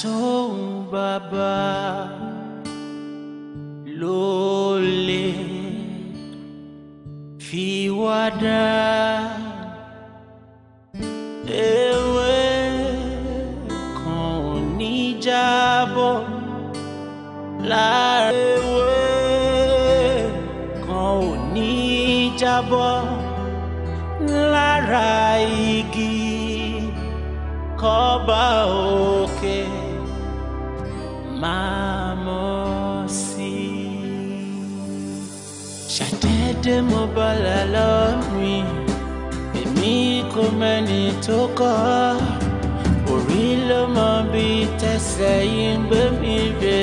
tó ń bàbá ló lè fi wá dáa. dé mo bọ́lá lọ́mí èmi kò mẹ́ni tó kọ́ orí ló mọ bí tẹ̀sẹ̀ yìí gbé mi rè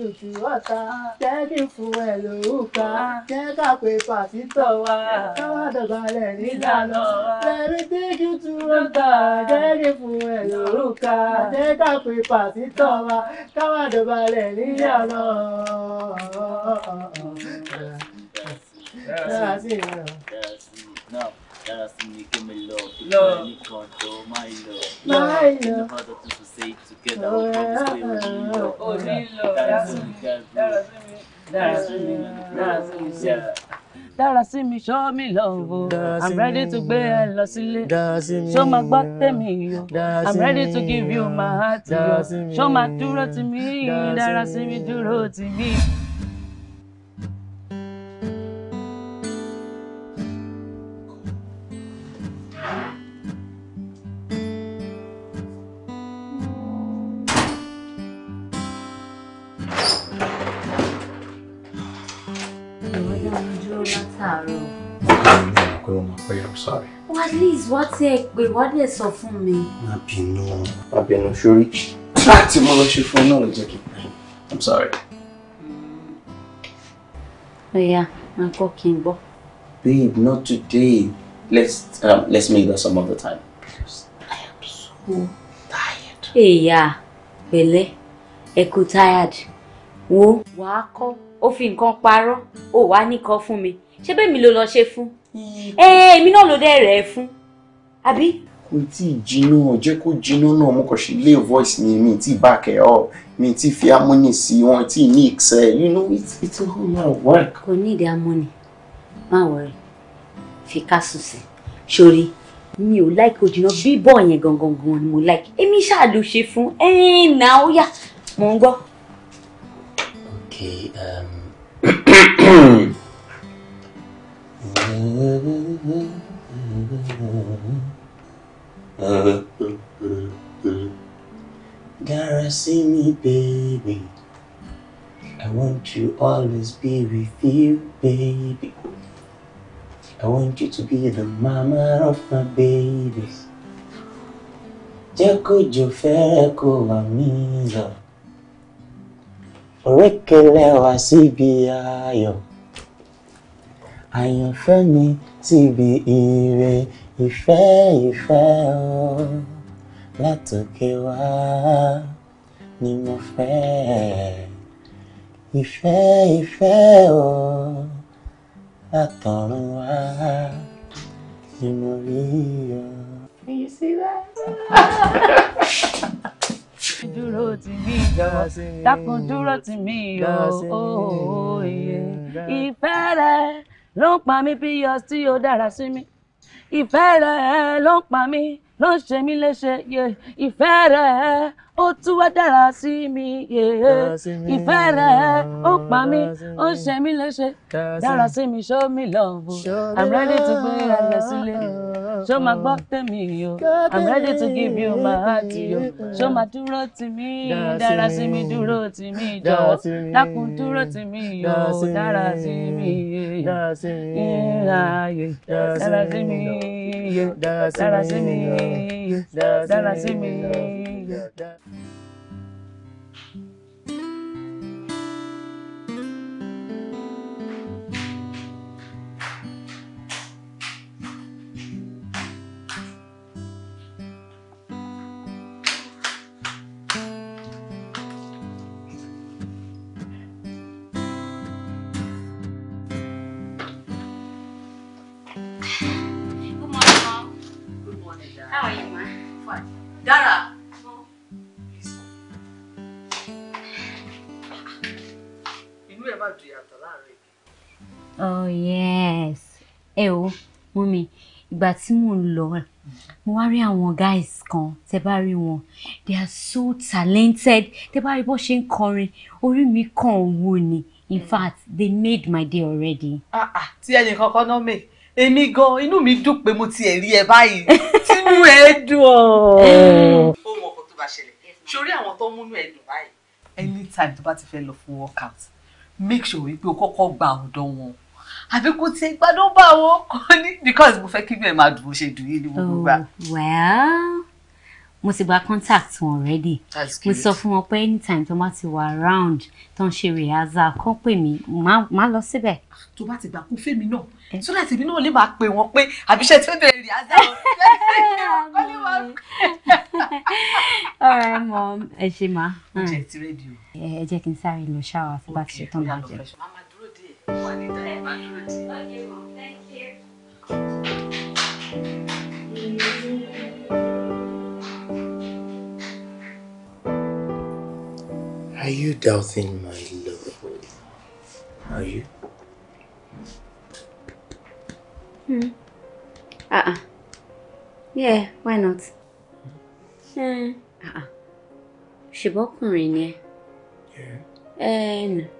tutù ọ̀tá jẹ́ kí n fún ẹ lórúkà jẹ́ ká pé pàṣítọ̀ wa káwá dọ̀gbalẹ̀ nílànà lẹ́rìí tí kí n tú ọ̀tá jẹ́ kí n fún ẹ lórúkà jẹ́ ká pé pàṣítọ̀ wa káwá dọ̀gbalẹ̀ nílànà. That's it. That's it. Now. That's me, give me love. Love. My love. My love. My love stay together. Oh, yeah. we promise we will love. Oh, they love. That's what we can do. it? what we can do. That's what we say. Dára sí mi show me love o. Oh. I'm ready to gbé ẹ lọ sílé. Ṣó máa gbọ́ tèmi o? Oh. I'm ready to give you my heart o. Ṣó máa dúró tì mí? Dára sí mi dúró tì mí. sorry. Well, oh, at least wá tí ẹ pè wá for me? fún mi. no, bínú. Má no sure. Láti mo lọ ṣe fún náà ló I'm sorry. Oya, máa gbọ́ kí n Babe, not today. Let's um, let's make that some other time. Please. I am so tired. Ẹ̀yà, pẹ̀lẹ́, ẹ kú tired. Wo wàá kọ́, ó fi nǹkan parọ́, ó wàá ní kọ́ fún mi. Ṣé bẹ́ẹ̀ mi ẹ èmi náà ló dẹ́ rẹ̀ fún àbí. kò tí ì jiná jẹ́ kó jiná náà mo kàn ṣe lé voice mi mi tí back ẹ̀ ọ́ mi tí fi amúnì sí wọn tí ní ìṣe you know it. it's all whole work. kò ní ìdí amúnì má wọrẹ fi kásù sí sórí mi ò láìkí òjìnà bíbọ̀ yẹn gangan gan ni mo láìkí èmi ṣáà ló ṣe fún ẹ̀ẹ́n náà ó yà mò ń gbọ́. okay um... Gotta see me, baby. I want to always be with you, baby. I want you to be the mama of my babies. Jẹ́ kójò fẹ́rẹ̀ kó wà mí lọ. Orékelẹ̀ wá àyànfẹ́ mi ti bi ire ìfẹ́ ìfẹ́ o látòkè wá ni mo fẹ́ ìfẹ́ ìfẹ́ o látọ̀run wá ni mo rí o. Can you see that? dúró tì mí yọ dákun dúró tì mí yọ ó ìfẹ́ rẹ̀ ló ń pa mí bí ọtí ó dára sí mi ìfẹ́ rẹ̀ ló ń pa mí ló ń ṣe mí léṣe ìfẹ́ rẹ̀ ó tún wá dára sí mi ìfẹ́ rẹ̀ ó pa mí ó ṣe mí léṣe dára sí mi show me love I'm ready to gbé ẹlẹ sílé ṣó máa gbọ́ tèmi yo I'm ready to give you my heart yo ṣó máa dúró tì mí dára sí mi dúró tì mí jọ̀wọ́ dákun dúró tì mí yo dára sí mi yẹ dára sí dára sí mi yẹ dára sí mi dára sí mi dára sí mi. ìgbà tí mò ń lọ mo wá rí àwọn guys kan tẹ bá rí wọn they are so talented tẹ bá rí bó ṣe ń kọrin orí mi kàn wò ni in fact they made my day already. Ah, ah, tí ẹnì kankan náà mè èmi gan inú mi dùn pé mo tiẹ̀ rí ẹ báyìí tínú ẹ dùn ọ́. Eh. ó mọ ọkọ tó bá ṣẹlẹ̀ sórí àwọn tó ń múnú ẹ dùn báyìí. anytime tó bá ti fẹ́ lọ fún workout make sure wípé o kọ́kọ́ gba ọ̀dọ̀ wọn àbí kò tiẹ̀ gbádùn bá wọn kò ní because mo fẹ́ kí bẹ́ẹ̀ máa dùn bó ṣe dùn yìí ní gbogbo gbà. Oh, well mo ti gba contact wọn already mo sọ fún wọn pé anytime tó bá ti wà round tó ń ṣe rehearsal kó pè mí má lọ síbẹ̀. tó bá ti gbà kó fèmí náà eh. so that èmi náà lè máa pè wọ́n pé àbíṣẹ́ tó bẹ̀rẹ̀ rehearsal kọ́ lè máa pè. alright mom ẹ ṣe máa. ó jẹ́ ti rédíò. ẹ jẹ́ kí n sáré lọ ṣáwà tó bá ti ṣe tán máa jẹ. Are you doubting my love? Are you? Hmm. Uh-uh. Yeah, why not? Hmm. Uh-uh. bought ọkùnrin ni ẹ. Yeah. And... Eh,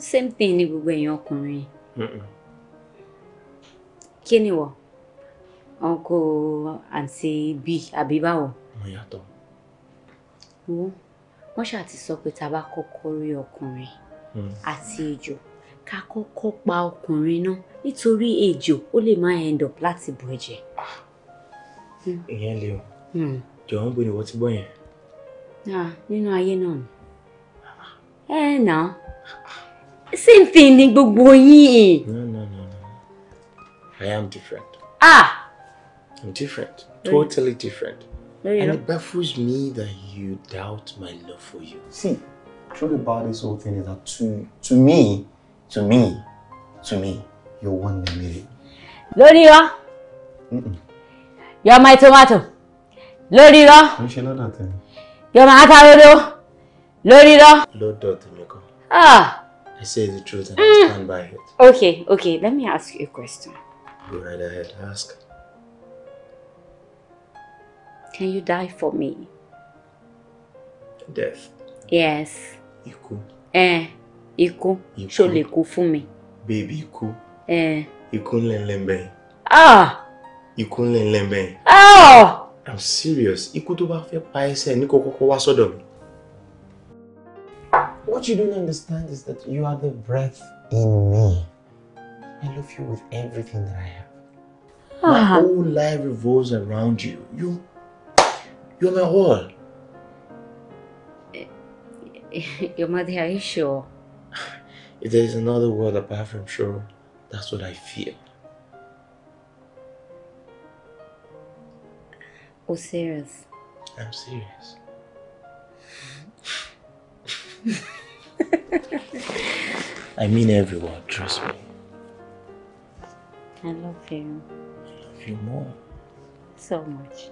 same thing ni gbogbo èèyàn ọkùnrin kí ni wọ ọkọ àǹtí bíi àbí báwo. mo yato. wọ́n ṣáà ti sọ pé tá a bá kọ́kọ́ rí ọkùnrin mm. àti ejò ká kọ́kọ́ pa ọkùnrin náà nítorí ejò ó lè máa end up láti bù ẹ̀jẹ̀. Ah. Hmm. ìyẹn lè o hmm. jọ̀wọ́n gbé ni wọ́n ti gbọ́ yẹn. Ah, nínú ayé náà ni. Ah. ẹ náà same thing ni gbogbo yín. no no no no i am different. ah. i'm different totally different. and it baffles me that you doubt my love for you. see truth about this whole thing is that to to me to me to me you're one in a million. lórí ọ. you're my tomato lórí irọ́. kì í ṣe lọ́dọ̀ tèmi. yọmọ ata rodo lórí irọ́. lọ́dọ̀ tèmi kan. Ah. I say the truth and mm. I stand by it. Okay, okay. Let me ask you a question. Go right ahead. Ask. Can you die for me? Death. Yes. Ikú. Eh. Ikú. Ikú. Ṣó lè kú fún mi. Baby ikú. Eh. Ikú nlembe. Ah. Ikú nlembe. Ah. I'm serious. Ikú tó bá fẹ́ pa ẹ́ sẹ́ ní kó kọ́kọ́ wá sọ́dọ̀ mi. What you don't understand is that you are the breath in me. I love you with everything that I have. Ah. My whole life revolves around you. You, you're my all. Your mother, are you sure? If there is another word apart from sure, that's what I feel. Oh, serious? I'm serious. I mean everyone, trust me. I love you. I love you more. So much.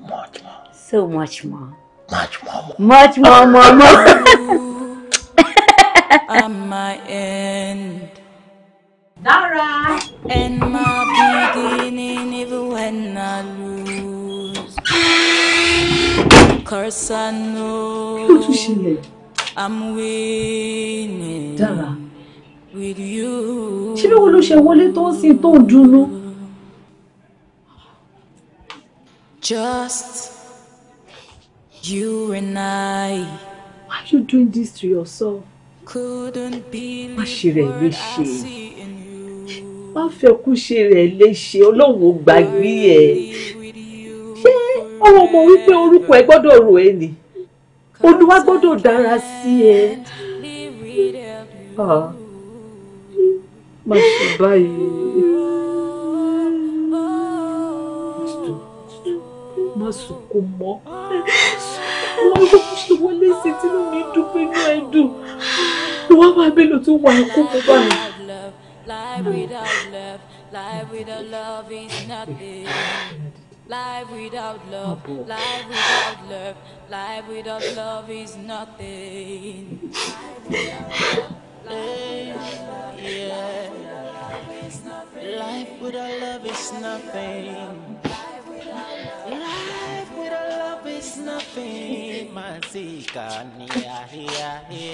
Much more. So much more. Much more. Much more, more, more. At my end. Dara! And my beginning, even when I lose. Cause I know. I'm winning. Dára. With you. Ṣé bí ló ṣe wọlé tó ń sin tó ń dùnnú? Just you and I. Why are you doing this to yourself? Couldn't be. Má ṣe rẹ̀ léṣe má fẹ́ kú ṣe rẹ̀ léṣe ọlọ́run gbàgbé ẹ̀ ṣé ọmọ mọ̀ wípé orúkọ ẹ gbọ́dọ̀ rò ẹ́ ni olúwa gbọ́dọ̀ dára sí ẹ. Ah. Ah. má ṣe báyìí. má sunkún mọ́ wọ́n ló ń ṣe wọlé sí tínú mi dùn pé inú ẹ dùn ni wọ́n máa bèlò tó wà kú mú báyìí. Life without love, life without love is nothing. Life without love, oh, life without love, life without love is nothing. Life without love, Life without love is nothing. Life without love is nothing. Masika ni ya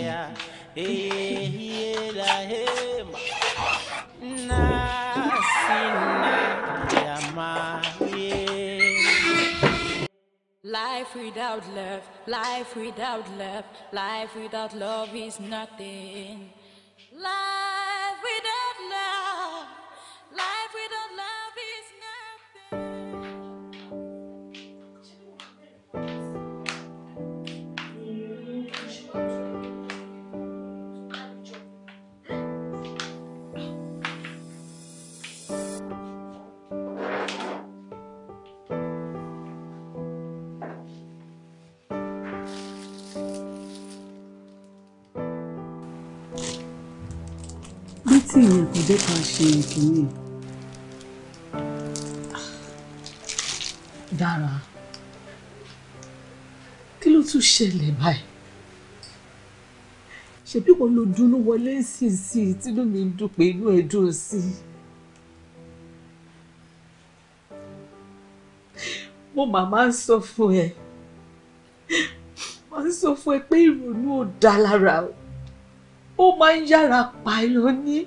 ya eh eh Nasina ya ma yeah. Life without love, life without love, life without love is nothing. Life without love, life without love. jẹ́ ká ṣe kìíní. Dára kí ló tún ṣẹlẹ̀ báyìí? ṣebí wọn ló dúnú wọlé sísì tínú mi dùn pé inú ẹ dùn sí i. mo màmá ń sọ fún ẹ màá sọ fún ẹ pé ìrònú ò dá lára o ó máa ń yára pààyàn ní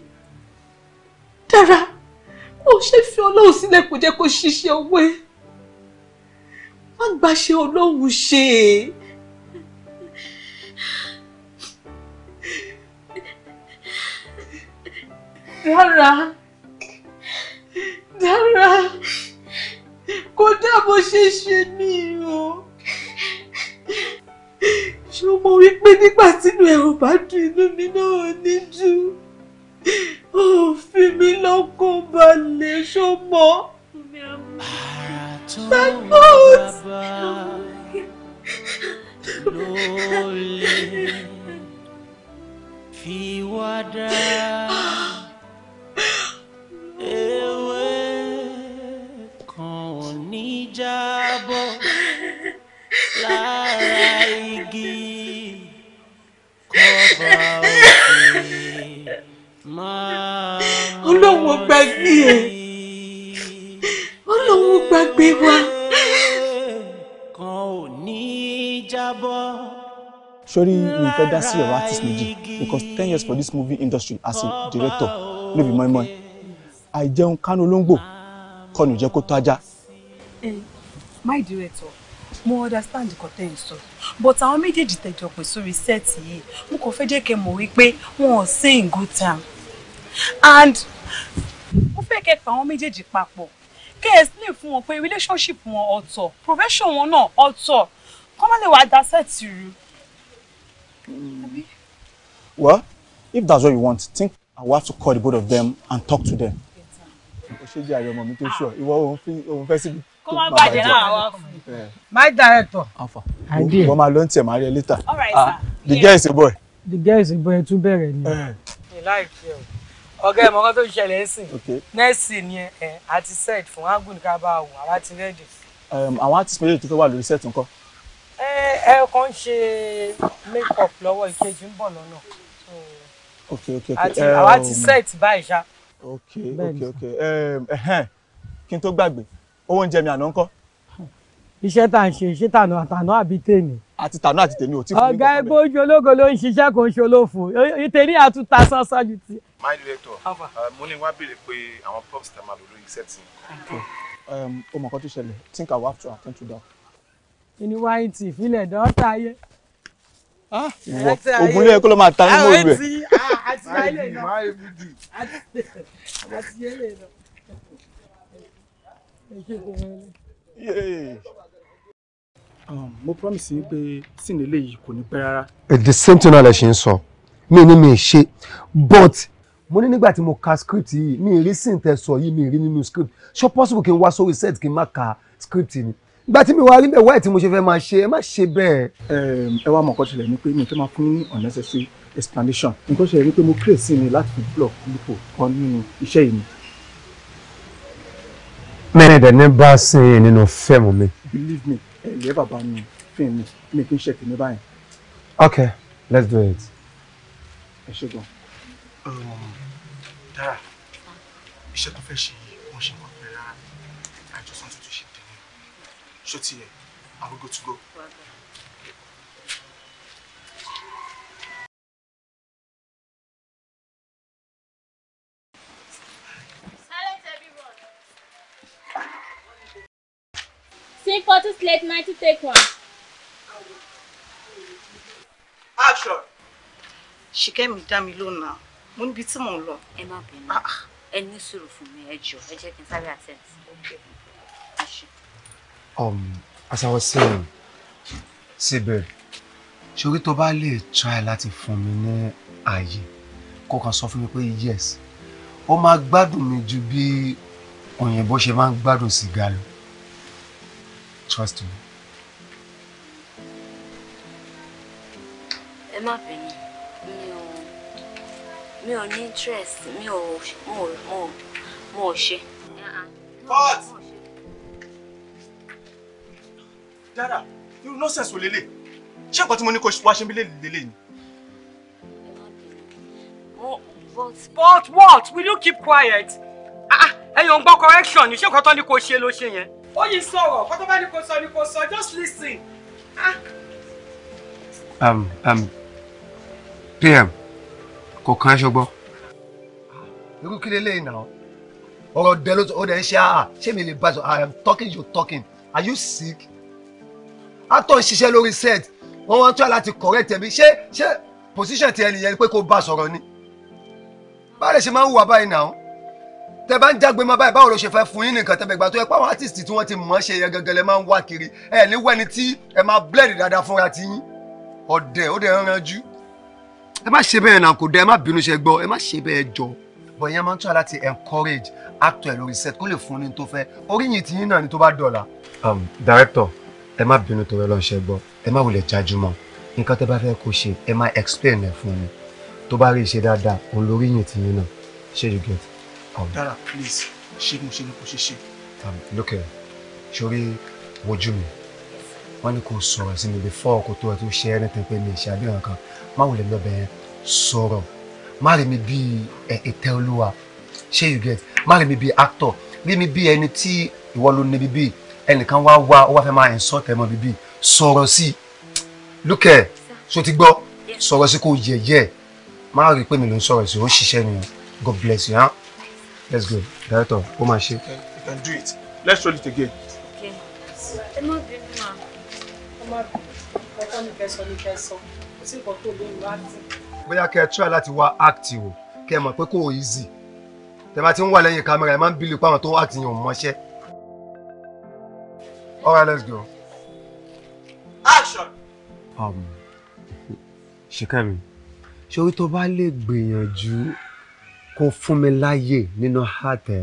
dára ó ṣe fi ọlọ́run sílẹ̀ kó jẹ́ kó ṣiṣẹ́ owó ẹ̀ má gbàṣẹ ọlọ́run ṣe é. Dára. Dára. Kódà bó ṣe ṣe ní o. Ṣé o mọ̀ wípé nígbà tínú ẹ̀ ò bá dùn inú mi náà ní jù? fi mí lọ́kàn balẹ̀ ṣọmọ. Tagbọ́t. Fi wá dá ewé kan ò ní jábọ́ lára igi kọ́ba òkè ọlọ́run gbàgbé ẹ̀ ọlọ́run gbàgbé wa. sori mi fẹ́ dá sí ọ̀rọ̀ artist méjì because ten years for this movie industry as a director no be moi moi àìjẹun kánú olóńgbò kọnu jẹ́ kó tó ajá. Eh, my director mo understand the content. ń but àwọn méjèèjì tẹ̀jọ̀ pé sórí sẹ́ẹ̀tì yìí mo kàn fẹ́ jẹ́ kẹ́ mọ̀ wípé wọn ò sí in good time and ó fẹ́ kẹ́ pa àwọn méjèèjì papọ̀ kẹ́ ẹ̀ sílẹ̀ fún wọn pé relationship wọn ọ̀tọ̀ profession wọn náà ọ̀tọ̀ kọ́ má lè wàá daṣẹ́ tìrú. Hmm. well if that's what you want think i will have to call the both of them and talk to them. o ṣe ọmọ mi tó ṣọ ìwọ òun fẹ́ síbi. kó má bàjẹ́ náà wá fún my director. alpha wọ́n máa lọ ń tiẹ̀ máa rí ẹ later. all right ah, sir. the girl is a boy. the girl is a boy tún bẹ̀rẹ̀ ni. ìlà ìfẹ́ o ọ̀gá ẹ̀ mọ́kàn tó ń ṣẹlẹ̀ ń sìn nẹ́ẹ̀sì ni ẹ̀ àti set fún ágùn ká bá wù àwa ti rẹ́dì. àwọn artist méjèèjì tó fẹ́ wà lórí set ńkọ́. ẹ ẹ kàn ń ṣe make up lọ́wọ́ ìkejì ń bọ̀ lọ́nà. ok ok ok àti àwa ti set báyìí ṣá. ok ok ok kí n tó gbàgbé owó oúnjẹ mi àná ńkọ́ iṣẹ́ tá à ń ṣe iṣẹ́ tànà àtànà àbí tèmi. àti tànà àti tèmi ò tí kò ní kọ́ ọ̀gá ẹgbẹ́ ojú ológo ló ń ṣiṣẹ́ kò ń ṣolófo ìtẹ̀rí àtúntà sánsán ju ti my director uh, mo ní wá béèrè pé àwọn props tá a máa lò lórí iṣẹ́ tí. Um, o mọ̀ kọ́ tó ṣẹlẹ̀ think I will have to attend to that. inú wa it. ti ìfilẹ̀ dọ́ta ayé. ògùn ilé ẹ̀kọ́ ló máa ta nínú ìlú ẹ̀. àti ayé náà àti ayé náà. Yeah. Um, mo promise yín pé sin eléyìí kò ní pẹ́ rárá. the same thing náà lè ṣe ń sọ mi ni mi ṣe but mo ní nígbà tí mo ka script yìí mi rí sí ìtẹ sọ yìí mi rí nínú script ṣó possible kí n wá sórí set kí n má ka script ni ìgbà tí mi wá rí bẹ́ẹ̀ wáyé tí mo ṣe fẹ́ máa ṣe ẹ má ṣe bẹ́ẹ̀. ẹ wá mọ̀ọ́kọ́ tilẹ̀ ni pé mi ò fẹ́ máa fún ní unnecessary explanation nǹkan ṣe rí pé mo create sí ni láti fi block lipò kan nínú iṣẹ́ yìí ni. mẹ́rin dẹ̀ ní bá sin yín nínú fẹ́ẹ̀mù mi. believe me ẹ̀yẹ́ bàbá mi fín mi mi kì í ṣe kìíní báyìí. okay let's do it. ẹ ṣe gan dára iṣẹ́ tó fẹ́ ṣe yìí wọ́n ṣe wọ́n pẹ̀lú rárá àjọsán tuntun ṣe tẹ̀lé ṣó ti yẹ àwọn go to go. Sing for two slate ninety take one. Action. She Ṣìkẹ́mi dá mi lónà mo níbi tí mò ń lọ. ẹ má bínú ah. ẹ ní sùúrù fún mi ẹ jọ ẹ jẹ́ kí n sáré àtẹ̀sí. Um, as I was saying, síbẹ̀ ṣorí tó bá lè try láti fún mi ní ààyè kó kàn sọ fún mi pé yes ó máa gbádùn mi ju bí òyìnbó ṣe máa ń gbádùn sìgá lọ trust me. ẹ má bẹ̀rẹ̀ mi ò ní interest mi ò mo mo mo ò ṣe. cut dada irú nọ́sẹ̀sì ò lélẹ̀ ṣé nǹkan tí mo ní kó wá ṣe bí lélẹ̀ ni. but what will you keep quiet Ah, ò ah, ń correction ni ṣé nǹkan tó ní kó ṣe ló ṣe yẹn. ó yí sọ̀rọ̀ kó tó bá ní kó sọ ni kó sọ just listen. Ah. Um, um, PM kọ̀ọ̀kan aṣọ gbọ́. irú kí lélẹ́yìn náà ọ̀rọ̀ dẹ ló ó dẹ̀ ń ṣe àhà ah, ṣé mi lè bá sọ I am talking you talking are you sick? atọ́ ń ṣiṣẹ́ lórí set wọ́n wọ́n try láti correct tẹ̀mí ṣé ṣé position ti ẹnìyẹn ni pé kó bá sọ̀rọ̀ ni báwo lè ṣe máa ń hùwà báyìí náà tẹ bá ń jágbe máa báyìí báwo ló ṣe fẹ́ fún yín nìkan tẹ bẹ gbà tó yẹ pé àwọn artist tí wọ́n ti mọ̀ ṣe yẹ gẹ́gẹ́ lẹ máa ń wá kiri ẹ ní wẹ́ni tí ẹ máa blend dáadáa fúnra ti yín ọ̀dẹ̀ ó dẹ̀ ń ranjú ẹ má ṣe bẹ́ẹ̀ náà kò dá ẹ má bínú ṣe gbọ́ ẹ má ṣe bẹ́ẹ̀ jọ bọ̀ ìyẹn máa ń tọ́ láti encourage actor ẹ̀ lórí kó lè fún ní tó fẹ́ orí yìí ti yín náà ni tó bá dọ̀la. Um, director ẹ má bínú tó rẹ lọ ṣe gbọ́ ẹ má wulẹ̀ jájúmọ́ nǹkan tẹ́ bá fẹ́ kó ṣe ẹ má explain ẹ̀ fún mi tó bá rí iṣẹ́ dáadáa òun lórí yìí ti yín náà ṣé you get. Um, dara please ṣé mo ṣe ni kò ṣe ṣe. Um, look ẹ sori wojú mi wọn ni kò sọ̀rọ̀ sí mi before kó tó ẹ tó ṣe anything pé mi ṣe àbí nǹkan má wulẹ̀ lọ bẹ̀rẹ̀ sọ̀rọ̀ má rí mi bíi ètè olúwa ṣé you get má rí mi bíi actor rí mi bíi ẹni tí ìwọ ló ní bíbí ẹnìkan wá wá ó wá fẹ́ máa insult tẹ̀ mọ́ bíbí sọ̀rọ̀ sí lókè so ti gbọ́ sọ̀rọ̀ sí kò yẹ̀yẹ́ má rí pé mi ló ń sọ̀rọ̀ sí ó ń ṣiṣẹ́ ni God bless you huh? let's go director ó máa ṣe. you can do it let's roll it again. ẹ má bínú ma ọmọ ọkọ mi fẹ́ sọ ní fẹ́ sọ sí bóyá kẹ́ ẹ try láti wá act o ẹ mọ̀ pé kò easy tẹ́ ti ń wà lẹ́yìn kámẹ́rà ẹ máa ń bílù pé tó ń yẹn ò mọṣẹ́. all let's go. action. Um, ṣìkẹ́mi ṣorí tó bá lè gbìyànjú kó fún mi láàyè nínú àtẹ.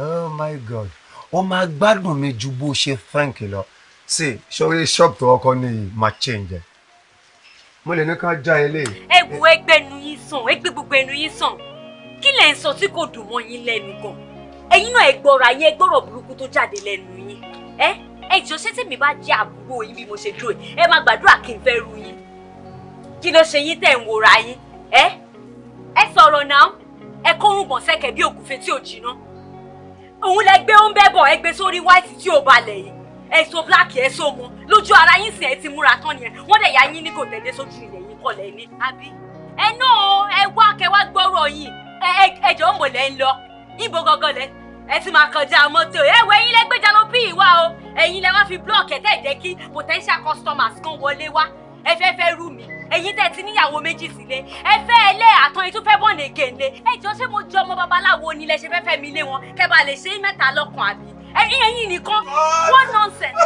oh my god ó máa gbádùn mi ju bó ṣe thank you lọ sí ṣorí ṣọ́ọ̀bù tó ọkọ ní ma change ẹ̀ mo lè ní ká já eléyìí. ẹ wo ẹgbẹ́ ẹnu yín sàn ẹgbẹ́ gbogbo ẹnu yín sàn kí lẹ̀ ń sọ tí kò dùn mọ́ yín lẹ́nu gan ẹ̀yin náà ẹ gbọ́ra yín ẹ gbọ́rọ̀ burúkú tó jáde lẹ́nu yín ẹ ẹ jọ ṣé tèmi bá jẹ́ àbúrò yín bí mo ṣe dúró ẹ máa gbàdúrà kí n fẹ́ ru yín kí ló ṣe yín tẹ̀ ń wòra yín ẹ ẹ sọ̀rọ̀ náà ẹ kórùn bọ̀ sẹ́kẹ̀ bí òkúfe tí ò jiná òun lẹ gbé oúnbẹ́ bọ̀ ẹ gbé sórí wáìtì tí ò balẹ̀ yìí ẹ̀sọ́ black ẹ̀sọ́ mọ lójú ara yín sì ẹ ti múra tán yẹn wọ́n dẹ̀ yá yín ní kò tẹ̀lé sójú ilẹ̀ yín kọ̀ lẹ́ni. àbí ẹ náà ẹ wá kẹwà gbọ́rọ̀ yìí ẹ jọ mọ̀ lẹ́ ń lọ ìbò gangan lẹ ẹ ti máa kọjá mọ́tò ẹ wọ ẹ̀yin lẹ gbéjà bí ìwà o ẹ̀yin lẹ wá fi blọọkì ẹ tẹ̀ jẹ́ kí potential customers kan wọlé wá ẹ fẹ́ fẹ́ rú mi ẹ̀yin tẹ́ ti níyàwó méjì sílé ẹ fẹ́ ẹlẹ àtàn ètò fẹ́ bọ̀nẹ̀ gèǹde ẹ jọ ṣé mo jọ ọmọ babaláwo ni lẹ ṣe fẹ́ fẹ́ mi lé wọn kẹ́ bá lè ṣe é mẹ́ta lọ́kàn àbí ẹ̀yin ẹ̀yin nìkan one nonsense.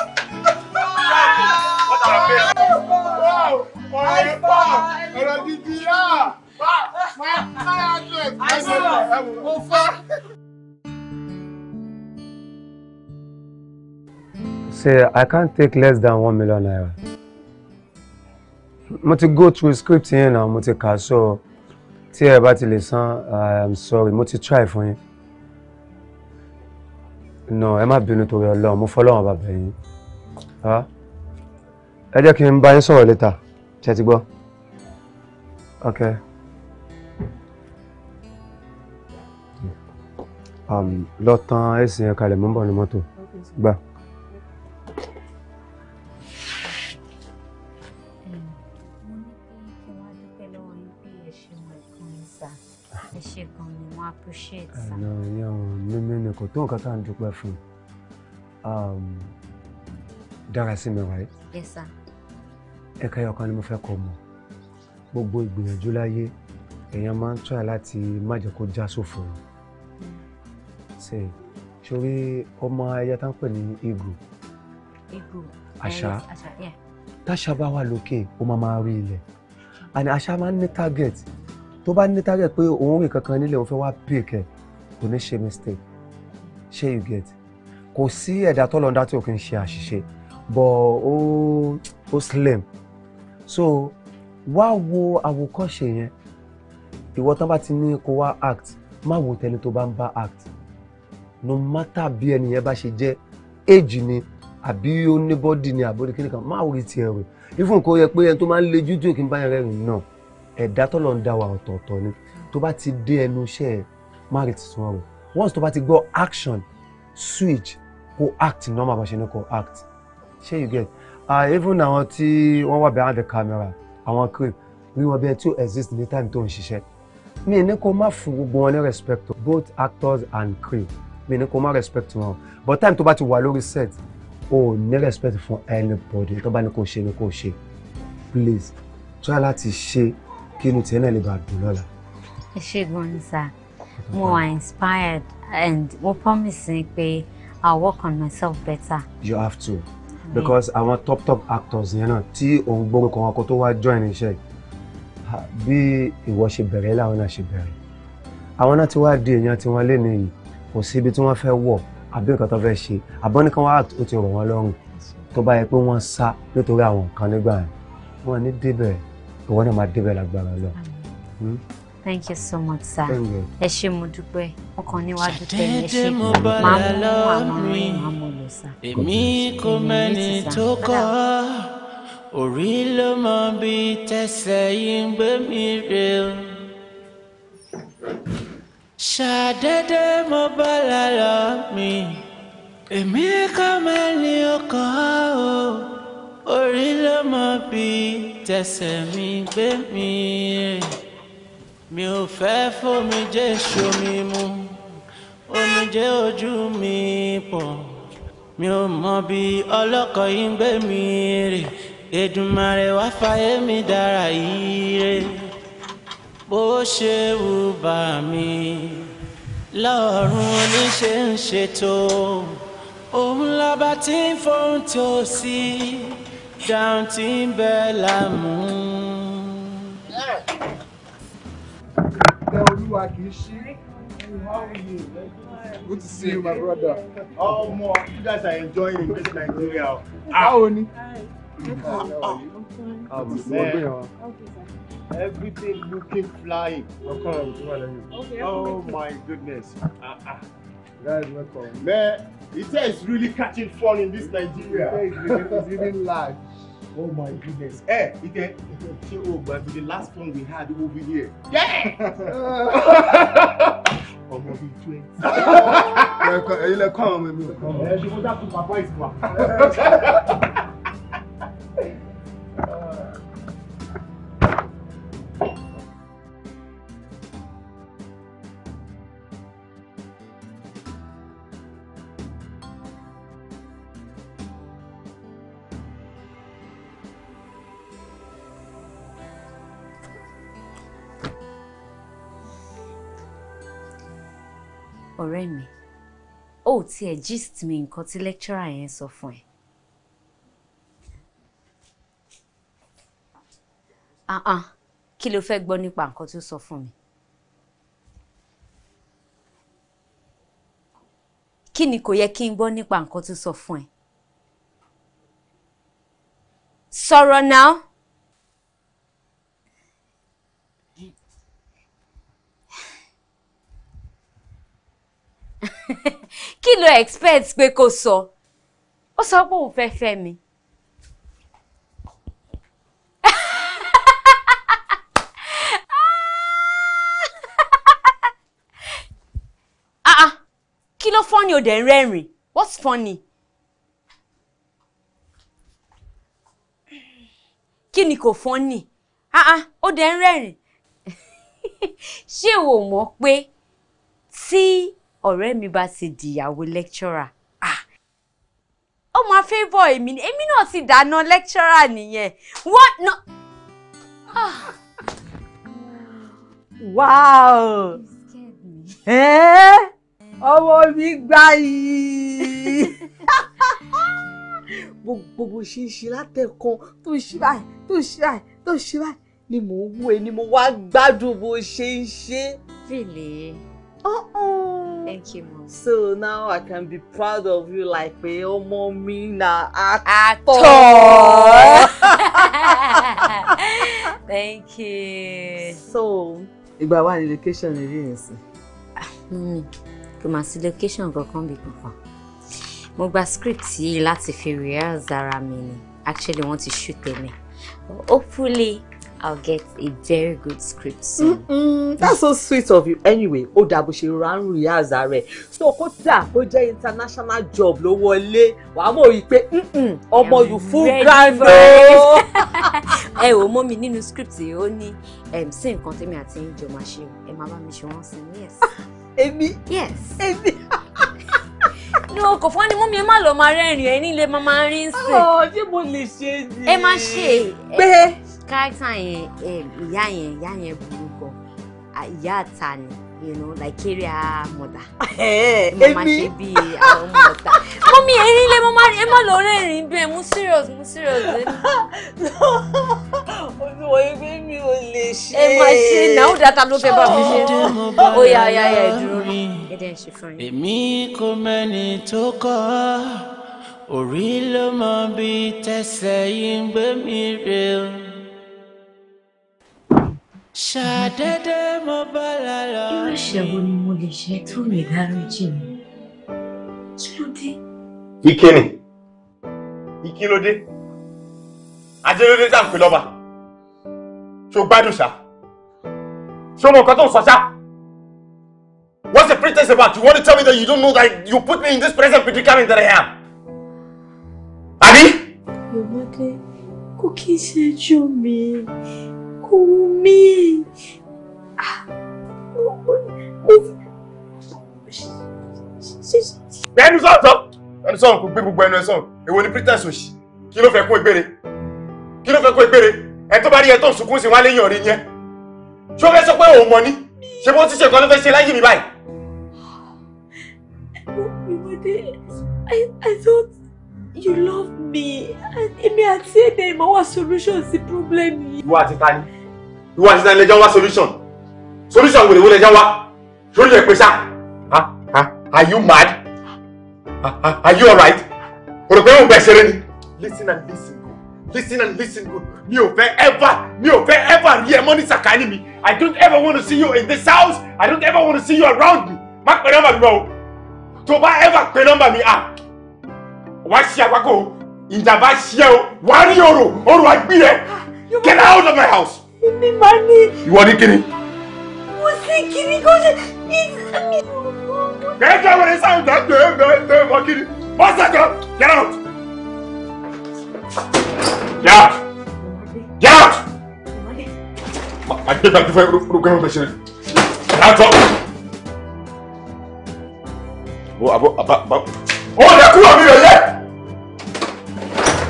Say, I can't take less than one million naira. Mo ti go through script yẹn náà, mo ti kà so tí ẹ bá ti lè san, I'm sorry, mo ti try fún yín no ẹ má bínú torí Ọlọ́run mo fọlọ́run bàbá yìí ẹ jẹ́ kí n bá yín sọ̀rọ̀ létà ṣe ti gbọ́ ok um, lọ tan ẹ̀sìn ẹ̀ka lẹ̀ mọ́ bọ̀ ní mọ́tò gbà. Okay, appreciate sir. àná yẹn mímí ni kò tó nǹkan tá à ń dúpẹ́ fún um, dára sí mi wáyé. yes sir. ẹ̀ka ẹ̀yọ̀ kan ni mo fẹ́ kọ́ mọ̀ gbogbo ìgbìyànjú láyé èèyàn máa ń tọ́ya láti má jẹ́ kó já sófo ni. Hmm. ṣe sórí ọmọ ẹyẹ tá ń pè ní igu. igu àṣà àṣà yẹn. táṣà bá wà lókè ó máa máa rí ilẹ̀ and àṣà máa ń ní target tó bá ní target pé òun rìn kankan nílé òun fẹ́ wá pick ẹ̀ kò ní ṣe mistake ṣé you get kò sí ẹ̀dá tọ́lọ́ndá tí o kì í ṣe àṣìṣe but ó ó slim so wá wo àwòkọ́ṣe yẹn ìwọ tán bá ti ní kó wá act má wo tẹni tó bá ń bá act no matter bí ẹni yẹn bá ṣe jẹ́ age ni àbí ó ní bọ́dì ni àbórí kíni kan má wo ti ẹ̀rù ìfún kó yẹ pé ẹni tó máa ń le jújù kí n bá yẹn rẹ̀ rìn náà ẹ̀dá tọ́lọ̀ ń dá wa ọ̀tọ̀ọ̀tọ̀ ni tó bá ti dé ẹnu iṣẹ́ ẹ̀ má rí once tó bá ti gbọ́ action switch kó act normal bá ṣe ní kó act ṣé you get uh, even àwọn tí wọ́n wà behind the camera àwọn crew rí wọn bí ẹ tí ó exist ní time tó ń ṣiṣẹ́ mi ní kó má fún gbogbo wọn ní respect both actors and crew mi ní kó má respect wọn but time tó bá ti wà lórí set o oh, ní respect for anybody tó bá ní kó ṣe ní kó ṣe please try láti ṣe kí inú tiẹ̀ náà lè bá dùn lọ́la. ẹ ṣe gan ni sir mo wa inspired and mo promise ni pé i will work on myself better. you have to because àwọn yeah. top top actors yẹn náà tí òun gbórúkọ wọn kó tó wá join iṣẹ́ bí ìwọ ṣe bẹ̀rẹ̀ làwọn náà ṣe bẹ̀rẹ̀ àwọn náà ti wá di èèyàn tí wọ́n lé nìyí kò sí ibi tí wọ́n fẹ́ wọ̀ àbí nǹkan tó fẹ́ ṣe àbọ̀ nìkan wá ó ti rọ̀ wọ́n lọ́rùn tó bá yẹ pé wọ́n sá nítorí àwọn nǹkan nígbà yẹn wọ́n ní débẹ̀ ìwọ náà máa débẹ̀ lágbára lọ. Hmm? thank you so much sir ẹ ṣé mo dúpẹ́ ọkàn níwájú tẹ̀lé ẹ ṣé máa mú àwọn ọ̀rẹ́ máa mú lọ sá. èmi kò mẹ́ni tó kọ́ orí ló mọ bí tẹ̀sẹ̀ yìí ń gbé mi rè o. ṣàdédé mo bá lálọ́ mi èmi kò mẹ́ni ó kọ́ o orí ló mọ bí tẹsẹ̀ mi gbé mi mi ò fẹ́ fomijé ṣomi mu omijé ojú mi pọ̀ mi ò mọ bí ọlọ́kọ̀ yìí gbé mi rè Èdùmàrè wá fàyè mi dára yìí rè bó ṣe wù bà mí lọ́rùn oníṣe ń ṣètò òun lábá tí ń fóun tó sí i. Down tí ń bẹ láàmú. ẹ olúwa kì í ṣí good to see you my brother. ọmọ oh, you guys are enjoying this Nigeria. Ah. báwo ni. Everything looking flying. Okay. Oh my goodness. Ah, ah. Guys, welcome. Man, it is really catching fun in this Nigeria. It's living life oh my goodness Hey, eh, ike ṣé o gba ibi the last one we had wo bi here. ọmọ bíi twenty. ẹ̀yin lẹ kọ́ come. ọmọ mi. ẹ ṣe kó dákun bàbá ìtura. ọ̀rẹ́ mi ó ò tiẹ̀ gist mi nǹkan tí lecturer yẹn sọ fún ẹ. àhàn ah, ah. kí ló fẹ́ gbọ́ nípa nǹkan tó sọ fún mi. kí ni kò yẹ kí n gbọ́ nípa nǹkan tó sọ fún ẹ. sọ̀rọ̀ náà. kí ló expect pé kó sọ ó sọ pé òun fẹ́ fẹ́ mi. Ah, ah. kí ló funny o dẹ̀ ń rẹ́rìn what's funny. kí ni kò funny ah, ó dẹ̀ ń rẹ́rìn ṣé o mọ̀ pé tí ọ̀rẹ́ mi bá ti dìyàwó lecturer ah ó máa favour èmi ni èmi náà ti dáná lecturer nìyẹn what no. Ah. wow ọwọ́ mi gbá yìí gbogbo bó ṣe ń ṣe látẹ̀kan tó ń ṣe báyìí tó ń ṣe báyìí tó ń ṣe báyìí ni mò ń wú ẹ ni mo wá gbádùn bó ṣe ń ṣe. fìlè. Uh-uh. Thank you, mom. So now I can be proud of you like pé ọmọ mi na actor. Thank you. So, ìgbà wà ní location eré yẹn sí. Ah, Mummy, kò máa sí location kankan bí kankan. Mo gba script yìí láti fi rehearse ara mi ni. Actually, wọ́n ti shoot tèmi. Hopefully, I'll get a very good script soon. Mm-mm, that's so sweet of you. Anyway, ó dà bó ṣe rọra ń rehearse rẹ̀. So kó tà kó jẹ́ international job lo ló wọlé. Wàá mọ̀ yìí pé Omo you full grand o. Ẹ wò mọ́ mi nínú script yìí ó ní sí nǹkan tèmi àti ìjọ máa ṣe o. Ẹ máa bá mi ṣe wọ́n sí yes. Èmi. Yes. Èmi. No, o kò fọ́n ni mú mi má lọ máa rẹ́rìn-ín ẹ̀ nílé máa máa rí sí. Ọ̀ oh, ṣé mo lè ṣe ni? Ẹ máa ṣe. Pé character yẹn eh, ìyá yẹn ìyá yẹn burú gan ah, ìyá àta ni you know like area mother. mo máa ṣe bí àwọn ọmọ ọ̀tá. mo mi erin lé mo ẹ má lọ rẹ́rìn bẹ́ẹ̀ mo serious mo serious. olùwọ̀ ẹgbẹ́ mi ò lè ṣe. ẹ máa ṣe náà ó dáta ló fẹ́ bá mi ṣe. ó yá ó yá ó yá ìdúró ní èmi kò mẹ́ni tó kọ́ orí ló mọ bí tẹ̀sẹ̀ yìí ń gbé mi rè o ṣàdédé mo bá la lọ. irú ẹ̀ṣẹ̀ wo ni mo lè ṣe tó lè dáríjì mi kí ló dé. ike ni ike ló dé ajẹ́lódé tá à ń pè lọ́ba ṣó gbádùn What's the pretense about? You want to tell me that you don't know that you put me in this present predicament that I am? Abi? Yomade, kò kí ṣe jù mí. Wùmí ah, ẹnu sọ́ọ̀tọ́ ẹnu sọ́ọ̀n kò gbé gbogbo ẹnu ẹ sọ́ọ̀n èwo ni pretense òṣì kí ló fẹ́ kún ìgbére kí ló fẹ́ kún ìgbére ẹ tó bá rí ẹ tó ń sunkún sí wọn lẹ́yìn ọ̀rẹ́ yẹn ṣé o fẹ́ sọ pé òun mọ̀ ni ṣé bó ti ṣe kan ló fẹ́ ṣe láyé mi báyìí. I, I thought you love me and èmi àti èdè ìmọ̀ wà solution sí problem yìí. ìwọ àti ta ni ìwọ àti sinani lẹjọ wá solution solution wèrè wèrè lẹjọ wá lórí ẹ pé sá. are you mad are you alright o rò pé o bẹ ṣeré ni. listen and listen good listen and listen good mi ò fẹ́ ever mi ò fẹ́ ever rí ẹ mọ́ ní sàkáání mi i don't ever want to see you in this house i don't ever want to see you around me má pè nọ́mbà mi mọ́ o tó bá ever pè nọ́mbà mi ah wá ṣe àgbákò ìjàmbá ṣe o wá rí ọ̀rọ̀ ọ̀rọ̀ àgbì rẹ get out of my house mi máa ní. ìwọ ní kíni. mo sì kíni kó ṣe ìsinmi. kẹ́kẹ́ wọlé sáyẹn tó ń tó ń tó ń tó bọ́ kíni get out. get out. get out. màá gbé bàtí fún ẹ orúkọ ẹ̀rọ bẹ̀ṣẹ̀ rẹ̀ látọ̀. o àbọ̀ àbá àbá. ó lè kúrò mi ò yẹ.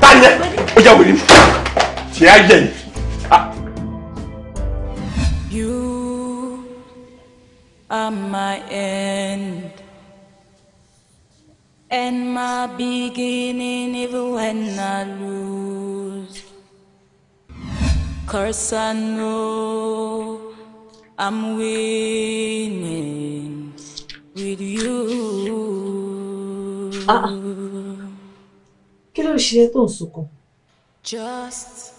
tá a yẹ ó yà wèrè mi. tí a yẹ yìí. am my end and my beginning even when I lose. Cause I know I'm winning with you. Ah, kí ló ṣe tó ń Just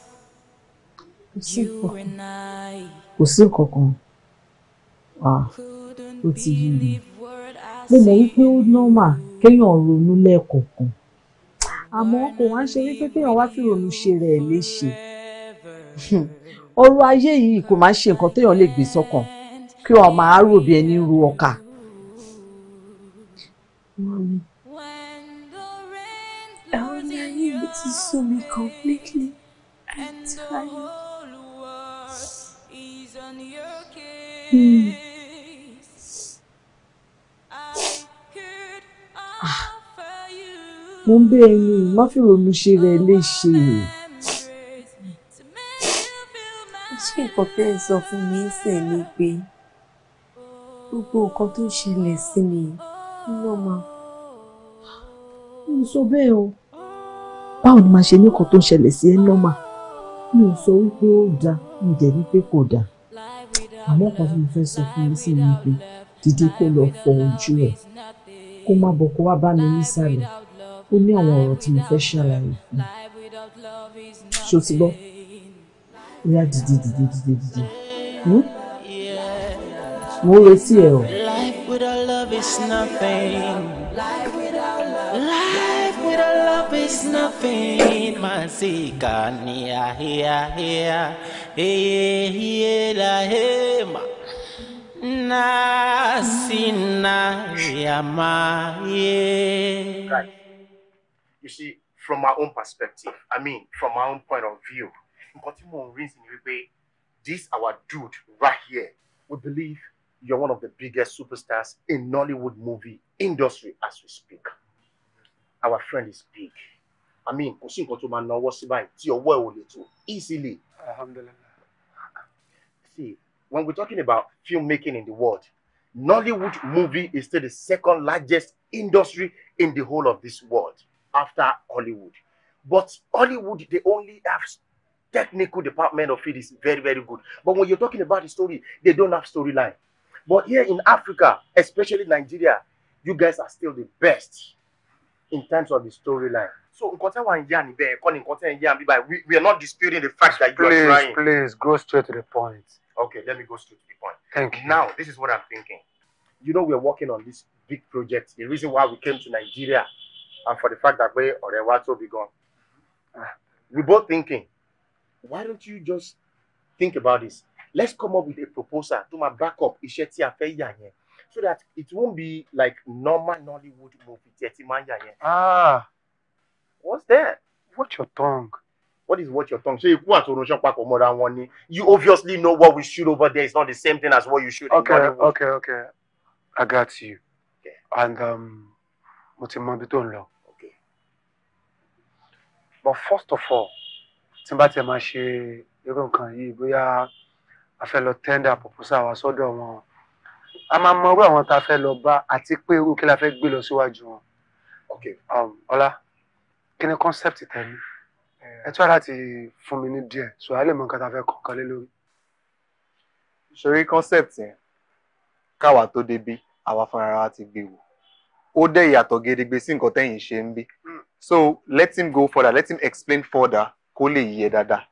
you and I. Ah. ó ti yí mi mo mọ̀ wípé ó normal kéèyàn ronú lẹ́ẹ̀kọ̀ọ̀kan àmọ́ kò wá ń ṣe wípé kéèyàn wá fi ronú ṣe rẹ̀ léṣe ọrọ̀ ayé yìí kò máa ń ṣe nǹkan téèyàn lè gbé sọ́kàn kí wọ́n máa rò bí ẹni ro ọkà. àwọn ní ayé mi ti sún mi completely. I'm tired. Hmm. mo ń bẹ ẹni má fi ronú ṣe rẹ léṣe. ṣé nǹkan tẹ́ ẹ sọ fún mi ń sẹ̀ ni pé gbogbo nǹkan tó ń ṣẹlẹ̀ sí mi ló máa. mi sọ bẹ́ẹ̀ o báwo ni màá ṣe ní nǹkan tó ń ṣẹlẹ̀ sí ẹ nọ́mà mi ò sọ wípé ó dáa mi jẹ́ wípé kò dáa àmọ́ kan tí mo fẹ́ sọ fún mi sí ni pé dídí kó lọ fọ ojú ẹ̀ kó má bọ̀ kó wá bá mi nísàlẹ̀ ó ní àwọn ọ̀rọ̀ tí mo fẹ́ ṣàlàyé fún ṣó ti gbọ́ ìyá dìde dìde dìde dìde hm? mo ń retí ẹ o. nothing. Life you see from my own perspective i mean from my own point of view nǹkan tí this our dude right here we believe you're one of the biggest superstars in nollywood movie industry as we speak our friend is big i mean kusin sí nǹkan tó máa náwó sí báyìí tí easily. alhamdulillah. see when we're talking about filmmaking in the world nollywood movie is still the second largest industry in the whole of this world after Hollywood. But Hollywood, they only have technical department of it is very, very good. But when you're talking about the story, they don't have storyline. But here in Africa, especially Nigeria, you guys are still the best in terms of the storyline. So we, we are not disputing the fact that please, you are trying. Please go straight to the point. Okay, let me go straight to the point. Thank you. Now, this is what I'm thinking. You know, we're working on this big project. The reason why we came to Nigeria and for the fact that pé ọ̀rẹ́ wa tóbi gan ah, we both thinking why don't you just think about this let's come up with a proposal to my backup up iṣẹ́ tí a so that it won't be like normal Nollywood movie tí ẹ ti ah what's that. watch your tongue. what is watch your tongue ṣé ikú àti orunṣan papọ̀ mọ́ra wọn ni you obviously know what we shoot over there is not the same thing as what you shoot okay, in okay okay i got you okay. and um, mo ti mọ ibi tó but first of all tí n bá tiẹ̀ máa ṣe irú nǹkan yìí bóyá a fẹ́ lọ tender proposal wa sọ́dọ̀ wọn a máa mọ irú àwọn tá a fẹ́ lọ bá àti pé irú kí la fẹ́ gbé lọ síwájú wọn. okay um, ọlá kí ni concept tẹ̀lé ẹ tọ́ láti fún mi ní díẹ̀ so a lè mọ nǹkan tá a fẹ́ kọ̀ọ̀kan lé lórí. ìṣòro concept yẹn káwa tó débi àwa fúnra wa ti gbé wò ó dẹ̀ yàtọ̀ gedegbe sí nǹkan tẹ́yìn ṣe ń bí hmm. So let him go further. Let him explain further. Kole yedada.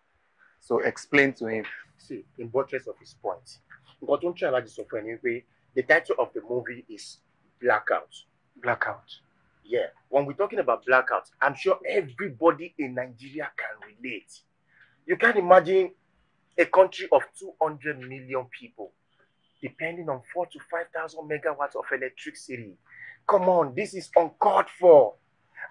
So explain to him. See, in buttress of his point, but don't try láti sọ fún the title of the movie is Blackout. Blackout. Yeah, when we're talking about blackout, I'm sure everybody in Nigeria can relate. You can imagine a country of 200 million people depending on four to 5,000 megawatts of electricity. Come on, this is uncalled for.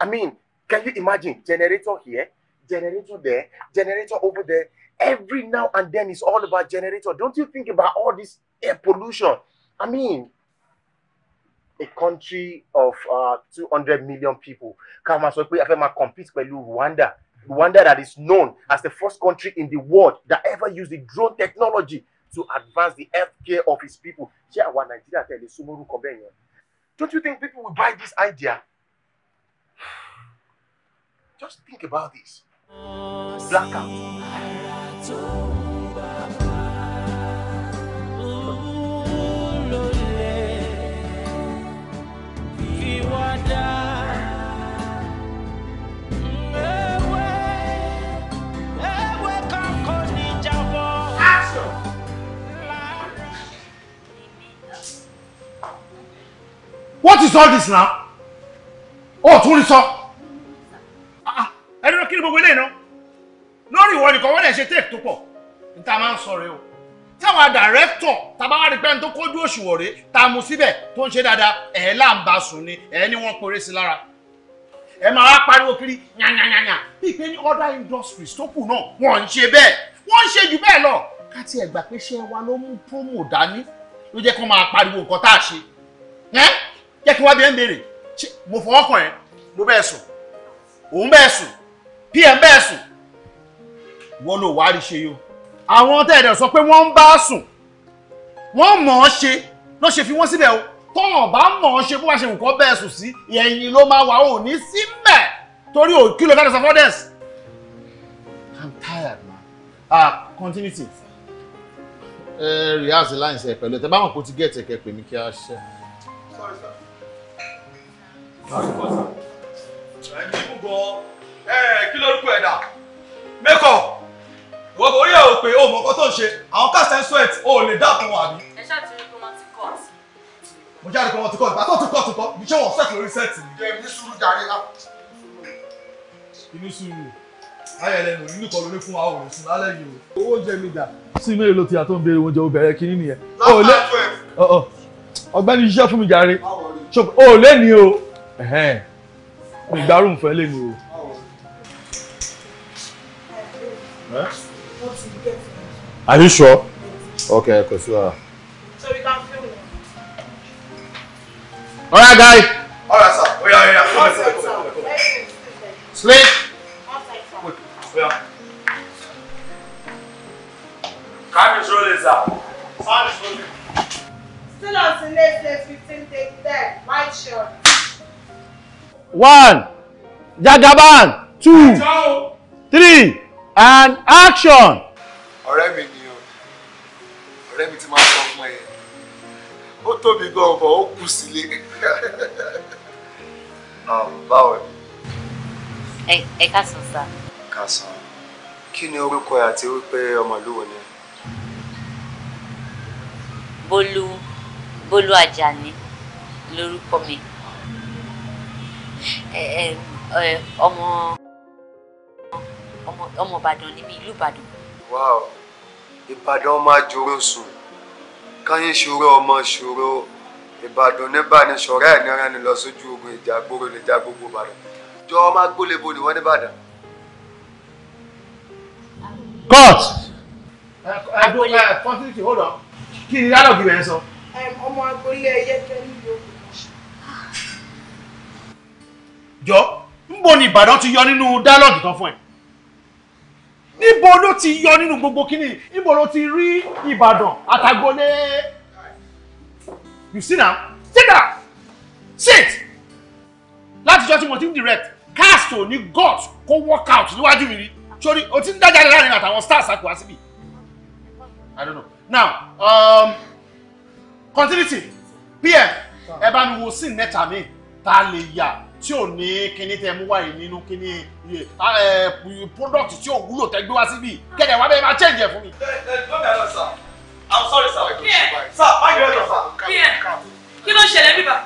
I mean, Can you imagine? Generator here, generator there, generator over there. Every now and then it's all about generator. Don't you think about all this air pollution? I mean, a country of uh, 200 million people Come máa sọ pé a fẹ́ máa compete pẹ̀lú Rwanda. Rwanda that is known as the first country in the world that ever used the drone technology to advance the healthcare of its people. Ṣé àwa Nàìjíríà tẹ̀lé súnmọ́rú kan bẹ́ẹ̀ Don't you think people will buy this idea? Just think about this. Blackout. What is all this now? Oh, Tony. rí ẹni ló kí ni gbogbo eléyìí náà lórí ìwọ nìkan wọ́n lè ṣe téèpù tó pọ̀ ní ta máa ń sọ rẹ o táwọn dàrẹ́tọ̀ tábà wá rí pẹ́ni tó kójú òṣùwọ̀n rè ta mu síbẹ̀ tó ń ṣe dáadáa ẹ̀ là ń bá sùn ni ẹ̀ ni wọ́n kórè sí lára ẹ máa wá pariwo kiri yányányányá bí pé ní other industries tó kù náà wọ́n ń ṣe bẹ́ẹ̀ wọ́n ń ṣe jù bẹ́ẹ̀ lọ káti ẹ̀gbà pé ṣé wa ló mú promo dání ló jẹ́ kó máa pariwo nǹkan tá a ṣe ẹ́ jẹ́ kí wá bí ń béèrè mo fọwọ́ kàn ẹ́ ló bẹ́ẹ̀ sùn òun bẹ́ẹ̀ sùn pm bẹ́ẹ̀ sùn wọ́n ló wá rí ṣe yó àwọn tẹ́ẹ̀dẹ̀ sọ pé wọ́n ń bá sùn wọ́n mọ̀ ọ́ ṣe ló ṣe fi wọ́n síbẹ̀ o tọ́wọ̀n bá mọ̀ ọ́ ṣe bó bá ṣe nǹkan bẹ́ẹ̀ sùn sí ẹ̀yìn ló máa wà ò ní síbẹ̀ torí ò kí ló fẹ́ẹ́ sọ fọ́dẹ̀s. i'm tired man ah continuity ẹ rehearse the lines ẹ pẹ̀lú ẹ tẹ bá wọn kó ti gẹ̀ẹ́tì ẹ̀kẹ́ pè mí kí a ṣe. sorry sir. sorry sir. ẹ ní gbogbo kí ló dúpọ̀ ẹ̀dá mẹ́kọ̀ wọ́n orí ẹ̀ ò pé o mọ̀ nǹkan ṣe àwọn cast sweat o lè dákun wọn àbí. ẹ ṣáà ti rí pé wọ́n ti cut. mo jáde pé wọ́n ti cut ìgbà tó ti cut ìtọ́ ṣé wọ́n set lórí set ni. jẹ́ mi sùúrù jàre la. inú sùúrù ayọ̀ ẹlẹ́nu inú kọ́ lórí fún wa òòrùn sùn lálẹ́ yìí o. owó oúnjẹ mi dà. sí mélòó ló ti yà tó ń béèrè oúnjẹ ó bẹ̀rẹ̀ kínní nìyẹn. lọ́pàá ọ̀gbẹ́ni ṣiṣẹ́ fún mi jàre. o lé ní o. ìgbárùn fún lé ní o. Are you sure? Okay, because sí wàhálà. So we can film it. Alright guys. Alright sir. We are here. Sleep. Oya. Calm your this sir. Calm your shoulders. Still on the next day, 15 take 10. White shirt. One. Jagaban. Two. Three. and action. ọ̀rẹ́ mi ni o ọ̀rẹ́ mi ti máa sọ fún ẹ ó tóbi gan-an ó kù sílé. báwo ni. ẹ ẹ sá. ká kí ni orúkọ ẹ àti wípé ọmọlúwo ni. Bólú Bólú ni lórúkọ mi ọmọ. ọmọ ìbàdàn ni mí ìlú ìbàdàn. wow ìbàdàn máa jòrò sùn káyé ṣòro ọmọ ṣòro ìbàdàn níbàníṣọ̀rẹ́ ẹ̀ níran ni lọ sójú ogun ìjà gbòòrò lè já gbogbo ìbàdàn jọ ọmọ agbólebo ni wọ́n níbàdàn. court. agboolé conflict hold on kí ni dialogue rẹ̀ ń sọ. ọmọ agboolé ẹyẹ fẹ́ níbi òkú. jọ ń bọ̀ ni ìbàdàn ti yọ nínú dialogue kan fún ẹ níbo ló ti yọ nínú gbogbo kíní níbo ló ti rí ìbàdàn àtàgọlé you see now sit down sit látijọ́ tí mo ti ń direct cast ò ní gut kó work out níwájú mi rí sórí o ti ń dájà láàrin àtàwọn stars àkùwá síbi i don't know now um, continuity pm ẹ bá mi wo scene mẹ́ta mi ta lè yà tí ò ní kíní tẹ mú wáyé nínú kíní product tí ò wúlò tẹ gbé wá síbí kẹ̀kẹ́ wá bẹ́ẹ̀ máa change fún mi. ẹ ẹ lọ́dà náà sà i'm sorry sir. kí ló ṣẹlẹ̀ bíbá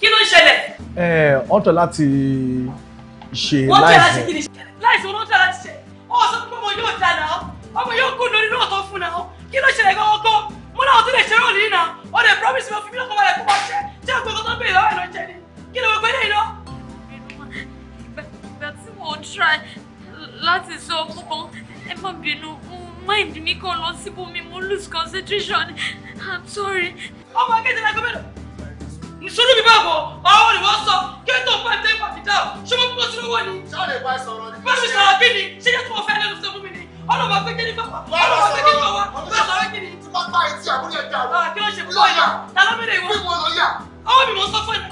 kí ló ṣẹlẹ̀. ẹ ọ̀n láti ṣe láìsí. wọ́n tẹ̀ láti kí ni ṣe láìsí wọ́n tẹ̀ láti ṣe ọ̀ sọ fún ọmọ yóò dáná ọmọ yóò kún lórí lóòótọ́ fún náà kí ló ṣẹlẹ̀ gan-an mo náà tún lè ṣe rọ́ọ̀lì nínà ọ̀dẹ̀ promise mi ò fi mí lọ́kọ̀ọ́ balẹ̀ kó máa ṣe tí àgbẹ̀kọ́ tó ń bèèrè lọ́wọ́ ẹ̀ ló ni kí ló gbé lẹ́yìn lọ. ìgbà tí mo try láti sọ mo kàn ẹ má bínú mind mi kàn lọ síbòmí mo lose concentration i'm sorry. ọmọ akéde la gómìnà nítorí mi báwo ọwọ́ ni wọ́n sọ kí ló tó ń bá ẹ tẹ́kọ̀ọ́ àbídá o ṣé mo kúrò sínú owó ni. sọ́ọ̀lì bá sọ̀rọ̀ ni. bá mi sọ̀rọ̀ bí ni ṣé kí mo fẹ́ lẹ́nu sọ́mú mi ni ọlọ́mọ fẹ́ kí ni fẹ́ wà ọlọ́mọ fẹ́ kí ni fẹ́ wà bá sọ̀rọ̀ kí ni. tí wọ́n bá etí àbúrò ẹ̀dá o. Ah, kí ló ṣe fún ọ yà. ta ló bẹ̀rẹ̀ ìwọ. bí mo lọ yà. ọwọ́ mi mọ̀ sọ fún ẹ̀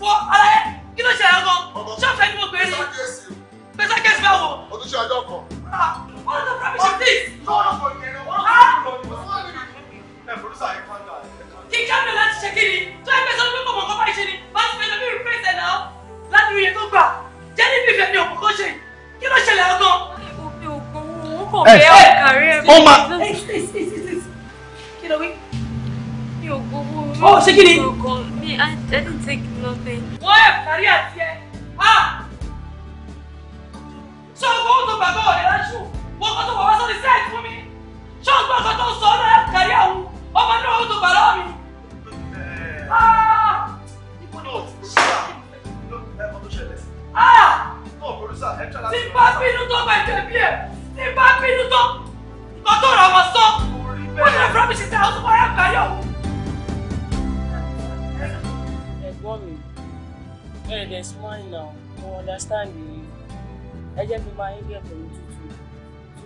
wọ ọlọyẹ kí ló ṣe ẹ̀rọ ṣọ́ọ̀fẹ́ ni mo pè é ní pẹ̀sẹ̀ bá wò. o tún ṣe ọjọ́ kan. wọ́n lọ fún mi tí. kí kámi láti ṣe kíni tó ẹ fẹsẹ̀ lórí kòmọ̀ kọ́ báyìí ṣe ni bá ti fẹsẹ̀ lórí fẹsẹ̀ náà ládùúgbò yẹn tó gbà jẹ́ níbi ìfẹ́ mi òkú kó ṣe kí ló ṣẹlẹ̀ ọgbọ́n. ó máa. kí ló wí. mi ò Oh, ṣé kí ni? Me, I, I didn't take nothing. Wọ́n ẹ̀ kárí àti ẹ. Ṣé o gbowó tó gbàgbọ́ ọ̀rẹ́ láṣù? Wọ́n kọ́ tó wà wá sórí sẹ́ẹ̀tì fún mi.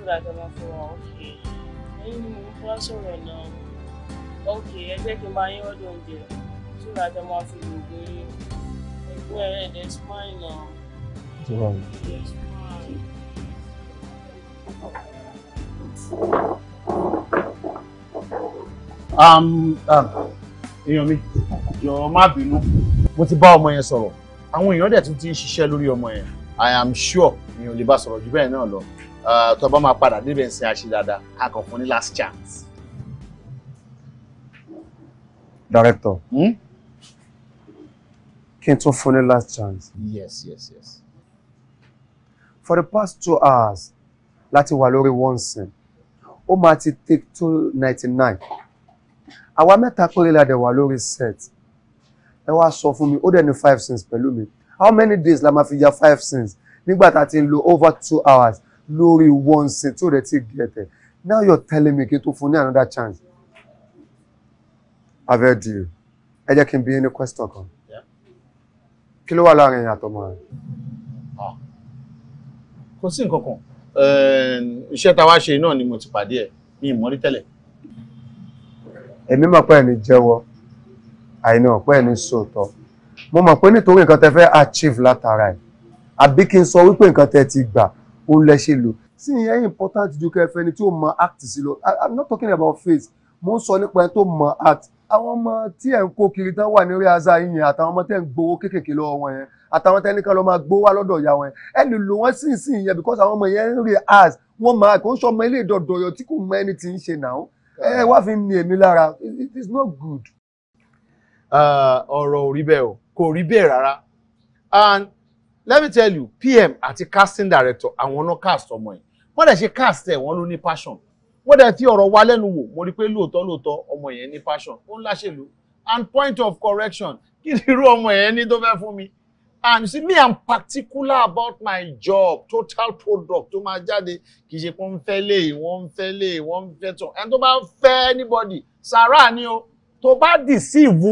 nígbà tó máa fún wa òkè ẹ̀yìn ni mo ń bá sọ̀rọ̀ náà òkè ẹ jẹ́ kí n máa yín ọdún oúnjẹ nígbà tó máa fi gbogbo yín ẹgbẹ́ ẹ̀dẹ̀ spine náà. tí wàá wù. èèyàn mi jọ̀ọ́ má bínú mo ti bá ọmọ yẹn sọ̀rọ̀ àwọn èèyàn dẹ̀ tún ti ń ṣiṣẹ́ lórí ọmọ yẹn i am sure èèyàn lè bá sọ̀rọ̀ jù bẹ́ẹ̀ náà lọ Ah, tó bá máa padà débẹ̀ ń sin àṣì fún ní last chance. director hmm? kí n tún fún ní last chance. yes yes yes. for the past two hours láti wà lórí one sin ó máa ti take two ninety nine àwa mẹ́ta péré la dẹ̀ wà lórí set ẹ wá sọ fún mi ó dẹ̀ ní five cents pẹ̀lú mi how many days la máa fi ya five cents nígbà tá a ti lo over two hours lórí one sin tí ò rẹ̀ ti gẹ̀tẹ̀ now you're telling me kí n tó fún ní another chance I've heard you ẹ jẹ́ kí n bí ní question kan kí ló wà láàrin àtọmọ rẹ. Ah. kò sí nǹkan kan iṣẹ́ tá a wá ṣe náà ni mo ti pàdé ẹ̀ mi ì mọ́rí tẹ́lẹ̀. èmi mọ̀ pé ẹni jẹ́wọ́ àìní ọ̀pẹ́ ẹni sòótọ́ mo mọ̀ pé nítorí nǹkan tẹ fẹ́ achieve látara ẹ̀ àbí kí n sọ wípé nǹkan tẹ ti gbà òun lẹ ṣe lò sí ìyẹn important ju kẹfẹ ni tí ó mọ act sí lọ i'm not talking about face. mo ń sọ nípa ẹni tó mọ act àwọn ọmọ tí ẹ̀ ń kó kiri tán wà ní orí aza yìnyín àtàwọn ọmọ tẹ́ ń gbowó kéékèèké lọ́wọ́ wọn yẹn àtàwọn tẹ́ nìkan lọ́ máa gbó wá lọ́dọ̀ ìyá wọn yẹn ẹ lè lò wọ́n sí ìsìn yẹn because àwọn ọmọ yẹn ń rí as wọ́n máa kó ń sọmọ ilé ìdọ̀dọ̀yọ̀ tí kò mọ ẹni tí ń ṣe náà ẹ wá fi ní èmi lára it is not good. Ah, ọ̀rọ̀ ò rí bẹ́ẹ̀ o kò rí bẹ́ẹ̀ rárá and let me tell you pm àti casting director àwọn náà cast ọmọ yìí wọ́n dẹ̀ ṣe cast ẹ̀ wọ́n ló ní passion wọ́n dẹ̀ fi ọ̀rọ̀ wa lẹ́nu wò mo rí i pé lóòótọ́ lóòótọ́ ọmọ yẹn ní passion ó ń láṣẹlú and point of correction kí ni irú ọmọ yẹn ní tó fẹ́ fún mi and you see me i'm particular about my job total product tó máa jáde kì í ṣe pé wọ́n fẹ́ lè wọ́n fẹ́ lè wọ́n fẹ́ tán ẹni tó bá fẹ́ anybody sàrà ni o tó bá deceive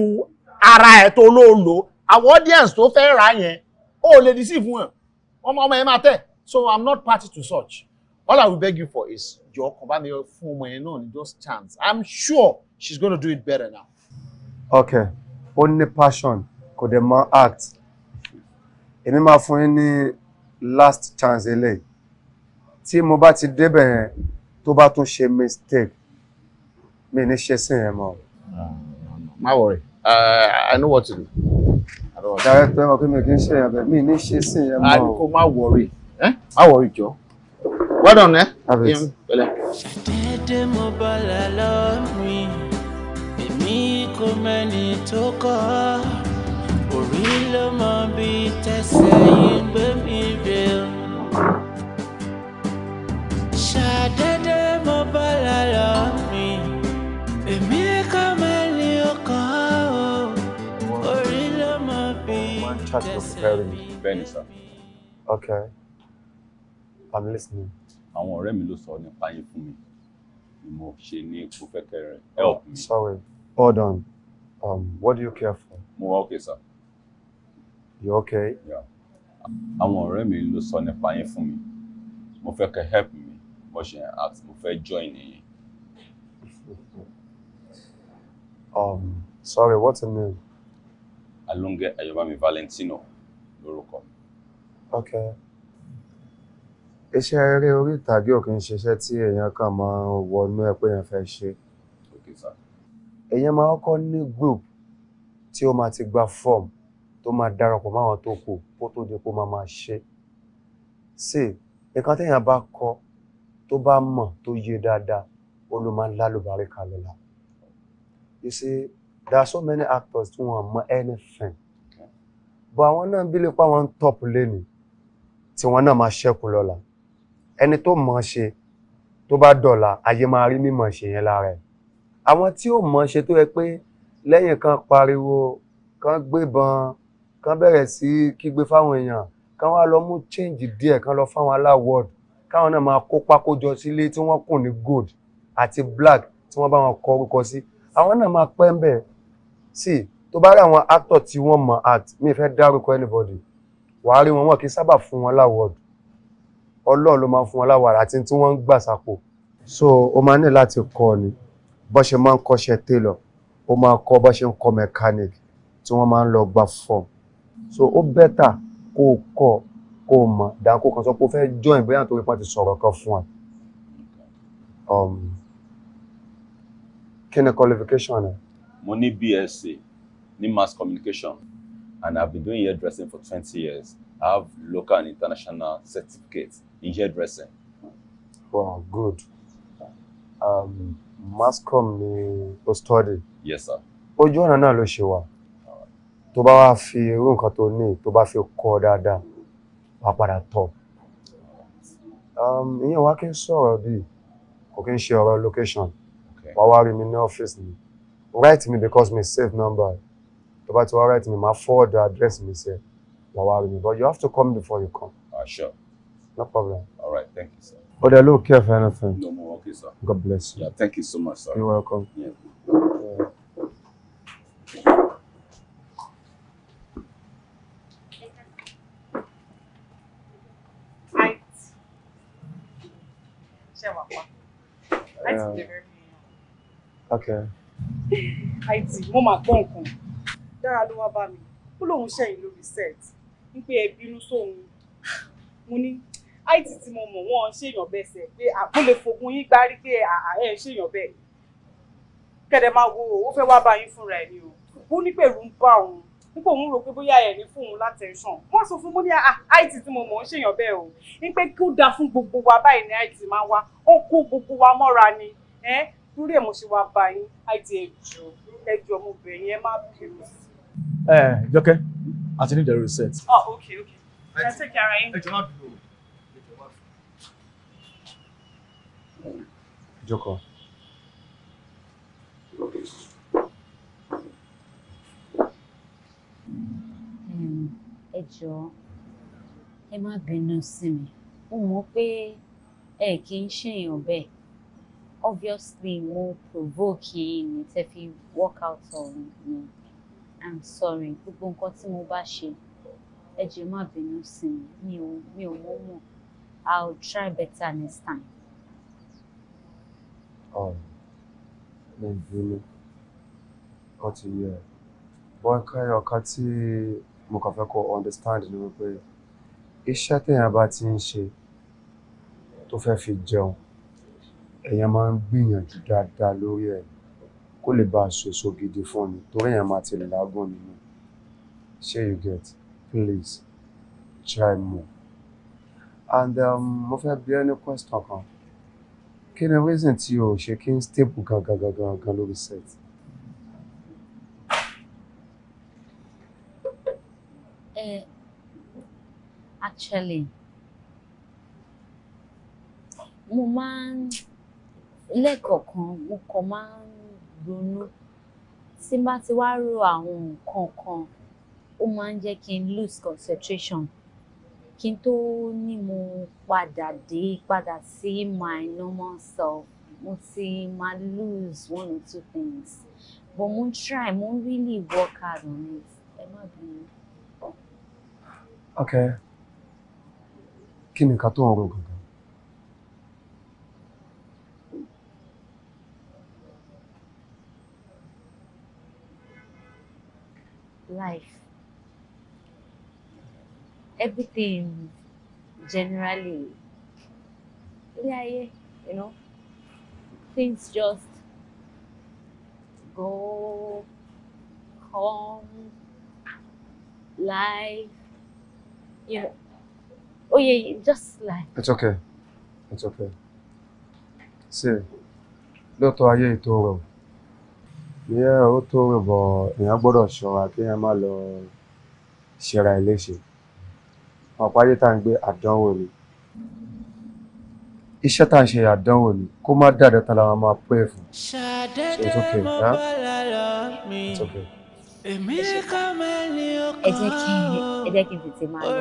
ara ẹ̀ tó lóòlò àwọn audience tó fẹ́ rà yẹn Oh, lè deceive wọn ọmọ ọmọ yẹn máa tẹ̀ so i'm not party to such all i will beg you for is your kàn bá mi fún ọmọ yẹn náà just chance i'm sure she's gonna do it better now. okay only passion could dẹ̀ mọ act èmi máa fún yín ní last chance eléyìí tí mo bá ti débẹ̀ yẹn tó bá tún ṣe mistake mi ní ṣe sí yẹn mọ́. má worry uh, i know what to do dàrẹ́tọ̀ ẹ̀wọ̀n kí mi kì í ṣe ẹ̀bẹ̀ mi ní ṣe sí ẹ̀ mọ́. àní kò má wọrí ẹ má wọrí jọ well done eh? ẹ. ṣàdédé mo bọ̀lá lọ́rùn èmi kò mẹ́ni tó kọ́ orí ló mọ bí tẹ̀sẹ̀ yìí gbé mi rè o. ṣàdédé mo bọ̀lá lọ́rùn. contract you're preparing. bẹ́ẹ̀ni sá. okay i'm listening. àwọn ọ̀rẹ́ mi ló sọ nípa yín fún mi ni mo ṣe ní ipò kẹkẹrẹ help me. sorry hold on um, what do you care for. mo wá okay sir. you okay. Yeah àwọn ọ̀rẹ́ mi ló sọ nípa yín fún mi mo fẹ́ kẹ́ help mi bó ṣe act mo fẹ́ join yín. um sorry what's your name. Alunge Ayobami Valentino lórúkọ mi. ok iṣẹ́ eré orí ìtàgé ò kí ń ṣiṣẹ́ tí èèyàn kàn máa ń wọnú ẹ̀ pé èèyàn fẹ́ ṣe èèyàn máa kọ́kọ́ ní group tí ó máa ti gba form tó máa darapọ̀ máwọn tó kù kó tó di kó máa máa ṣe sí nǹkan téèyàn bá kọ́ tó bá mọ̀ tó yé dáadáa ó ló máa ń lálùbárí kalẹ̀ la you see there are so many actors tí wọ́n mọ anything but àwọn náà bí lè pa wọn top lẹ́nu tí wọ́n náà máa ṣẹ́kù lọ́la ẹni tó mọ̀ ṣe tó bá dọ̀la ayé máa rí mímọ̀ ṣe yẹn lára ẹ̀ àwọn tí ò mọ̀ ṣe tó yẹ pé lẹ́yìn kan pariwo kan gbébọn kan bẹ̀rẹ̀ sí kígbe fáwọn èèyàn kan wá lọ mú change díẹ̀ kan lọ fáwọn aláwọ̀d káwọn náà máa kó pákójọ sílé tí wọ́n kùn ní gold àti black tí wọ́n bá wọn kọ orúkọ sí àwọn náà máa pẹ́ ń bẹ̀ẹ́ see tó bá rí àwọn actor tí wọ́n mọ̀ act mi fẹ́ dárúkọ anybody wàá rí wọn wọn kì í sábà fún wọn láwọ̀dù ọlọ́run ló máa fún wọn láwàrà àti tí wọ́n ń gbà sápò so o máa ní láti kọ́ ni bó ṣe máa ń kọ́ṣẹ́ tailor o máa kọ́ bó ṣe ń kọ́ mechanic tí wọ́n máa ń lọ gba form so ó bẹ́tà kó o kọ́ kó o mọ̀ dáa kó o kàn sọ pé o fẹ́ join bóyá nítorí pé wọ́n ti sọ̀rọ̀ kan fún ọ um, kí ni qualification rẹ̀ mo ní BSc ní mass communication and I've been doing hairdressing for twenty years I have local and international certificates in hairdressing. Wow, good. Um, mass com ni o study. Yes, sir. Ojú ọ̀nà náà ló ṣe wà. Tó bá wá fi irú nǹkan tó ní tó bá fi kọ́ dáadáa, wàá padà tọ̀. Um, ìyẹn wá kí n sọ̀rọ̀ bíi kò kí n ṣe ọ̀rọ̀ location. Wàá wá rí mi ní ọ́fíìsì mi write me because my safe number tó bá ti wá write me my forward address Me sí ẹ wà wá mi but you have to come before you come. ah sure. no problem. all right thank you sir. But de look care for anything. no more okay sir. god bless you. yeah thank you so much sir. you're welcome. Yeah. Yeah. Yeah. Okay it mo máa gbọ́ nǹkan dára ló wá bá mi ó lóun ṣẹ̀yìn lórí set ń pé ẹ bínú sóun mo ní it tí mo mọ̀ wọ́n ṣèyàn bẹ́ẹ̀ sẹ̀ pé àkúlè fogun yín gbárí pé àárẹ̀ ṣèyàn bẹ́ẹ̀ kẹ̀dẹ̀ máa wo ó fẹ́ wá bá yín fúnra ẹ̀ ni o ó ní pẹ̀lú ń bá òun nípa òun rò pé bóyá ẹ̀ ní fún òun látẹ̀sán wọ́n sọ fún mo ní ah, it tí mo mọ̀ ń ṣèyàn bẹ́ẹ̀ o ní pé kí ó dáa fún gbogbo wa báyìí ní it máa wá ó kó gbogbo wa mọ́ra ni lórí ẹ̀ mo ṣe wá bá yín àìtí ẹ̀jọ̀ ẹ̀jọ̀ ọmọbìnrin yẹn má bẹ̀rù. ẹ jọkẹ́ àti ní ìdẹ̀rù reset. oh ok ok ẹ ṣe kí ara yín. ẹjọ má bẹ̀rù ẹjọ má bẹ̀rù. jọkọ. Hmm, ẹ jọ̀ọ́ ẹ má bínú sí mi mo mọ̀ pé ẹ kì í ṣèyàn bẹ́ẹ̀ obviously mo provoke yín ni tẹ́ fi out on me i'm sorry gbogbo nǹkan tí mo bá ṣe ẹ jẹ́ má bínú sí mi mi ò mọ̀ mọ̀ i'll try better next time. Um, mi bínú wọ́n ti yẹ ẹ̀ bọ́ ẹ̀ka ọ̀ka tí mo kàn fẹ́ kó understand ni wípé iṣẹ́ téèyàn bá ti ń ṣe tó fẹ́ fi jẹun èèyàn máa ń gbìyànjú dáadáa lórí ẹ̀ kó lè bá a so èso gidi fún ni torí èèyàn máa ti làágùn nínú ṣé you get please try more and um, mo fẹ́ bi ẹ́ ní question kan kí ni reason tí o ṣe kí n stable gangan gangan gan lórí set. actually mo máa ń lẹ́ẹ̀kọ̀ọ̀kan mo kàn máa ń ronú tí n bá ti wá ro àwọn nǹkan kan ó máa ń jẹ́ kí n lose concentration kí n tó ní mo padà dé padà sí my normal self mo ti máa lose one or two things but mo try mo really work hard on it ẹ má bínú. okay kí ni nǹkan tó ń ro gangan. life, everything generally, yeah, you know, things just go, come, life, you know. Oh yeah, just life. It's okay. It's okay. See, lóòótọ́ ayé ètò ọ̀rọ̀ bóyá ó tó rìn bọ̀ èèyàn gbọ́dọ̀ ṣọ́ra kéèyàn má lọ ṣera ẹ̀ léṣe ọ̀pọ̀ ayé tá à ń gbé àdánwò ni iṣẹ́ tá à ń ṣe àdánwò ni kó má dàdẹ́ tán lára máa pẹ́ fún it's okay ẹ́ it's okay. ẹ jẹ́ kí ẹ jẹ́ kí n tètè máa lọ.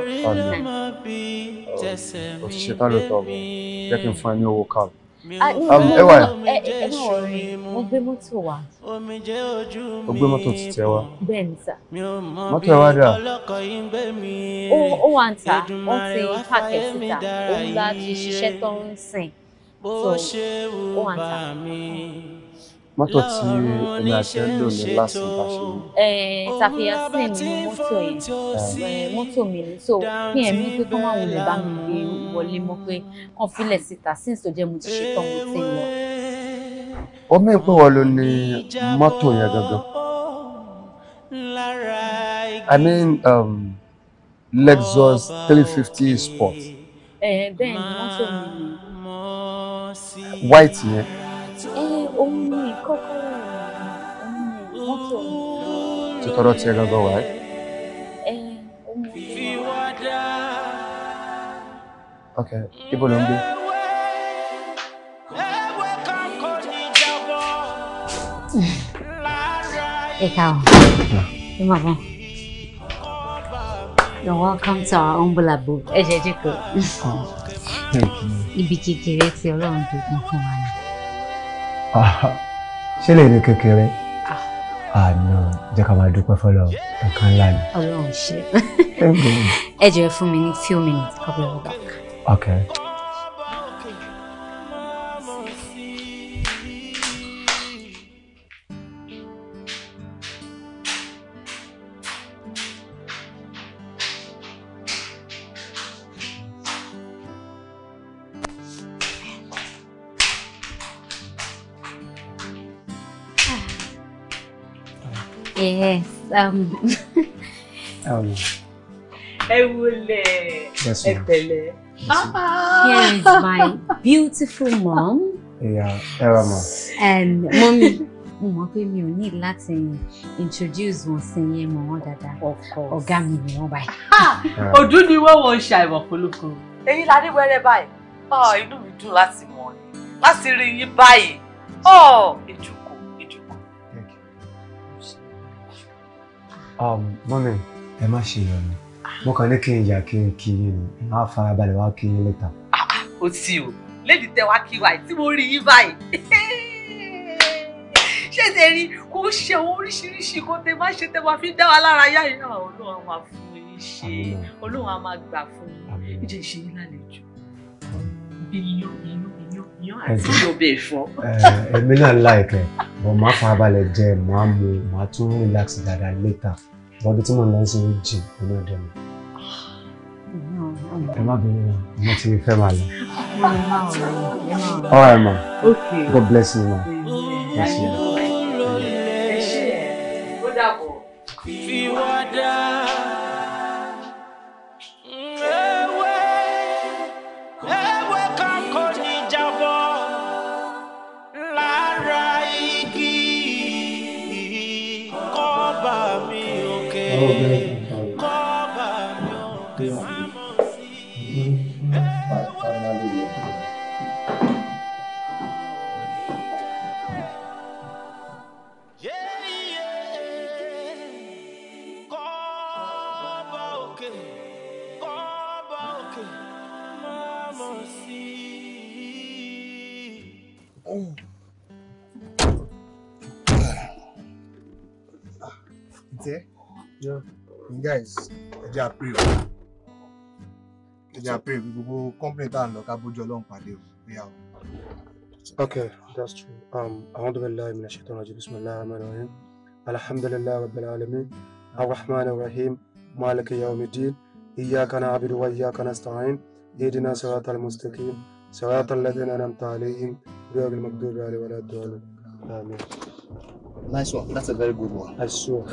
ọ̀sẹ̀ oh, oh, tán jẹ́ kí n fún ẹ ní owó káàbọ̀. Ah, ẹwà um, eh, eh, ẹ mo gbé mọ́tò wá. o gbé mọ́tò ti tẹ wá. bẹ́ẹ̀ni sà. mọ́tò ẹ wá dà. ó wà ń ta wọ́n ti pàkẹ́ síta òun la ti ṣiṣẹ́ tó ń sìn tó ó wà ń ta. mọ́tò tí èmi àti ẹ lò láti bá ṣe. tàfihàn sí ni mọ́tò yẹn eh, mọ́tò mi ni so kí ẹ̀ mí pé kí wọ́n bá mi gbé wọlé mọ́ pé kàn fílẹ̀ síta since tó jẹ́ mo ti ṣetán mo ti lọ. ọmọ ìpè wọ ló ní mọ́tò yẹn gangan i mean um, lexus three fifty sport. ẹ eh, bẹ́ẹ̀ ni mọ́tò mi white yẹn. ẹ eh, òun ni kọ́kọ́ òun ni mọ́tò mi. tiẹ̀ gangan wáyé. Okay. ibo ló ń gbé. ẹ káàbọ̀ ẹ máa you're welcome to our humble abode ẹ ṣe jẹ́kọ̀ ibi kékeré tí ọlọ́run dogun fún wa ni. ṣé lè ní kékeré àná ah. ah, jẹ́ ká máa dúpẹ́ fọlọ́ nǹkan ńlá ni. ọlọ́run ṣe ẹ jẹ́ fún mi ní few minutes kọ́bí ọ̀gá. Okay. Yes. Um. um. Ẹ wọlé. Ẹ pẹ̀lẹ́. Here is my beautiful mom. Yeah, Ella mom. And mommy, mo mọ̀ pé mi ò ní láti introduce wọn sí yẹn mọ̀ wọ́n dáadáa. Ọ̀gá mi ni wọ́n báyìí. Òdú ni wọ́n wọ ṣàìwọ̀ polúkú. Èyí la dé wẹ́rẹ́ báyìí. Ah, inú mi dùn láti mọ̀ ọ́ láti rí yín báyìí. Ìjòkó oh, ìjòkó. Um, Mọ́mí, ẹ má ṣe yọ̀ ni mo kàn ní kí n yà kí n kí n má farabalẹ̀ wá kí n lẹ́ta. o ti o lédi tẹ wá kí wa tí mo rí yín báyìí ṣé ṣe rí kó ṣe ohun oríṣiríṣi kó tẹ má ṣe tẹ wá fi dá wa lára yá yìí náà olóhùn àwọn àfún yín ṣe olóhùn àwọn àgbà fún yín ìjẹ ìṣe yín lálejò bí yín yín èmi náà láìpẹ́ bọ̀ máa farabalẹ̀ jẹ máa mu máa tún relax dáadáa later bọ́dí tí mò ń lọ sí jì nínú ọdẹ mi. ẹ má bínú ya mo ti fẹ́ máa lọ. ọ̀rọ̀ ẹ̀ mọ̀ God bless you ma. bless you. fi wá dáa. pray o ẹja pray gbogbo complaint tá à ń lọ ká bójú ọlọ́run pàdé o pé àwọn. Okay, that's true. Um, أعوذ بالله من الشيطان الرجيم بسم الله الرحمن الرحيم الحمد لله رب العالمين الرحمن الرحيم مالك يوم الدين إياك نعبد وإياك نستعين اهدنا صراط المستقيم صراط الذين أنعمت عليهم غير المغضوب عليهم ولا الضالين آمين Nice one. That's a very good one. I swear.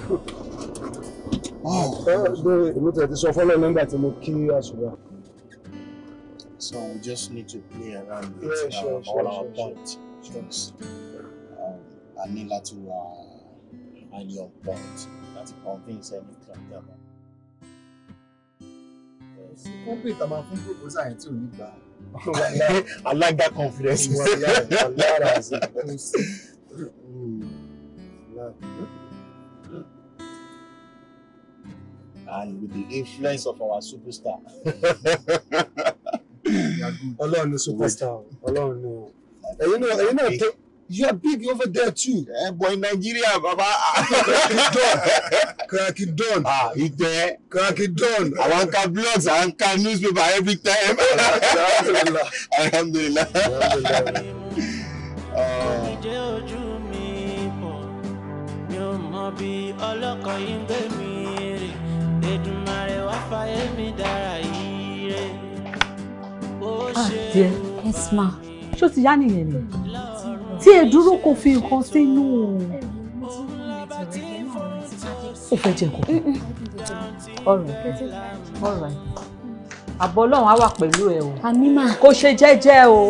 So we just need to play around with yeah, uh, sure, um, all sure, our sure, points. Sure. Um, uh, uh, a ní láti wà highly on point láti convince any club dábàá. Kọ́mpì tá a máa fún proposal yẹn confidence. Ìwà ìyá and with the influence of our superstar. Ọlọ́run ni superstar Ọlọ́run ni o. Ẹ̀yin náà ẹ̀yin náà you are big over there too. Ẹ eh, bọ̀ in Nigeria baba. Cracky Don. Ah Ìtẹ́. Cracky Don. Àwọn ka blogs, àwọn ka newspaper every time. Alhamdulillah. Alhamdulillah. Ìjẹ́ oh. ojú mi pọ̀, mi ò mọ bí ọlọ́kọ̀ yín gbé mi àdìẹ ẹsma ṣó ti yá nìyẹn ni tí ẹ dúró kò fi nǹkan sínú ó fẹ́ jẹ kó. ọ̀rọ̀ ọ̀rọ̀ àbọ̀ ọlọ́run á wà pẹ̀lú ẹ o kò ṣe jẹ́jẹ́ o.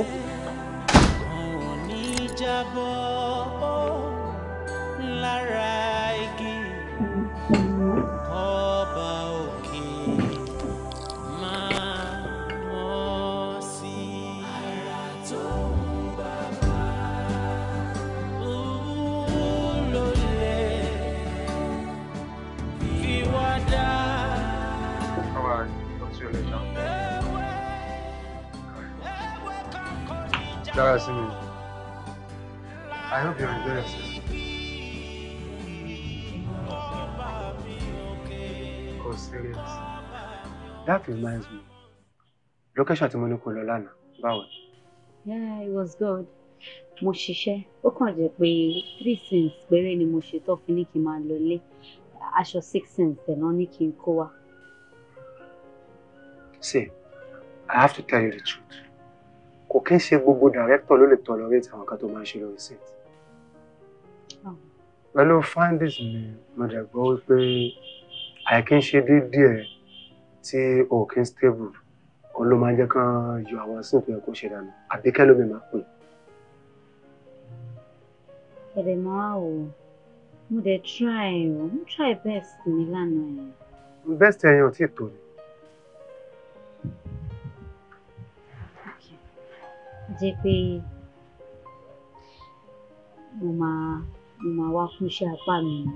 Darasimi, I hope you're enjoying yourself. Oh, serious. That reminds me. Location tí mo ní kó Yeah, it was good. Mo ṣiṣẹ́. Ó kàn jẹ́ three cents péré ni mo ṣe tó fi six cents ẹ̀ náà ní See, I have to tell you the truth kò kí ń ṣe gbogbo director ló lè tolerate àwọn kan tó máa ń ṣe lórí set. Oh. pẹ̀lú findings mi mo dẹ̀ gbọ́ wípé àìkí ń ṣe díẹ̀ tí o kì ń stable òun ló máa ń jẹ́ kán yọ àwọn sínkù yẹn kó ṣe dànù àbí kẹ́lómi máa pè. ẹ̀rẹ̀ mọ́ a ò mo dẹ̀ try o mo try best mi lánàá yẹn. best ẹ̀yin ò tí ì tó ni. jẹ́ pé mo máa mo máa wá fún iṣẹ́ apá mi ni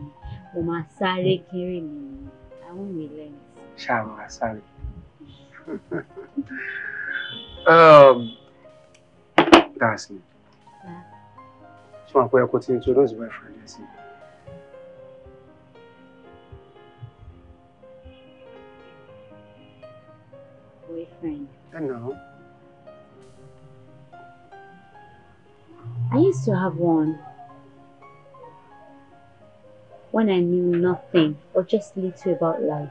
mo máa sáré kiri mi ni àwọn mi lẹ́yìn. ṣáà máa sáré. Um, that's it. Ṣé wọn pẹ́ ẹkọ tí n tó lọ́sí bá ìfúnni sí? Boyfriend. Ẹ nà I used to have one when I knew nothing or just little about life.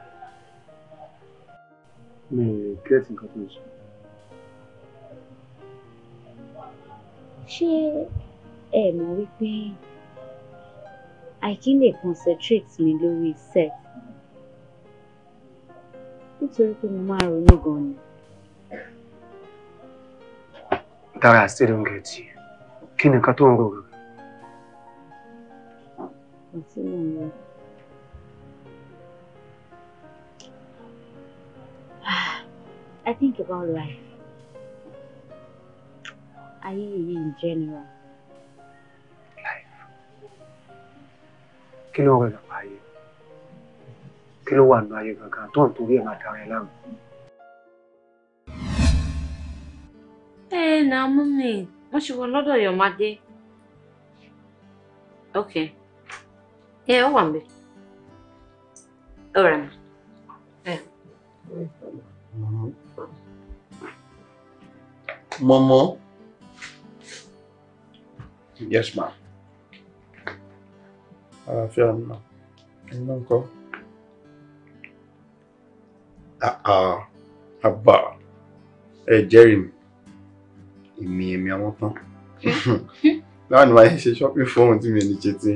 May get in conclusion. Ṣé ẹ mọ̀ wípé àìkí lè concentrate mi Louis iṣẹ́ nítorí pé mo máa ronú gan ni. That I still don't get you kí ni nǹkan tó ń rò rò. I think about life. Ayé yìí in general. Life. Kí ló ń rẹ̀ lọ́pàá ayé? Kí ló wà nínú ayé gangan tó ń torí ẹ̀ máa dára ẹ láàmú? Ẹ nà mú mi wọ́n ṣe wọ lọ́dọ̀ Yọ̀mádé ok ẹ ọ wà mí ọ rà mí. Mọ̀mọ́. Yes, ma. Àlàáfíà ni ma. Ẹni náà ń kọ́. Ah, ah, àbá ẹ jẹ́rìí mi èmi èmi àwọn tán báwo ni wàá ṣe shopping fóun tí mi ní ṣe tí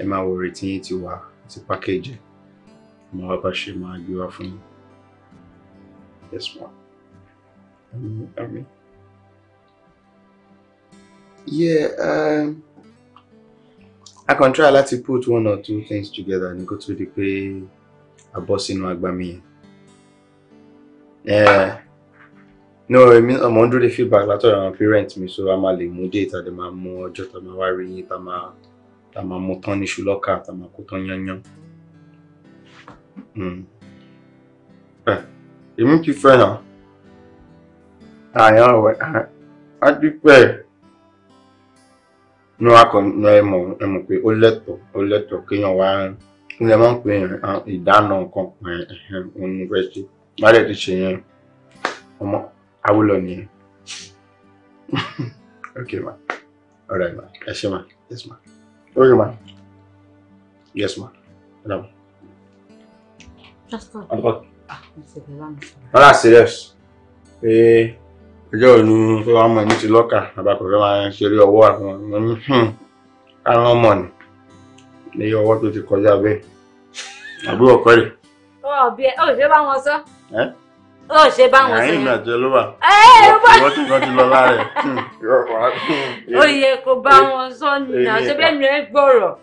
ẹ máa wo retí yín ti wà ti package ẹ máa wá bá ṣe máa gbé wá fún yín yes ma Ami. àmì. yeah um, I can try láti put one or two things together ní kó tó di pé a bọ́ sínú agbami yẹn. Yeah no èmi náà mo ń dúró de feedback látọ̀dọ̀ àwọn parent mi so a máa lè mú date a lè máa mú ọjọ́ tá a máa wá rí yín tá a máa tá a máa mú tán níṣu lọ́kà tá a máa kó tán yányán. Hmm. Eh, èmi ti fẹ́ yàn àyàn ọ̀wẹ́ á dúpẹ́ ní wàá kọ ní ẹ mọ̀ ẹ mọ̀ pé ó lẹ́tọ̀ọ́ ó lẹ́tọ̀ọ́ kéèyàn wá ilé máa ń pè ìdáná nǹkan ọ̀hún fẹ́ ṣe má dẹ̀ ti ṣe yẹn ọmọ. Awólọ nìyẹn. okay ma all right ma ẹ ṣe ma yes ma okay ma yes ma madam. rárá ah, serious pé ẹjọ́ òní tó wàá mọ̀ ní ti lọ́kà àbákùnrin máa ń ṣeré ọwọ́ àwọn ọmọ mi hmm. káwọn ọmọ ni ní ọwọ́ tó ti kọjá bẹ́ẹ̀ àbúrò kọ́rì. ọ̀ bí ẹ ò ṣe bá wọn sọ ó ṣe báwọn sí. àyìn àjẹ ló wà. ẹ ẹ bá ìwọ tí wọn ti lọ láàrẹ. ó yẹ kó bá wọn sọ nìyà ṣe bẹ́ẹ̀ ni ẹ gbọ́rọ̀.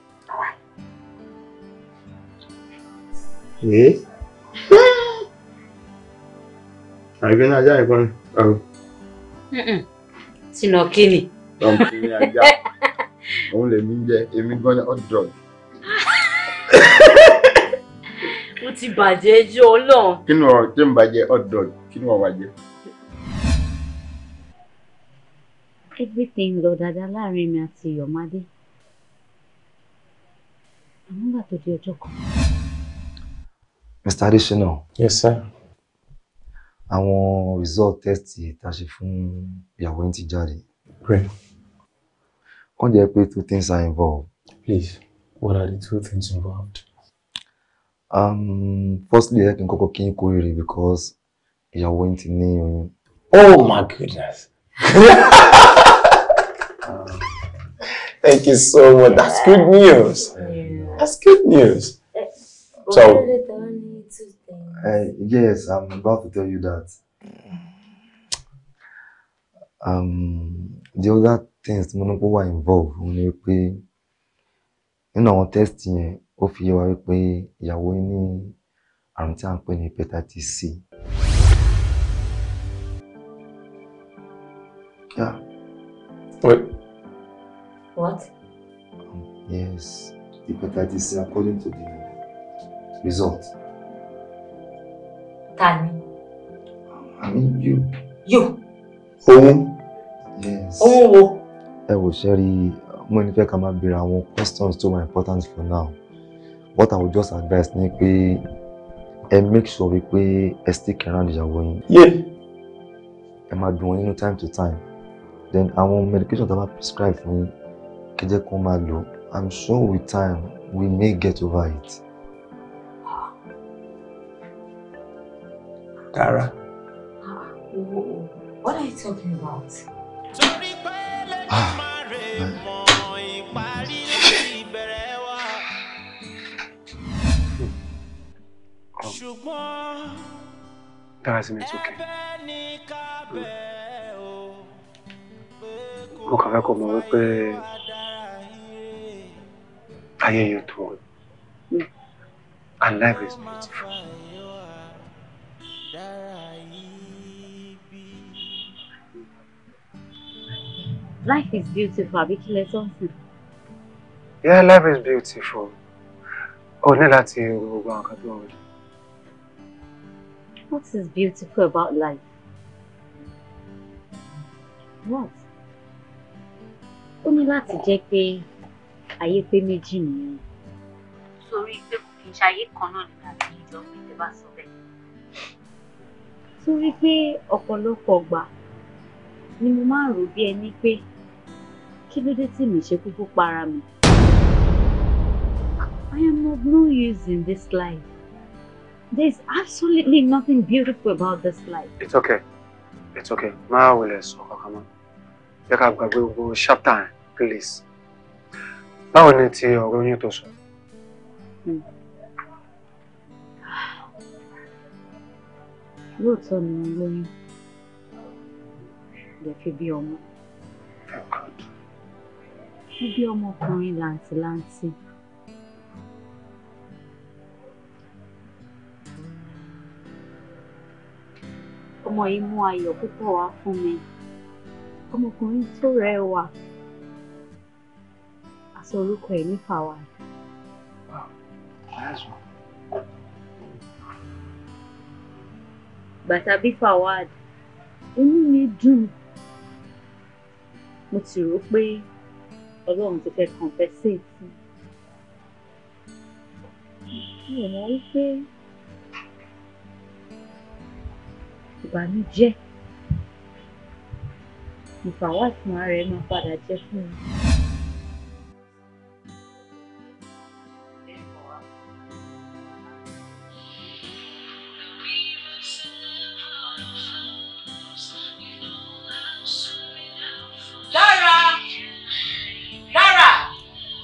àbí ní ajá ìbọn ni. tinú kí ni. tọ́ǹkì ni ajá òun lèmi ń jẹ èmi gan-an ọ̀dọ̀. ti bàjẹ́ jọ ọlọ́run. kí ni ọ̀rọ̀ tí ń bàjẹ́ ọ̀dọ̀ kí ni wọ́n bàjẹ́. everything lọ dáadáa láàrin mi àti Yọ̀mádé àmọ́ gbà tó di ọjọ́ kan. Mr. Adesina. Yes, sir. Àwọn result test tá a ṣe fún ìyàwó yín ti jáde. Great. Kàn jẹ́ pé two things are involved. Please, what are the two things involved? Um, firstly, ẹ kí n kọ́kọ́ kí n kú rírì because ìyàwó yín ti ní oyún. Oh my goodness. Thank you so much. That's good news. That's good news. So, uh, yes, I'm about to tell you that. Um, the other things mo ní kó wà involved, mo ní pé nínú àwọn test yẹn ó fi yé wa wípé ìyàwó yín ní àrùn tí à ń pè ní hepatitis C. Yeah. Wait. What? Um, yes, hepatitis C according to the result. Tani. I mean you. You. Òun. Yes. Òun I will share the money. mo ní fẹ́ ká máa questions to my importance for now what I would just advise ni pé ẹ make sure wípé ẹ stick around ìyàwó yín. ẹ máa dùn wọn time to time then àwọn medication tá a prescribe fún yín kí jẹ́ kó máa I'm sure with time we may get over it. Dara. What are you talking about? Ah, Guys, I it's okay. Mo kàn fẹ́ kó mọ̀ wípé ayé yóò tó wọn. And life is beautiful. Life is beautiful, àbí kí lẹ sọ sí? Yeah, life is beautiful. O ní láti gbogbo àwọn kan tó ń wọlé. What is beautiful about life? What? Ó ní láti jẹ́ pé ayé pé méjì nìyẹn. Torí pé kò kí n ṣayé kan náà ni àbí ìjọ mi tẹ bá sọ bẹ́ẹ̀. Torí pé ọ̀pọ̀lọpọ̀ ọgbà ni mo máa ń rò bí ẹni pé kí ló dé tí mi ṣe kúkú para mi. I am of no use in this life. There's absolutely nothing beautiful about this life. It's okay. It's okay. Máa wọlé sọ̀kọ̀ kan mọ́. Take ká gbàgbé gbogbo ṣáptà yẹn, please. Báwo ni ti ọ̀rọ̀ yín tó sọ? Hmm. Lóòótọ́ ni mo lóyún. Lè fi bí ọmọ. Ó oh bí ọmọkùnrin làǹtìlanti. ọmọ yìí mú ayọ̀ púpọ̀ wá fún mi ọmọkùnrin tó rẹwà àti orúkọ ẹ̀ ní Fawad. bàtà bí Fawad inú mi dùn mo ti rò pé ọlọ́run ti fẹ́ kàn fẹ́ sí i fún mi. mo mọ̀ wípé. ìbànújẹ́ ìfàwọ́ ìfúnra rẹ̀ máa padà jẹ́ fún mi.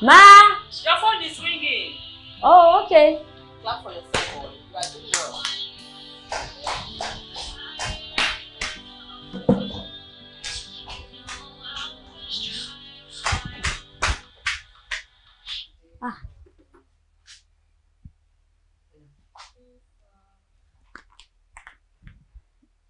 Ma! Your phone is ringing. Oh, okay.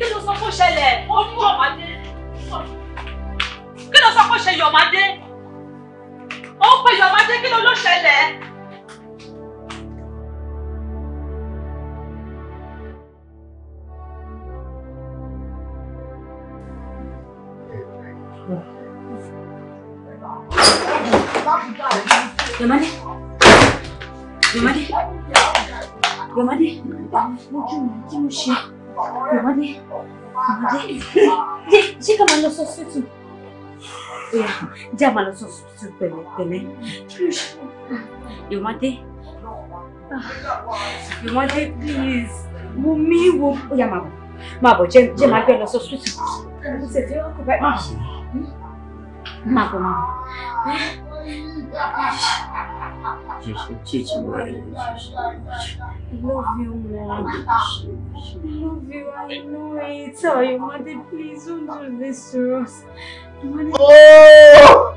kí ló sọ kó ṣẹlẹ̀ ó ní ọ̀mádé kí ló sọ kó ṣe yọ̀mádé ó ń pè yọ̀mádé kí ló ló ṣẹlẹ̀. Yọ̀mádé. Yọ̀mádé. Yọ̀mádé. Mo kí ni kí ló ṣe? Yọ̀mádé jẹ́ ká máa lọ sọ sítù jẹ́ àmà lọ sọ sítù pẹ̀lẹ́pẹ̀lẹ́ ìwádé ìwádé please wo mí wo ó yá máa bọ̀ máa bọ̀ jẹ́ máa gbé lọ sọ sítù mo sì ti ọkọ̀ báyìí Jesus, teach me right in Jesus' name. Love you, Lord. Love you. I know it. Tell your mother, please don't do this to us. Mother... Oh!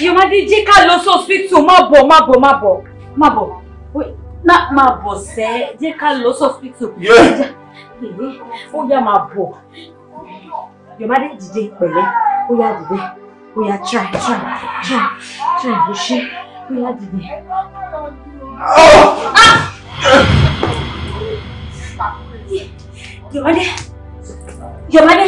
Your mother, jẹ́ ká lọ sí hospital. Má bọ̀, má bọ̀, má bọ̀, má bọ̀. Wait, not má bọ̀, sẹ́. Jẹ́ ká lọ sí hospital. Yeah. Eh, ó yá, má bọ̀. Your mother, dìde pẹ̀lẹ́. Ó yá, dìde. Ó yá, try, try, try, try. Ó ṣe. Bóyá dìde. Yọ̀mọ́dé. Yọ̀mọ́dé.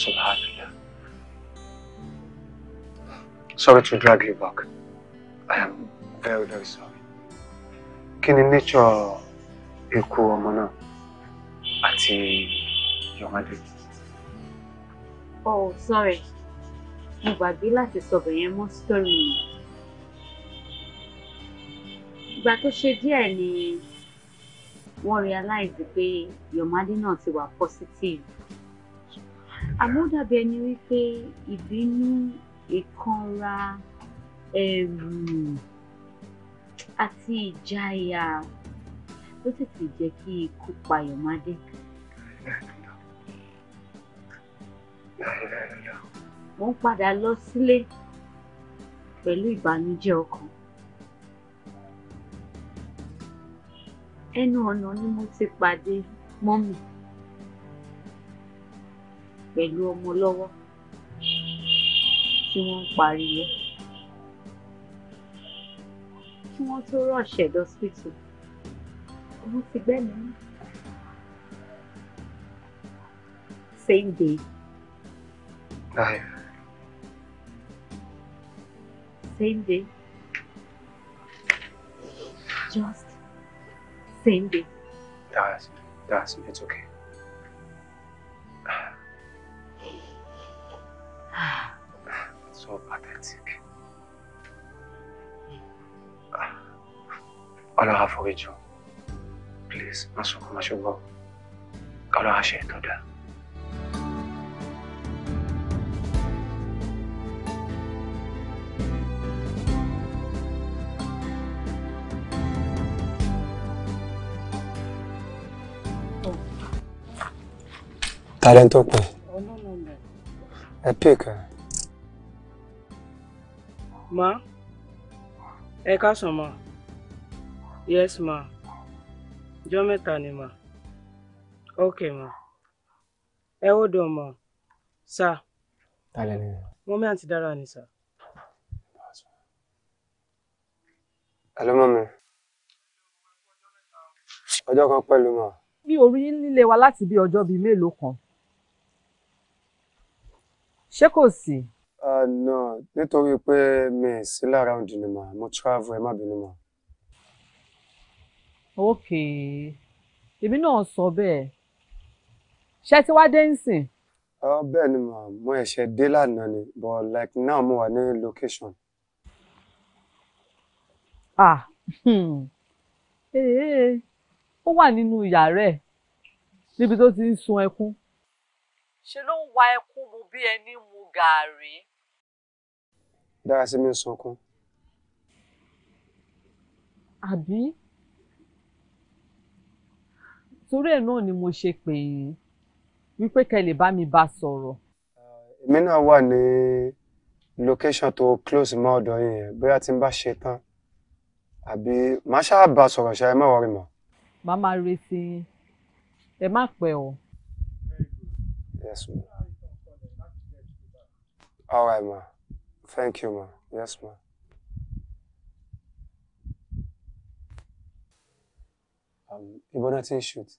Subhanallah. Sorry to drag you back. I am very, very sorry. Kí ni nature ikú ọmọ at your mother? Oh, sorry. Mo gbàgbé láti sọ̀bẹ̀ yẹn mọ́ sítórì mi. Ìgbà tó ṣe díẹ̀ ni wọ́n realize pé Yomade náà ti wà positive àmọ́ dàbí ẹni wípé ìbínú ìkanra ẹ̀rù àti ìjayà ló tètè jẹ́ kí ikú pa Yọ̀mádé. mo ń padà lọ sílé pẹ̀lú ìbànújẹ́ ọkàn. ẹnu ọ̀nà ni mo ti pàdé mọ́mì. pẹ̀lú ọmọ lọ́wọ́ tí wọ́n ń pariwo kí wọ́n tó rọ̀ṣẹ̀ lọ́sítù ọmọ ti gbẹ́mi ti Same day. Same day. Just same day. That's, that's, it's okay. so pathetic. Ọlọ́run àforíjì o. Please, má sunkún, má ṣùgbọ́n. Ọlọ́run á ṣe ètò dáa. talento pues. É pè ma É káàsán ma yes ma jọ́ mẹ́ta ma ok ma É o do ma sa. tálẹ̀ ni. mọ́mí àǹtí dára ni sa. Hello mọ́mí. ọjọ́ kan pẹ̀lú mọ́. mi ò rí nílé wa láti bí ọjọ́ bíi mélòó kan ṣé kò sí. Uh, no nítorí pé mi ì sí lára òdì ni mà mo travel ẹ má bínú mà. ok èmi náà sọ bẹ́ẹ̀ ṣé ti wá dé nsìn. Uh, bẹ́ẹ̀ ni mà mo ẹ̀ṣẹ̀ dé lánàá ni but like now mo wà ní location. ah ó wà nínú yàrá ẹ̀ níbi tó ti ń sun ẹkún ṣe ló ń wa ẹkún mu bí ẹni mu gàárì. Dárasími ń sunkún. Àbí? Torí ẹ̀ náà ni mo ṣe pè yín wípé kẹ́ lè bá mi bá sọ̀rọ̀. Èmi náà wà ní location tó close mọ́ ọ̀dọ̀ yín yẹn bóyá tí n bá ṣe tán àbí màá ṣáà bá sọ̀rọ̀ ṣáà ẹ má wọrí mọ́. Màá máa retí yín. Ẹ má pẹ́ o. Yes, ma'am. All right, ma. Thank you, ma. Yes, ma. Um, náà ti take shoot.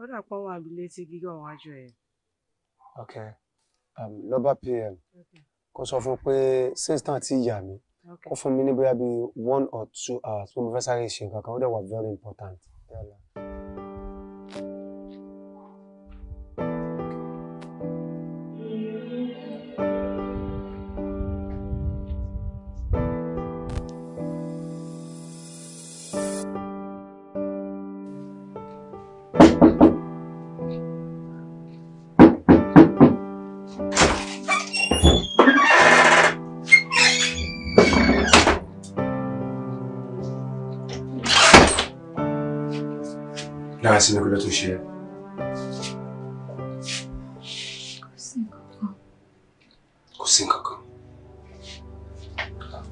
Ó dà pọ́n wọn àbílẹ̀ tí gígọ̀ wájú ẹ̀. Okay. Um, Lọ́bà PM. Okay. sọ of pé sísítàn ti yà mí. Kó fún mi ní bóyá one or two hours. Mo fẹ́ sáré ṣe nǹkan kan. Ó dẹ̀ wà very important. Yeah,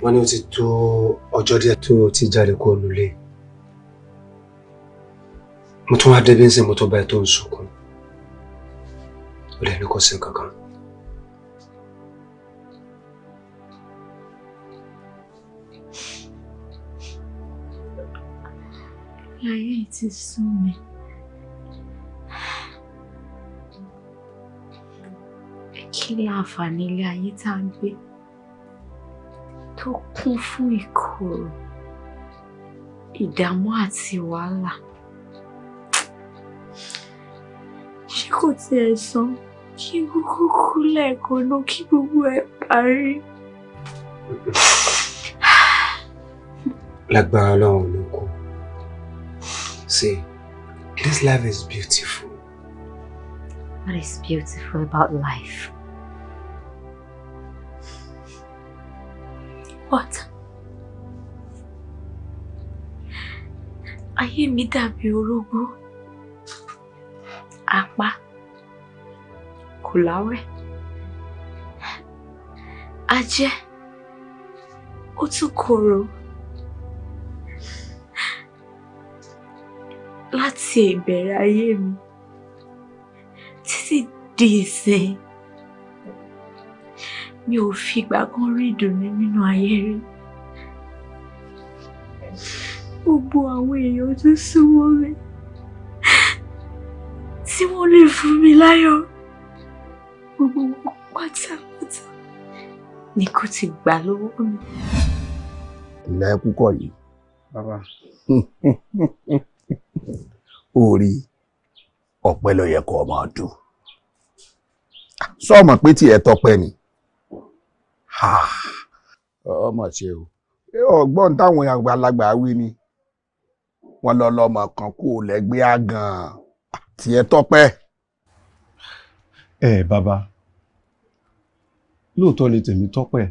wọ́n ní ó ti tó ọjọ́ díẹ̀ tó ti jáde kó nulé mo tún wá débi ń sìn mo tó báyìí tó ń sunkún ó lè ní kò sí nǹkan Láyé ti sú mi. Kí ni àǹfààní ilé ayé tá a gbé? tó kún fún ìkorò ìdààmú àti wàhálà ṣé kò tiẹ̀ sàn kí kúkú kú lẹ́ẹ̀kan náà kí gbogbo ẹ̀ parí. lágbára ọlọ́run ló kú see this life is beautiful. What is beautiful about life? But ayé mi dàbí orógbó, àpá, kò láwẹ̀, ajẹ́, ó tún korò. Láti ìbẹ̀rẹ̀ ayé mi títí di mi ò fi ìgbà kan rí ìdùnnú nínú ayé rí gbogbo àwọn èèyàn tó súnmọ́ mi tí wọ́n lè fún mi láyọ̀ gbogbo pátápátá ni kò ti gbà lọ́wọ́ mi. ìlà ẹkú kọ yìí. bàbá. orí ọpẹ́ ló yẹ kó ọmọ ọdún sọ pé tí ẹ tọpẹ ni ọmọ ṣe o ọgbọ́n táwọn àgbàlagbà wí ni wọn lọ lọmọ kan kú lẹ́gbẹ́ àgàn tiẹ̀ tọ́pẹ́. ẹ bàbá lóòótọ́ lè tèmi tọ́pẹ́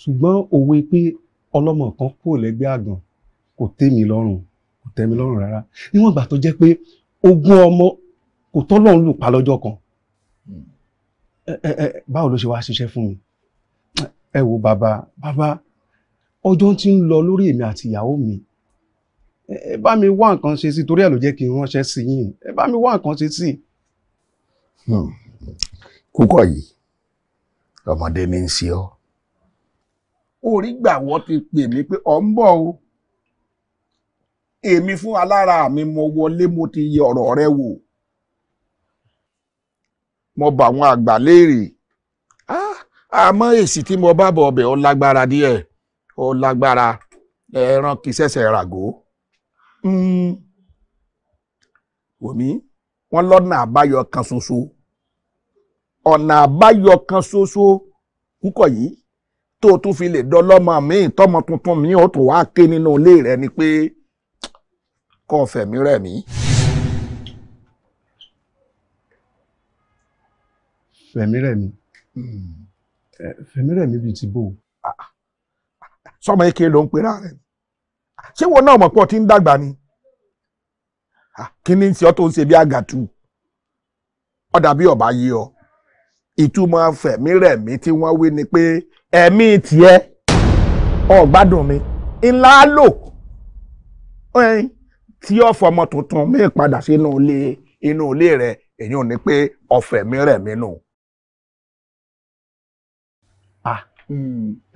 ṣùgbọ́n òwe pé ọlọ́mọ kan kú lẹ́gbẹ́ àgàn kò tẹ́mi lọ́rùn kò tẹ́mi lọ́rùn rárá níwọ̀n ìgbà tó jẹ́ pé ogún ọmọ kò tọ́lọ́run lù pa lọ́jọ́ kan hmm. báwo ló ṣe wá ṣiṣẹ́ fún mi ẹ wo bàbá bàbá ọjọ́ ti ń lọ lórí èmi àti ìyàwó mi ẹ bá mi wá nǹkan ṣe sí torí ẹ ló jẹ́ kí n ránṣẹ́ sí yín ẹ bá mi wá nǹkan ṣe sí. Hmm. kúkọ yìí ọmọdé mi ń ṣe ọ. orí gbàwọ́ ti pè mí pé ọ̀ ń bọ̀ o èmi fún alára mi mo wọlé mo ti yẹ ọ̀rọ̀ rẹ wò mo bá àwọn àgbà léèrè àmọ́ èsì tí mo bá bọ̀ ọbẹ̀ ó lágbára díẹ̀ ó lágbára ẹran kì í ṣẹ̀ṣẹ̀ ràgó hmm. wòmí wọ́n lọ́nà àbáyọ kan ṣoṣo ọ̀nà àbáyọ kan ṣoṣo kúkọ̀ yìí tó o tún fi lè dọlọ́mọ míì tọmọ tuntun míì ó tún wáá ké nínú ilé rẹ ni pé kọ́ fẹ̀mí rẹ̀ mí. fẹ̀mí rẹ̀ mí. Hmm fẹ̀mí rẹ̀ mi bíi ti bò sọmọ ike ló ń pera rẹ̀ ṣé wọn náà mọ̀ pọ̀ tí ń dàgbà ni kí ni tí ọ tó ń ṣe bí àgàtù ọ dàbí ọba yí ọ ìtumọ̀ fẹ̀mí rẹ̀ mi tí wọ́n wí ni pé ẹ̀mí tiẹ̀ ọ̀gbádùn mi ńlá lò tí ó fọmọ tuntun mi padà sínú ilé inú èyí ò ní pé ọ̀fẹ̀mí mi nù. No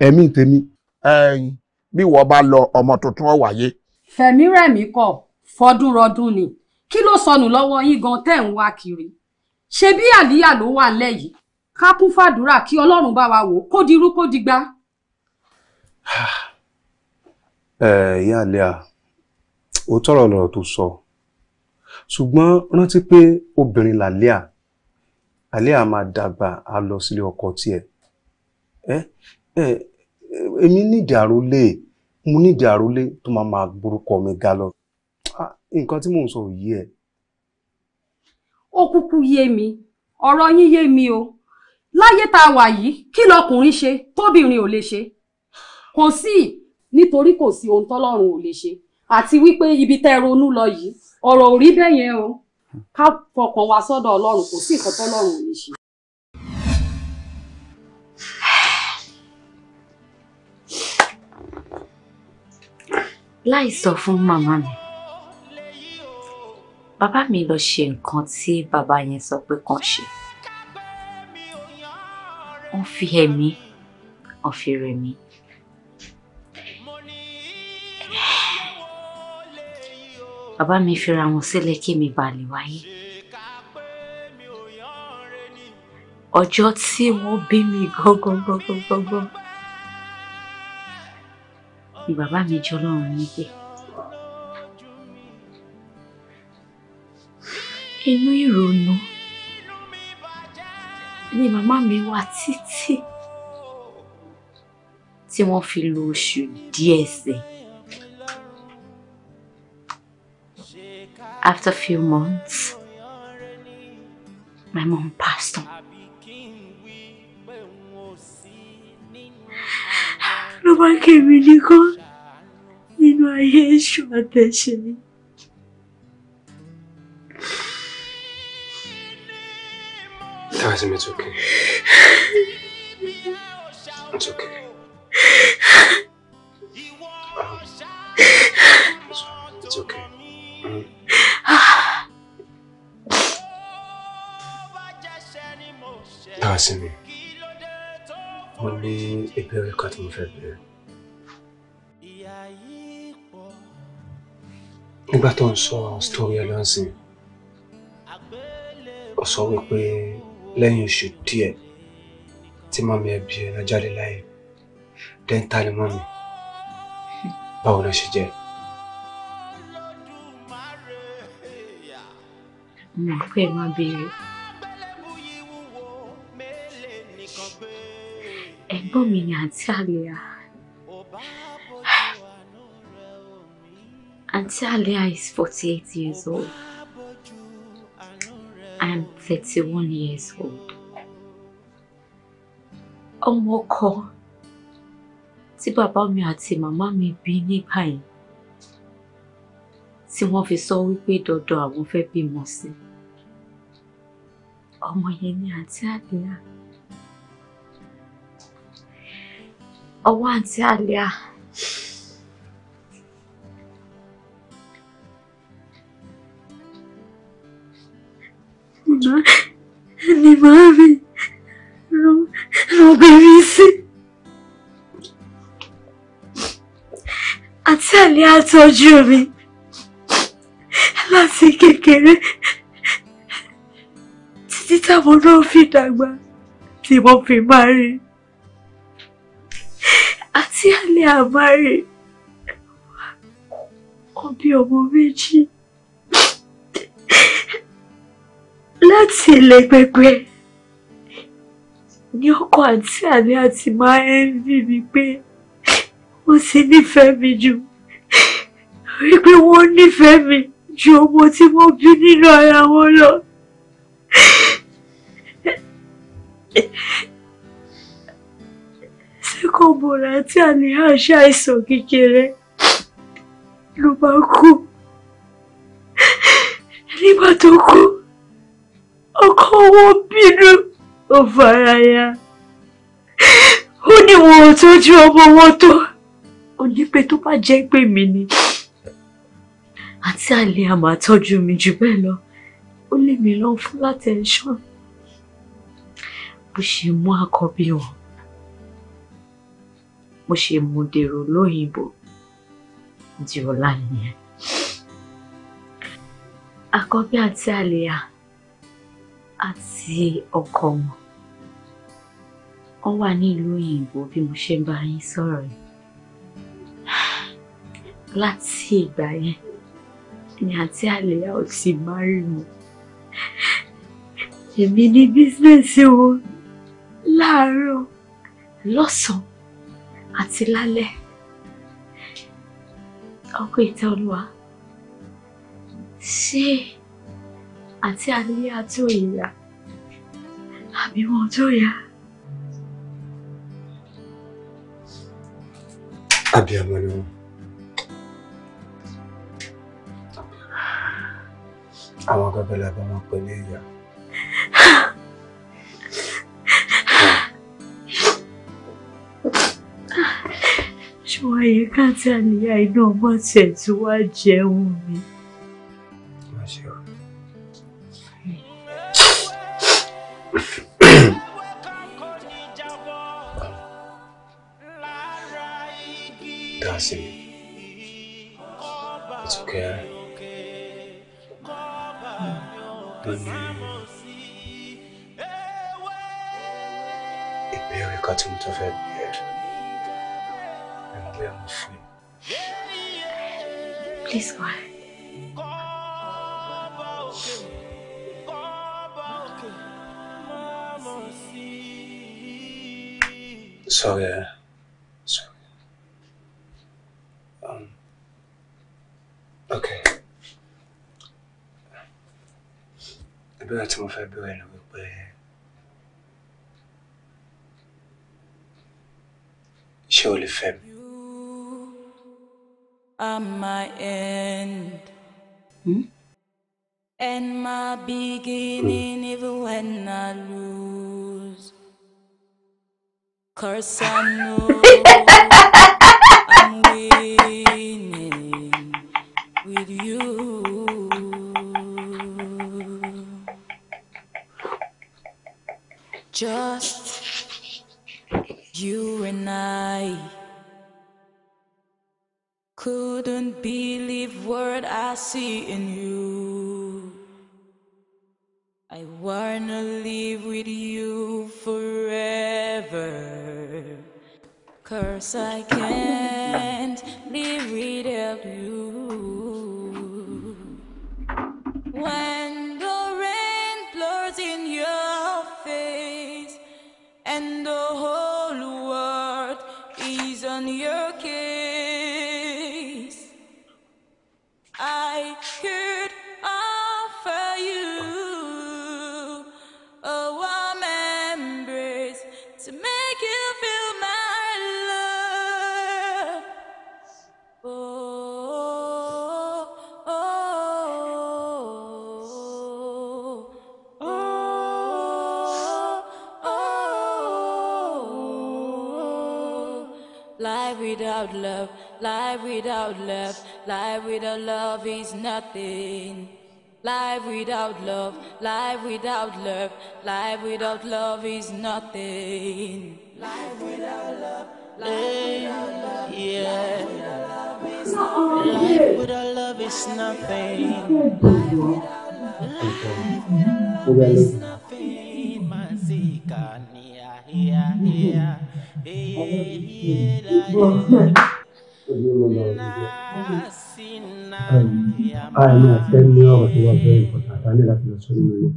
ẹ̀mí tèmi. bí wọ́n bá lọ ọmọ tuntun ó wáyé. fẹ̀mí rẹ̀mí kọ̀ fọdúnrọdún ni kí ló sọnù lọ́wọ́ yín gan tẹ́ ń wá kiri ṣe bí àlíyà ló wà nílẹ̀ yìí ká kún fàdúrà kí ọlọ́run bá wa wò kó dirú kó digbá. ẹ eh, ìyá àlíyà ó tọrọ lọ̀rọ̀ tó sọ ṣùgbọ́n rántí pé obìnrin làlíà àlíyà máa dàgbà á lọ sílé ọkọ tiẹ̀ èmi ní ìdàrúlé mo ní ìdàrúlé tó máa máa gborúkọ mi ga lọ nǹkan tí mò ń sọ ò yé ẹ. ó kúkú yé mi ọ̀rọ̀ yín yé mi o láyé tá a wà yìí kí lọkùnrin ṣe tóbìnrin ò lè ṣe kò sí nítorí kò sí ohun tọ́lọ́run ò lè ṣe àti wípé ibi tẹ́ ronú lọ yìí ọ̀rọ̀ ò rí bẹ́ẹ̀ yẹn o ká fọkàn wa sọ́dọ̀ ọlọ́run kò sí nǹkan tọ́lọ́run ò lè ṣe. láì sọ fún màmá mi bàbá mi lọ ṣe nǹkan tí bàbá yẹn sọ pé kàn ṣe wọ́n fi ẹ̀mí wọ́n fi rẹ̀mí. bàbá mi fira wọn sílẹ̀ kí mi bà lè wáyé. ọjọ́ tí wọ́n bí mi gangan ni bàbá mi jọ lọ́rùn níbẹ̀. inú ìrònú ni màmá mi wà títí tí wọ́n fi lo oṣù díẹ̀ sí. After few months, my mom passed on. bá kèmí nìkan nínú ayé èṣù àtẹ̀ṣe mi. Tazim, it's okay. It's okay. Um, it's, okay. Mm. mo ní ìbéèrè kan tí mo fẹ́ béèrè. nígbà tó ń sọ sítórí ẹlọ́sìn ó sọ wípé lẹ́yìn oṣù díẹ̀ tí mọ́mí ẹbí ẹ̀ jáde láyé dẹ́ńtà ni mọ́mí báwo ló ṣe jẹ́. mo mọ̀ pé máa béèrè. ẹ̀gbọ́n mi ni àǹtí àlẹ́yà àǹtí àlẹ́yà is forty eight years old I am thirty one years old ọmọ ọkọ tí bàbá mi àti màmá mi bí nígbà yẹn tí wọ́n fi sọ wípé dandan àwọn fẹ́ bímọ sí ọmọ yẹn ni àǹtí àlẹ́yà. ọwọ́ àǹtí àlíà. Mama, ni màá mi lọ bẹ̀rẹ̀ sí. Àǹtí àlíà tọ́jú mi láti kékeré títí táwọn náà fi dàgbà tí wọ́n fi máa rí tí alẹ́ àbárè ọbí ọmọ méjì láti ilẹ̀ pẹpẹ ní ọkọ àti alẹ́ àti máa ń rí mi pé wọ́n ti nífẹ̀ẹ́ mi jù rí pé wọ́n nífẹ̀ẹ́ mi ju ọmọ tí wọ́n bí nínú ara wọn lọ kò bòrà tí àníyàn ṣàìsàn kékeré ló bá kú nígbà tó kú ọkọ wọn bínú ó fara ya ó ní wọn ò tọ́jú ọmọ wọn tó ó ní pé tó bá jẹ́ pé mi ni àti àlè àmà tọ́jú mi jù bẹ́ẹ̀ lọ ó lè mí lọ fún látẹ̀ńṣọ́n bó ṣe mú àkọ́bí wọn mo ṣe mú dèrò lóyìnbó di ọ̀la nìyẹn. àkọ́bí àti àlìyá àti ọkọ wọn wọ́n wà ní ìlú òyìnbó bí mo ṣe bá yín sọ̀rọ̀ yìí láti ìgbà yẹn ni àti àlìyá ò ti máa rí èmi ní bísíǹsì wọn láàárọ̀ lọ́sàn-án àti lálẹ́ ọkọ ìtẹ́ olúwa ṣé àti alẹ́ àti òyìnbá àbí wọn tó yá. Abbiamo no. Àwọn agbábẹ́lẹ́ abẹ́ wọn pẹ̀lú ìyá. ṣé wàá yẹ ni àníyá iná ọmọ tiẹ̀ tí wàá jẹun mi. Dancing. It's okay. Ìbéèrè kan tí mo tún fẹ́ bí. So yeah. So yeah. Um, okay. The better of February will be. Surely Feb. You are my end. Hmm? And my beginning, even when I lose. Cause I know I'm winning with you. Just you and I couldn't believe what I see in you. first I can. nothing. Life without love, life without love, life without love is nothing. Life without love, life eh, without love, yeah. Life without love is nothing. Life without love is nothing. yeah, yeah, yeah. Nasina. a ní àfẹ́ ní ọ̀rọ̀ tó wà bẹ́ẹ̀ ìkọ̀tà àtàlẹ́ láti lọ sọ́nù lórí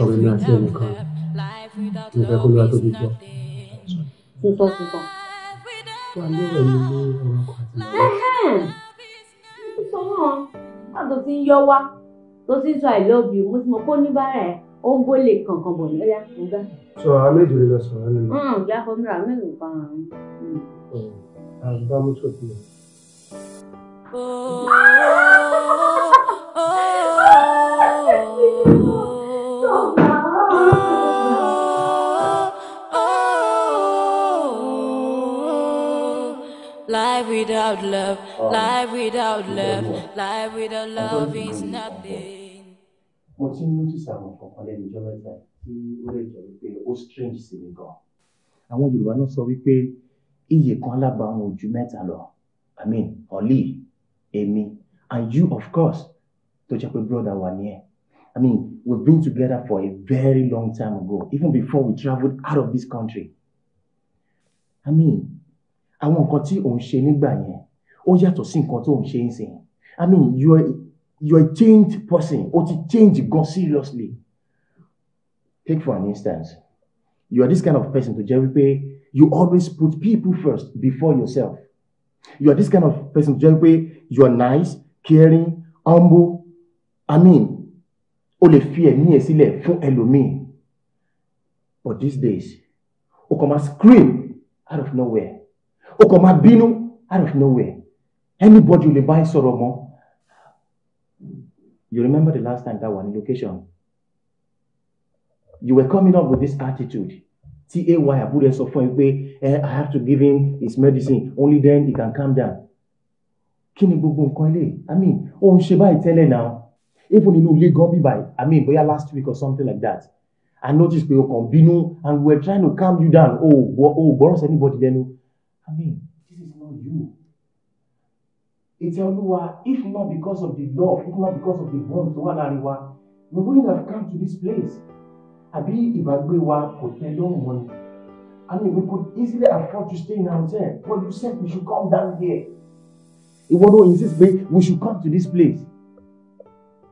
ọ̀rọ̀ ní àti ẹnìkan ní ìfẹ́ kó lóra tó bí gbọ́. púpọ̀ púpọ̀. wà á lérò ní ilé ọ̀rọ̀ kan àti ìwọ. sọ́wọ́n wà tó ti ń yọ wá tó ti ń sọ I love you mo ti mọ̀ kó ní bára ẹ̀ ó ń gbólé kankan bọ̀ ní ọ̀yá mo gbà. sọ àwọn méjì ló lọ sọ̀rọ̀ nínú. Hmm, ìyá fọmúra mélòó kan àrùn. àgbà mú sọ Life without love, life without love, life without love is nothing. Mo ti ń notice àwọn kankan lẹ́nu ìjọ mẹ́ta tí ó lè jẹ́ wípé ó strange sí mi gan. Àwọn Yorùbá náà sọ wípé iyè kan lábàá àwọn ojú mẹ́ta lọ, I mean, ọ̀lì. Amy, and you, of course, to Tochape brother Wanye. I mean, we've been together for a very long time ago, even before we traveled out of this country. I mean, I won't continue on nígbà yẹn ó tó ń ṣe on I mean, you are, you are a changed person. O to change God seriously. Take for an instance, you are this kind of person tó jẹ́ you always put people first before yourself. You are this kind of person tó jẹ́ you're nice caring humble i mean o lè fi ẹ̀mí ẹ̀ sílẹ̀ fún ẹlòmíì but these days o kàn máa scream out of nowhere o kàn máa bínú out of nowhere anybody o lè bá ẹ sọ̀rọ̀ mọ́ you remember the last time that one location you were coming up with this attitude tí ay abúlé sọ fún ẹ pé eh, i have to give him his medicine only then he can calm down kí ni gbogbo nǹkan ilé i mean ó ń ṣe báyìí tẹ́lẹ̀ náà even nínú ilé gan bíbá yìí i mean bóyá last week or something like that i notice pé o kàn bínú and we were trying to calm you down o ò gbọ́rọ̀ sí anybody lẹ́nu i mean this is not you ètò olúwa if not because of the love if not because of the bond tó wà láàrin wa we wouldn't have come to this place àbí ìbágbé wa kò tẹ́ lọ́rùn wọn ni i mean we could easily afford to stay in our hotel but you said we should come down here ìwọ ló insist pé we should come to this place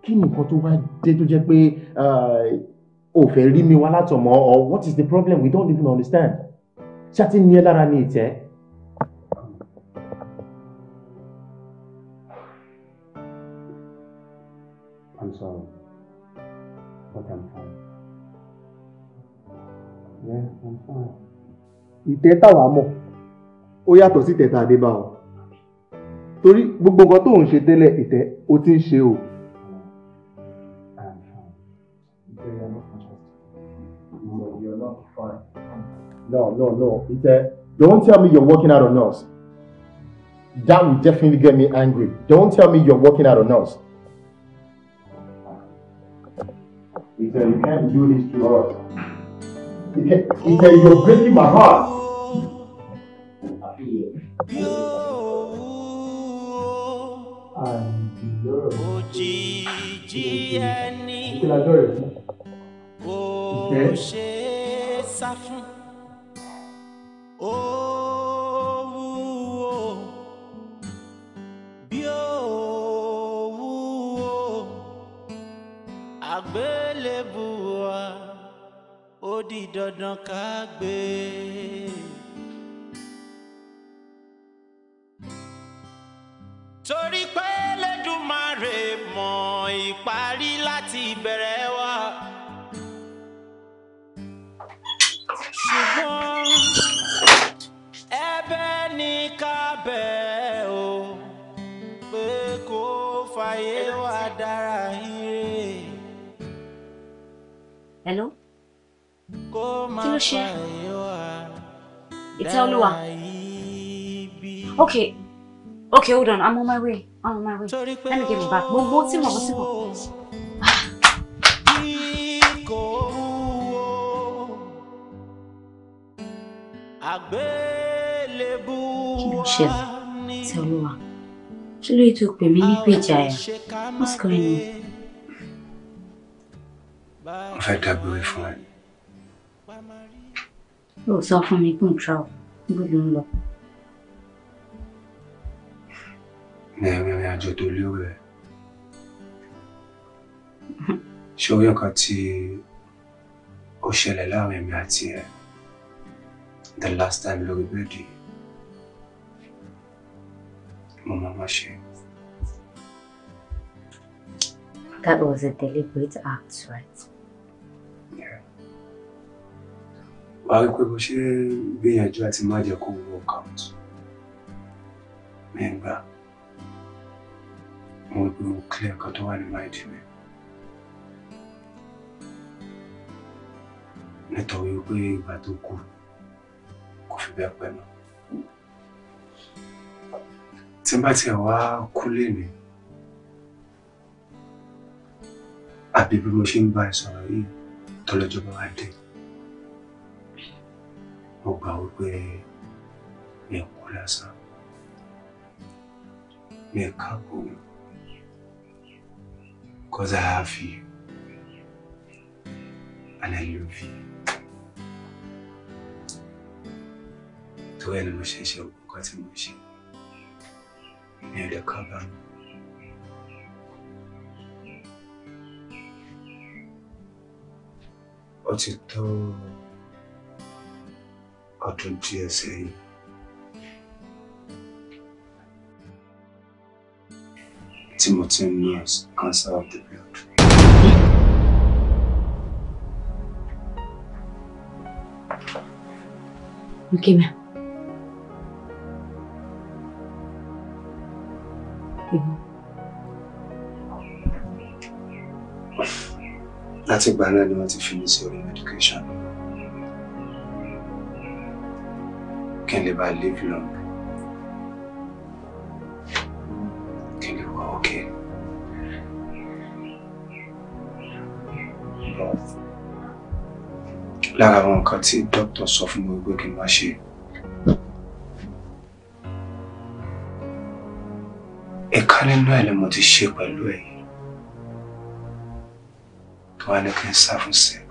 kí nìkan tó wá dé tó jẹ́ pé ò uh, fẹ́ rí mi wá látọ̀mọ́ or what is the problem we don't even understand ṣáàtì ní ẹ lára ní ìtẹ́. I'm sorry, but I'm fine. Yeah, I'm fine. Ìtẹ́ táwa mọ̀, ó yàtọ̀ sí tẹ̀ta àdébáwọ̀ torí gbogbo nǹkan tó ń ṣe tẹ́lẹ̀ ìtẹ́ ó ti ń ṣe o. No, no, no. Ite, don't tell me you're working out on us. That will definitely get me angry. Don't tell me you're working out on us. Ite, you can't do this to us. Ite, Ite, you're breaking my heart. I feel it. kí la dọ̀rẹ̀ fún ìfẹ́ sáfún ó wúwo bí ó wúwo àgbélébùwà ó di dandan ká gbé. torí pé. Elédùmarè mọ̀ ìparí láti ìbẹ̀rẹ̀ wa. ṣùgbọ́n ẹ̀bẹ̀ ní ká o pé kó fàyè wá dára ire. Hello? kó má fàyè wá dára Okay, okay, hold on, I'm on my way on my way. me give it back. ní ìrìn àjò tó lérò ẹ̀ ṣé orí nǹkan tí ó ṣẹlẹ̀ láàrin mi àti ẹ̀ eh. the last time lórí bẹ́ẹ̀dì mo máa má That was a deliberate act, right? wàá rí pé mo ṣe ń gbìyànjú àti má jẹ́ kó wọ count. mi ń mo rí pé mo clear nǹkan tó wà nínú àìdí mi. nítorí pé ìgbà tó kù kò fi bẹ́ẹ̀ pẹ́ A tí n bá tiẹ̀ wá kú lénìí àbí bí mo ṣe ń bá ẹ sọ̀rọ̀ yìí Because I have you. And I love you. To ẹni mo ṣe ṣe nǹkan tí mo ṣe. Mi ò lè kábà mi. Ó ti Timothy knows ti cancer of the blood. Nkema. Láti ìgbà náà ni wọ́n ti fi mí sí orí medication. Kí n lè bá live long. okay? Lára àwọn nǹkan tí dókítà sọ fún mi wípé kí n má ṣe. Ẹ̀ka nínú ẹ̀ ni mo ti ṣe pẹ̀lú ẹ̀yìn. Tó wá ní kí n sá fún sex.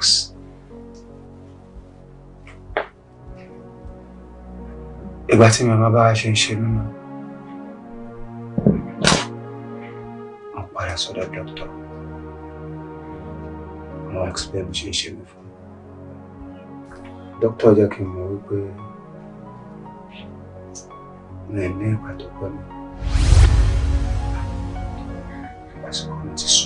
Ìgbà tí mi máa bá ṣe ń ṣe mímọ́. sọ́dọ̀ dókítà àwọn explain ṣe ń ṣe mí fún dókítà jẹ́ kí n mọ̀ wípé mi ní ìgbà tó pẹ́ mi àsìkò mi ti sùn.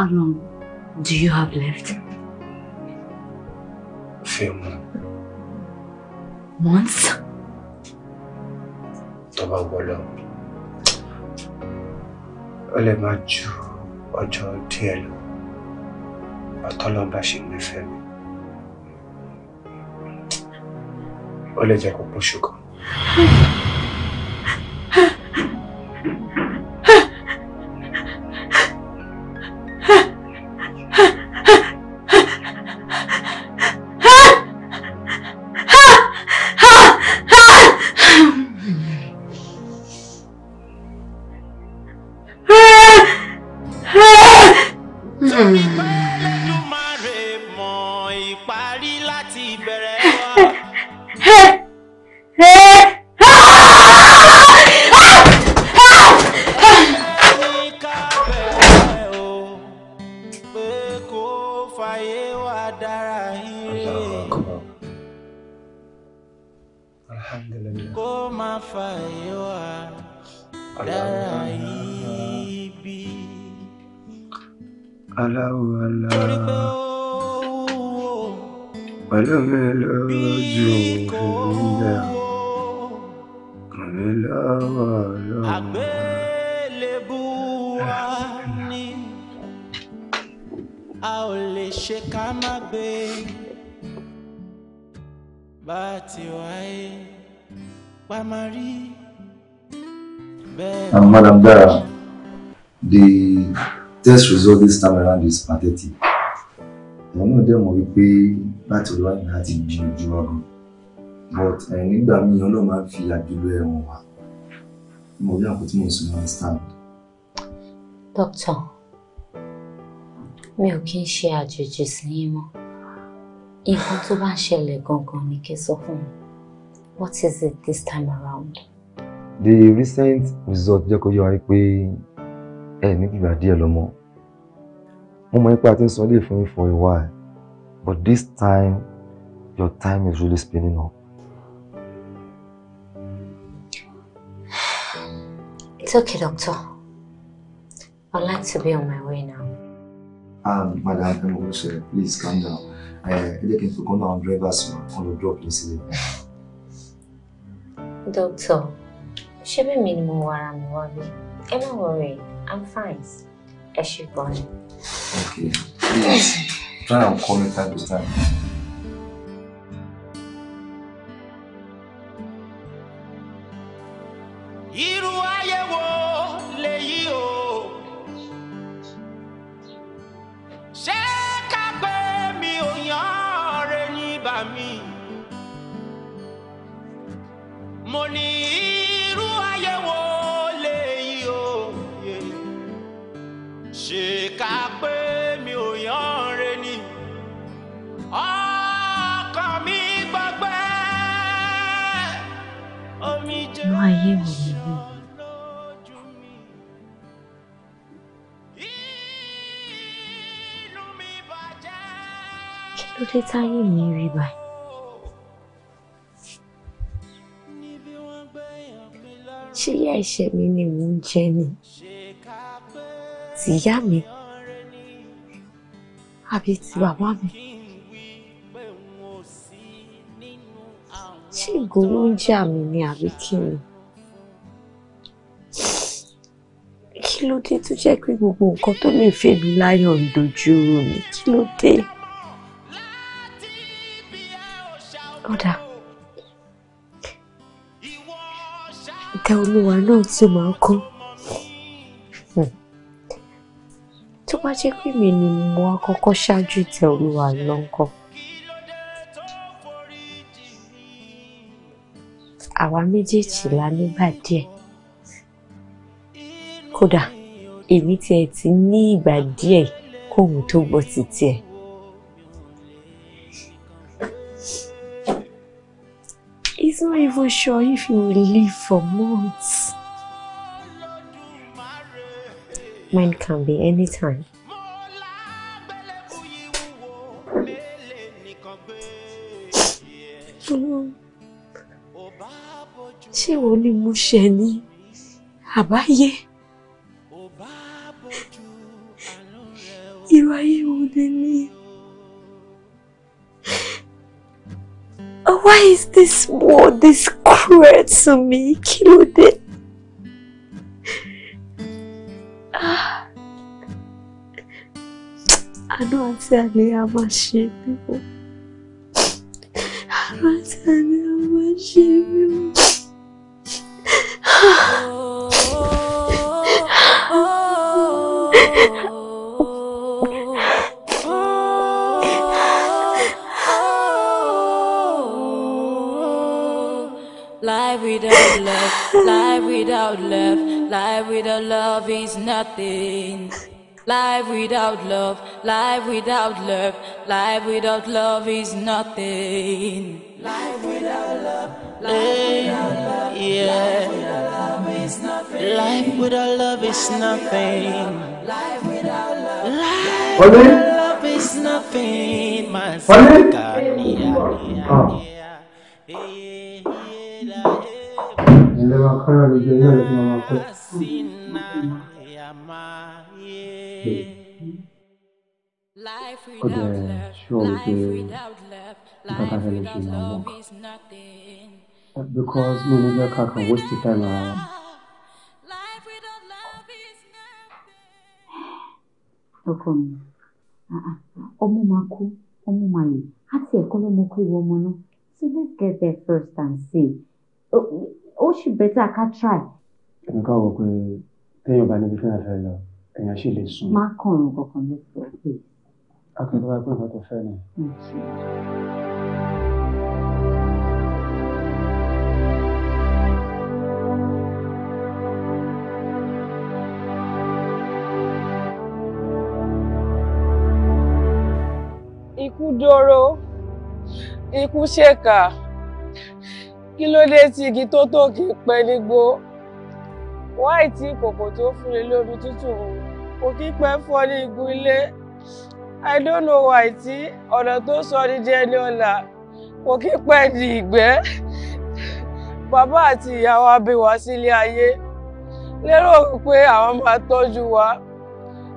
How long do you have left? few months. Months? Tó bá wọlé o, ó lè máa ju ọjọ́ díẹ̀ lọ. Àtọ́lọ́ bá ṣe nífẹ̀ẹ́ mi. Ó test result this time around is pathetic ẹ̀yin náà dẹ̀ mọ̀ wípé láti ọ̀dọ̀ àyìn láti gbìyànjú wa gan but ẹ̀yin nígbà míì ọlọ́run máa ń fi àjùlọ ẹ̀wọ̀n wa mo bí àpótí mo sùn máa ń stand. dókítà mi ò kí ń ṣe àjòjì sí yín mọ́ nǹkan tó bá ń ṣẹlẹ̀ gangan ni kí sọ fún mi what is it this time around. the recent result jẹ́ kó yọ wáyé pé ẹ̀ nígbà díẹ̀ lọ́mọ mo mọ̀ nípa àti ń sọ léè fún mi for a while but this time your time is really spinning up. It's okay, doctor. I'd like to be on my way now. Um, Madam I'm going to say, please calm down. Eh, ẹ jẹ́ kí n fi kọ́nà àwọn drivers wa kan lọ drop ní sílẹ̀. Doctor, ṣé bí mi ni mo wara mi wá Ẹ má worry, I'm fine. Ẹ ṣe gan Okay. Please try and call me time to time. irú ayé wo nìyí. kí ló dé táyé mi rí báyìí. ṣíyá ẹ̀ṣẹ̀ mi ni mò ń jẹ ni tìyá mi àbí ti bàbá mi. ṣé ìgòrò ń jà mí ni àbí kí ni kí ló dé tó jẹ́ pé gbogbo nǹkan tó lè fèmí láyọ̀ ń dojú rú mi kí ló dé ọ̀dà ìtẹ́ olúwa náà sì máa kán hmm. tó bá jẹ́ pé mi ni mo wá ṣáájú ìtẹ́ olúwa lọ́ńkọ́. àwa méjèèjì la nígbà díẹ̀ kódà èmi tiẹ̀ ti ní ìgbà díẹ̀ kóhun tó gbọ́ ti tiẹ̀. It's not even sure if you will live for months. Mine can be anytime. ṣé wọ́n ní mo ṣẹ̀ ní àbáyé irú ayé òde ni. Oh, why is this world this cruel to me? Kí ló dé? Ah. Àánú àti àlèyá máa ṣe mí o. Àánú àti àlèyá máa ṣe mí o. without love, life without love, life without love is nothing. Life without love, life without love, life without love is nothing. Life without love, eh, life without love, life without love is nothing. Life without love is nothing. Life without love, is nothing. My God, yeah, yeah, yeah. lè máa kọ́nà lójú náà lè máa máa pẹ́. ó dẹ̀ ṣọ́ wípé nǹkan tá a fẹ́ lè ṣe máa wọ̀ because mo ní bẹ́ẹ̀ ká kan waste time ara wa. ọkọ mi ọmọ máa kú ọmọ máa yè á ti ẹ̀kọ́ lọ́mọ kú ìwọ ọmọ náà so let's get there first and see. Oh, ó sì bẹ́tà ká try. èmi kàn wọ pé téèyàn bá níbi téèyàn fẹ́ lọ èèyàn sì lè sùn. má kàn án kankan lẹ́sọ̀ọ́ pé. akẹ́kọ̀ọ́ bá pẹ́ tó fẹ́ ni. ikú dóró ikú ṣèkà kí ló dé tí igi tó tó kì pẹ́ nígbó wáì tí kòkò tó fúnni lómi tútù kò kí pẹ́ fọ́ ní igun ilé i don't know why tí ọ̀nà tó sọ ní di ọ̀la kò kí pẹ́ di ìgbẹ́ bàbá àti ìyá wa bí wa sílé ayé lérò pé àwọn máa tọ́jú wa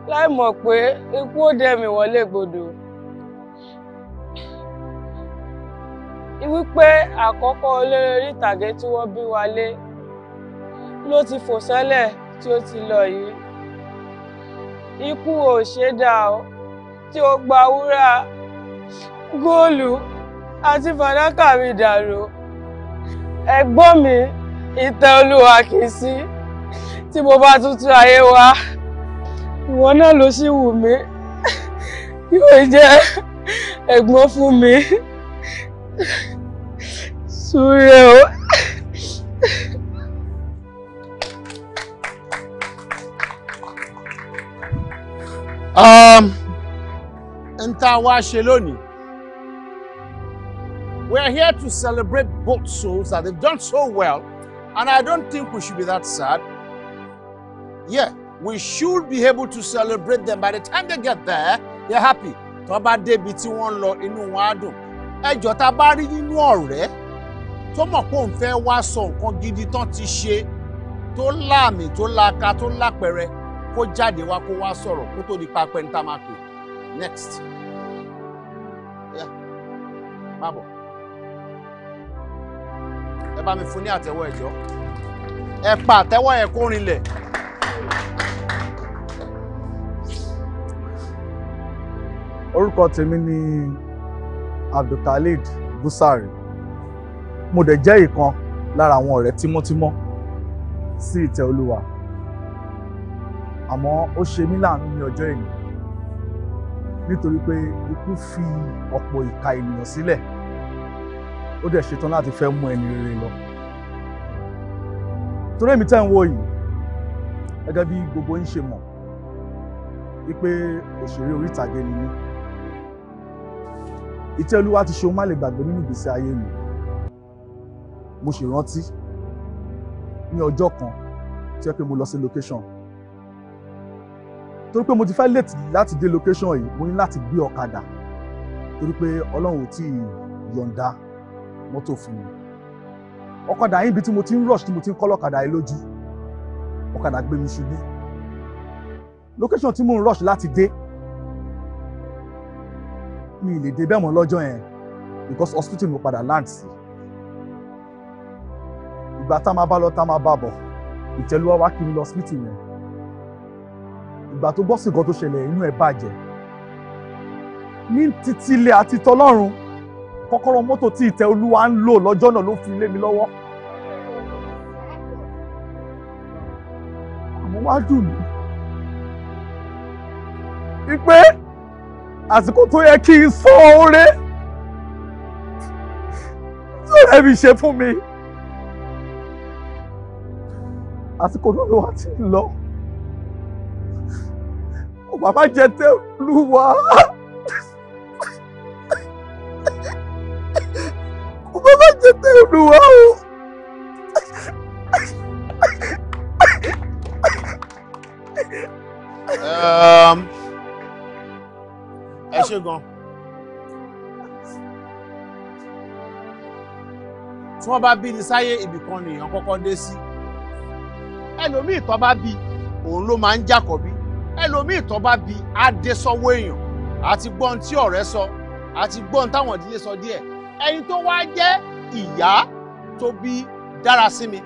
láì mọ̀ pé ikú ó dẹ̀mí wọlé gbòdò. wípé àkọ́kọ́ eléré orí ìtàgé tí wọ́n bí wálé ló ti fò sẹ́lẹ̀ tí ó ti lọ yìí ikú ò ṣe dà ó tí ó gba wúrà góòlù àti fàdákà mi dàrú ẹ̀gbọ́n mi ìtẹ́ olúwa kì í sí tí mo bá tuntun ayé wa ìwọ náà ló sì wù mí yóò jẹ́ ẹ̀gbọ́n fún mi súré o. Um, n ta wá ṣe lónìí. We are here to celebrate both souls that they've done so well, and I don't think we should be that sad. Yeah, we should be able to celebrate them. By the time they get there, they're happy. Tó bá débi tí wọ́n ń lọ, inú wọn á dùn. Ẹjọ́ tá bá rí nínú ọ̀rẹ́ tó mọ̀ pé òun fẹ́ wá sọ nǹkan gidi tán ti ṣe tó láàmì tó láka tó lápẹrẹ kó jáde wá kó wá sọ̀rọ̀ kó tó di pa pẹ́ńtà máa pè next. Yeah. Má bọ̀ ẹ bá mi fún ní àtẹ́wọ́ ẹ̀jọ́ ẹ pa àtẹ́wọ́ ẹ̀ kó rinlẹ̀. orúkọ tèmi ni Abdulkalid Busari mo dẹ̀ jẹ́ ìkan lára àwọn ọ̀rẹ́ tímọ́tímọ́ sí ìtẹ́ olúwa àmọ́ ó ṣe mí láàánú ní ọjọ́ èyí nítorí pé ikú fi ọ̀pọ̀ ìka ènìyàn sílẹ̀ ó dẹ̀ ṣetán láti fẹ́ mú ẹni rere lọ torí èmi tẹ́ ń wo yìí gẹ́gẹ́ bí gbogbo ń ṣe mọ̀ wípé òṣèré orí ìtàgé ni mí ìtẹ́ olúwa ti ṣe ó má lè gbàgbé nínú ìgbésí ayé mi mo ṣe rántí ní ọjọ́ kan tí ẹ pé mo lọ sí location torí pé mo ti fẹ́ late láti dé location yìí mo ní láti gbé ọ̀kadà torí pé ọlọ́run ò tí ì yọ̀ǹda mọ́tò fún mi ọ̀kadà yìí ibi tí mo ti ń rush tí mo ti ń kọ́ lọ́kadà yìí lójú ọ̀kadà gbé mi ṣubú location tí mo ń rush láti dé mi ì lè dé bẹ́ẹ̀ mọ́ lọ́jọ́ yẹn because hospital mo padà land sí. Si ìgbà tá máa bá lọ tá máa bá bọ̀ ìtẹ́lúwá wá kiri lọ síbítù yẹn ìgbà tó gbọ́ sí nǹkan tó ṣẹlẹ̀ inú ẹ̀ bàjẹ́ ní titilẹ̀ àti tọlọ́run kọ́kọ́rọ́ mọ́tò tí ìtẹ́ olúwa ń lò lọ́jọ́ náà ló fi lé mi lọ́wọ́ àmọ́ wá dùn mí wípé àsìkò tó yẹ kí n sọ oore tó rẹ̀ mi ṣe fún mi. àsìkò náà ló wá ti lọ kò bàbá jẹ tẹ olúwa kò bàbá jẹ tẹ olúwa o. ẹ ṣe gan-an. tí wọ́n bá bí ní sáyé ibìkan nìyàn kọ́kọ́ dé sí ẹlòmíì tó bá bí òun ló máa ń jàkọ̀bí ẹlòmíì tó bá bí adésọwọ́ èèyàn àti gbọ́n tí ọ̀rẹ́ sọ àti gbọ́n táwọn ìdílé sọ díẹ̀ ẹni tó wá jẹ́ ìyá tó bí Dárasími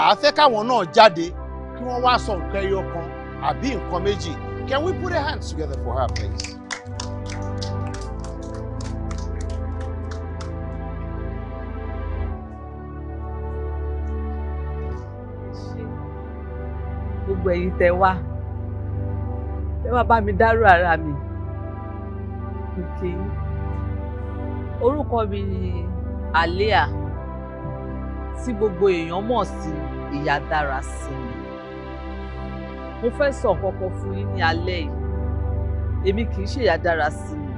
àáfẹ́ káwọn náà jáde kí wọ́n wá sọ nǹkan ẹyọ kan àbí nǹkan méjì Can we put our hands together for her please? gbogbo ẹ̀yin tẹ wá ẹ wá bá mi dárò ara mi òkè orúkọ mi ni Alea tí gbogbo èèyàn mọ̀ sí ìyá dára sí mi mo fẹ́ sọ kọ́kọ́ fún yín ní alẹ́ yìí èmi kì í ṣe ìyá dára sí mi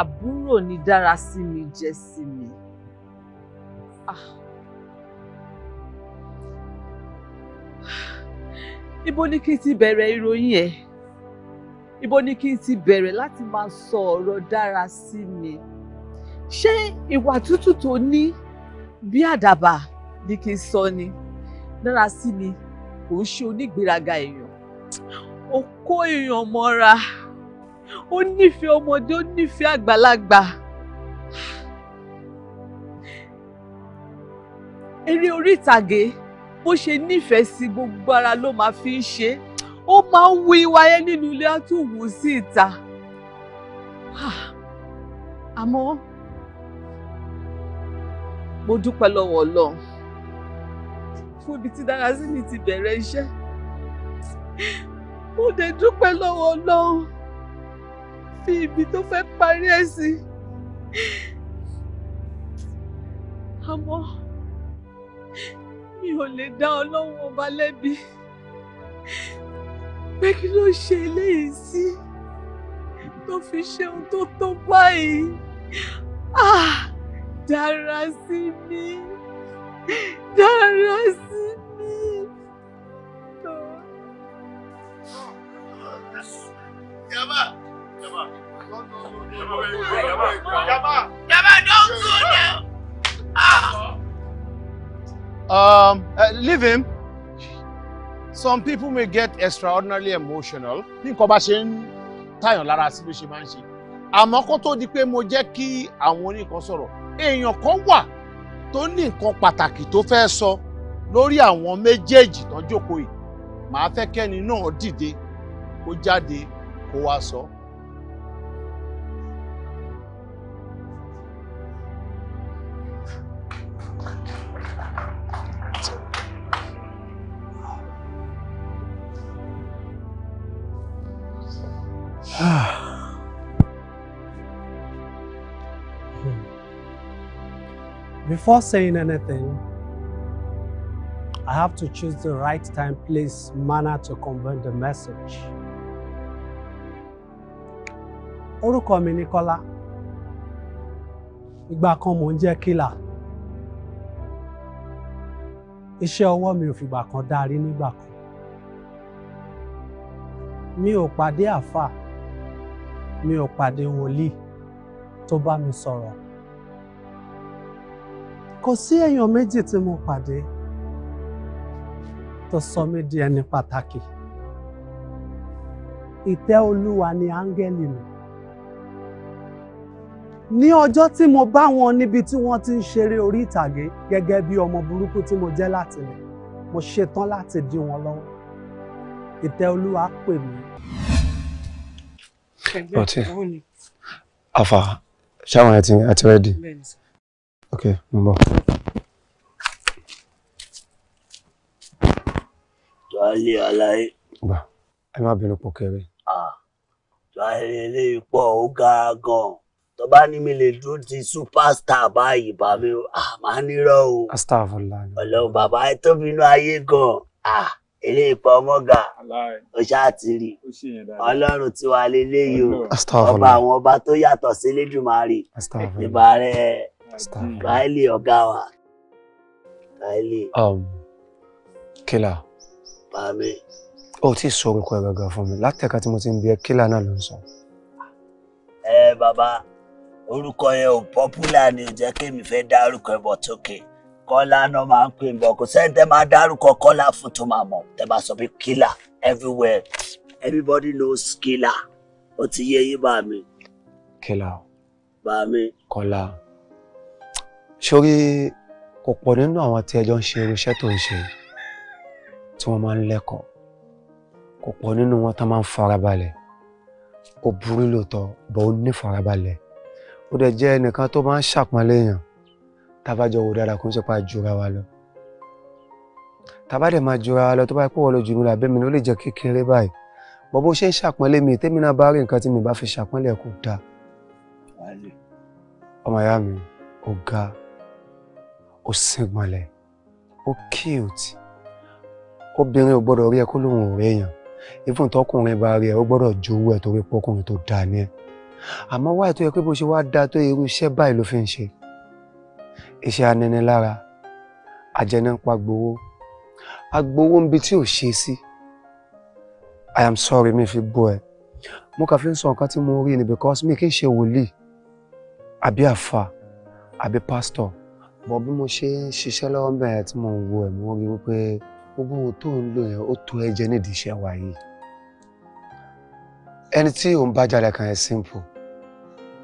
àbúrò ni dára sí mi jẹ́ sí mi. Ah. ibo ni kí n ti bẹ̀rẹ̀ ìròyìn ẹ̀ ibo ni kí n ti bẹ̀rẹ̀ láti máa sọ ọ̀rọ̀ dára sí mi ṣé ìwà tútù tó ní bí àdàbà ni kí n sọ ni dára sí mi kò ń ṣe onígbéraga èèyàn ó kó èèyàn mọ́ra ó nífẹ̀ẹ́ ọmọdé ó nífẹ̀ẹ́ àgbàlagbà eré orí ìtàgé bó ṣe nífẹ̀ẹ́ sí gbogbo ara ló máa fi ń ṣe é ó máa ń wí wáyé nínú ilé á tún wù ú sí ìta àmọ́ mo dúpẹ́ lọ́wọ́ Ọlọ́run fún ibi tí Darasini ti bẹ̀rẹ̀ iṣẹ́ mo dẹ̀ dúpẹ́ lọ́wọ́ Ọlọ́run fi ibi tó fẹ́ parí ẹ̀ sí àmọ́ mi ò lè dá ọlọ́run ọba lẹ́bi pé kí ló ṣe eléyìí sí tó fi ṣe ohun tó tó báyìí ah dára sí mi dára sí mi. Yaba, yaba, yaba, yaba, yaba, don't go now. Ah. Um, uh, leave him. Some people may get extraordinarily emotional. Bí nǹkan bá ṣe ń tàyàn lára sí ló ṣe máa ń ṣe. Àmọ́ kó tó di pé mo jẹ́ kí àwọn oníkan sọ̀rọ̀. Èèyàn kan wà tó ní nǹkan pàtàkì tó fẹ́ sọ lórí àwọn méjèèjì tó jókòó yìí. Màá fẹ́ kẹ́ni náà dìde kó jáde kó wá sọ. Thank you. Hmm. Before saying anything, I have to choose the right time, place, manner to convey the message. Orúkọ mi ni Kọ́lá. Ìgbà kan mò ń jẹ́ kílà. Iṣẹ́ ọwọ́ mi ò fìgbà kan dárí nígbà kan. Mi ò pàdé àfà mi ò pàdé wòlíì tó bá mi sọ̀rọ̀ kò sí èèyàn méjì tí mo pàdé tó sọ mí di ẹni pàtàkì ìtẹ́ olúwa ni áńgẹ́lì mi ní ọjọ́ tí mo bá wọn níbi tí wọ́n ti ń ṣeré orí ìtàgé gẹ́gẹ́ bí ọmọ burúkú tí mo jẹ́ láti lẹ̀ mo ṣetán láti dí wọn lọ́wọ́ ìtẹ́ olúwa pè mí ọtí afa ṣáwọn ẹtì àti rẹdí ok mo bọ. tọ́lé aláyé. gbà ẹ má bínú pọ̀ kẹrẹ. tọ́lé eléyìí pọ̀ ó ga gan-an tó bá ní mi lè dúró ti superstar báyìí bá mi máa nírọ̀ o. astagfirullah. ọlọ́run bàbá ẹ tóbi inú ayé gan-an ilé ìpọ̀ mọ́gà ọ̀ṣàtìrì ọlọ́run tiwa lélẹ́yìí o ọba àwọn ọba tó yàtọ̀ sí lẹ́dùnmarì ìbà rẹ̀ káìlì ọ̀gá wa káìlì. Um, kílà bàmí. ó ti sọ orúkọ ẹ gangan fún mi látẹ̀ka tí mo ti ń bí ẹ kílà náà ló ń sọ. ẹ bàbá orúkọ yẹn ò pọ́pùlà ni ò jẹ́ kémi fẹ́ dá orúkọ ẹ bọ̀ tókè. Okay kọ́lá náà máa ń pè mí bọ̀ kò sẹ́ni tẹ́ máa dárúkọ kọ́lá fún tó máa mọ̀ tẹ́ bá sọ pé kílà everywhere everybody knows kílà ó ti yé yín bá mi. kílà o. bá mi. kọ́lá sórí kò pọ̀ nínú àwọn tí ẹjọ́ ń ṣe irúṣẹ́ tó ń ṣe tí wọ́n máa ń lẹ́kọ̀ọ́ kò pọ̀ nínú wọn tá máa ń farabalẹ̀ ó burú lóòótọ́ bọ́ ó ní farabalẹ̀ ó dẹ̀ jẹ́ ẹnìkan tó máa ń ṣàpọ́nlé èèyàn tábàjọ wò dáadáa kò ń ṣe pa jura wa lọ tàbádẹ̀ máa jura wa lọ tó bá pọ̀ wọ́n lọ jù mí làbẹ́ mi ló lè jẹ́ kékeré báyìí bọ́ bó ṣe ń ṣàpọ́nlé mi tèmi náà bá rí nǹkan tí mi bá fi ṣàpọ́nlé kò dáa ọmọ ìyá mi ó ga ó sìngbọ̀nlẹ̀ ó cute obìnrin ò gbọ́dọ̀ rí ẹ kó lóun ò rí èèyàn ìfún tọkùnrin bá rí ẹ ó gbọ́dọ̀ jowó ẹ torí pọkùnrin tó dáa ní ẹ àmọ́ wáyé tó yẹ pé bó ṣe wá dáa tó irú iṣẹ́ báyìí ló fi ń ṣe iṣẹ́ aninilára àjẹnápa gbowó agbowó ń bi tí ò ṣe sí i am sorry mi fi bú ẹ mo kàn fi ń sọ nǹkan tí mo rí ni because mi kì í ṣe wòlíì àbí àfà àbí pásítọ̀ bọ̀ bí mo ṣe ń ṣiṣẹ́ lọ́wọ́ bẹ̀rẹ̀ tí mo ń wo ẹ̀ mo rí wípé gbogbo ohun tó ń lò yẹn ó tó ẹ̀jẹ̀ nídìí iṣẹ́ wa yìí ẹni tí òun bá jáde kan yẹn simple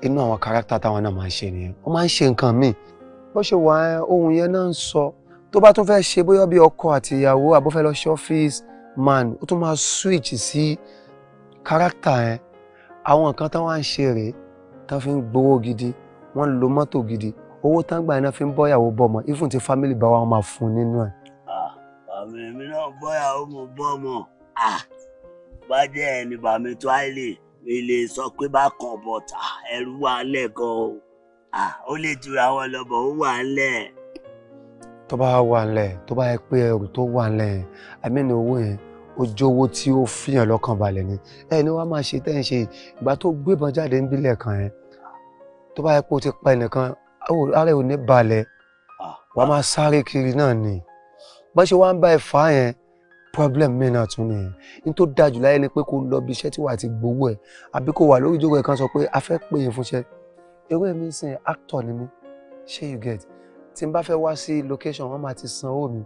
inú àwọn kárátà táwọn náà máa ń ṣe nìyẹn wọ́n máa ń ṣe nǹkan míì bó ṣe wà ohun yẹn náà ń sọ tó bá tún fẹ́ ṣe bóyá bí ọkọ àti ìyàwó àbófẹ́ lọ ṣe ọ́fíìsì man ó tún máa switch sí kárátà yẹn àwọn nǹkan tán wá ń ṣe rèé tán fi ń gbowó gidi wọ́n ń lo mọ́tò gidi owó tán gbà náà fi ń bọ́yàwó bọ́mọ even ti family bá wa máa fún nínú ẹ̀. Ah, àmì mi náà bọ́yàwó mo bọ́mọ ah, bá jẹ́ ẹni bàmí tó mi lè sọ pé bá kan bọ̀tà ah, ẹrú wa lẹ́ẹ̀kan o ó lè tura wọn lọ́bọ̀ ó wà ńlẹ̀. tó bá wà ńlẹ̀ tó bá yẹ pé ẹrù tó wà ńlẹ̀ àmínú owó yẹn ó jówó tí ó fihàn lọ́kàn balẹ̀ ni ẹ ní wàá máa ṣe tẹ́ ń ṣe ìgbà tó gbébọn jáde ń bílẹ̀ kan yẹn tó bá yẹ pé o ti pa ẹnìkan ara ò ní balẹ̀ wàá máa sáré kiri náà ni bá ṣe wá ń bá ẹ fà á yẹn problem mi náà tún nìyẹn ní tó dájú láyé ni pé kó lọ bí iṣẹ́ tí wàá ti gbowó ẹ̀ àbí kó wà lórí ìjókòó ẹ̀ kan sọ pé a fẹ́ pè é fúnṣẹ́ irú èmi ń sìn actor ni mí ṣé you get tí n bá fẹ́ wá sí location wọ́n máa ti san owó mi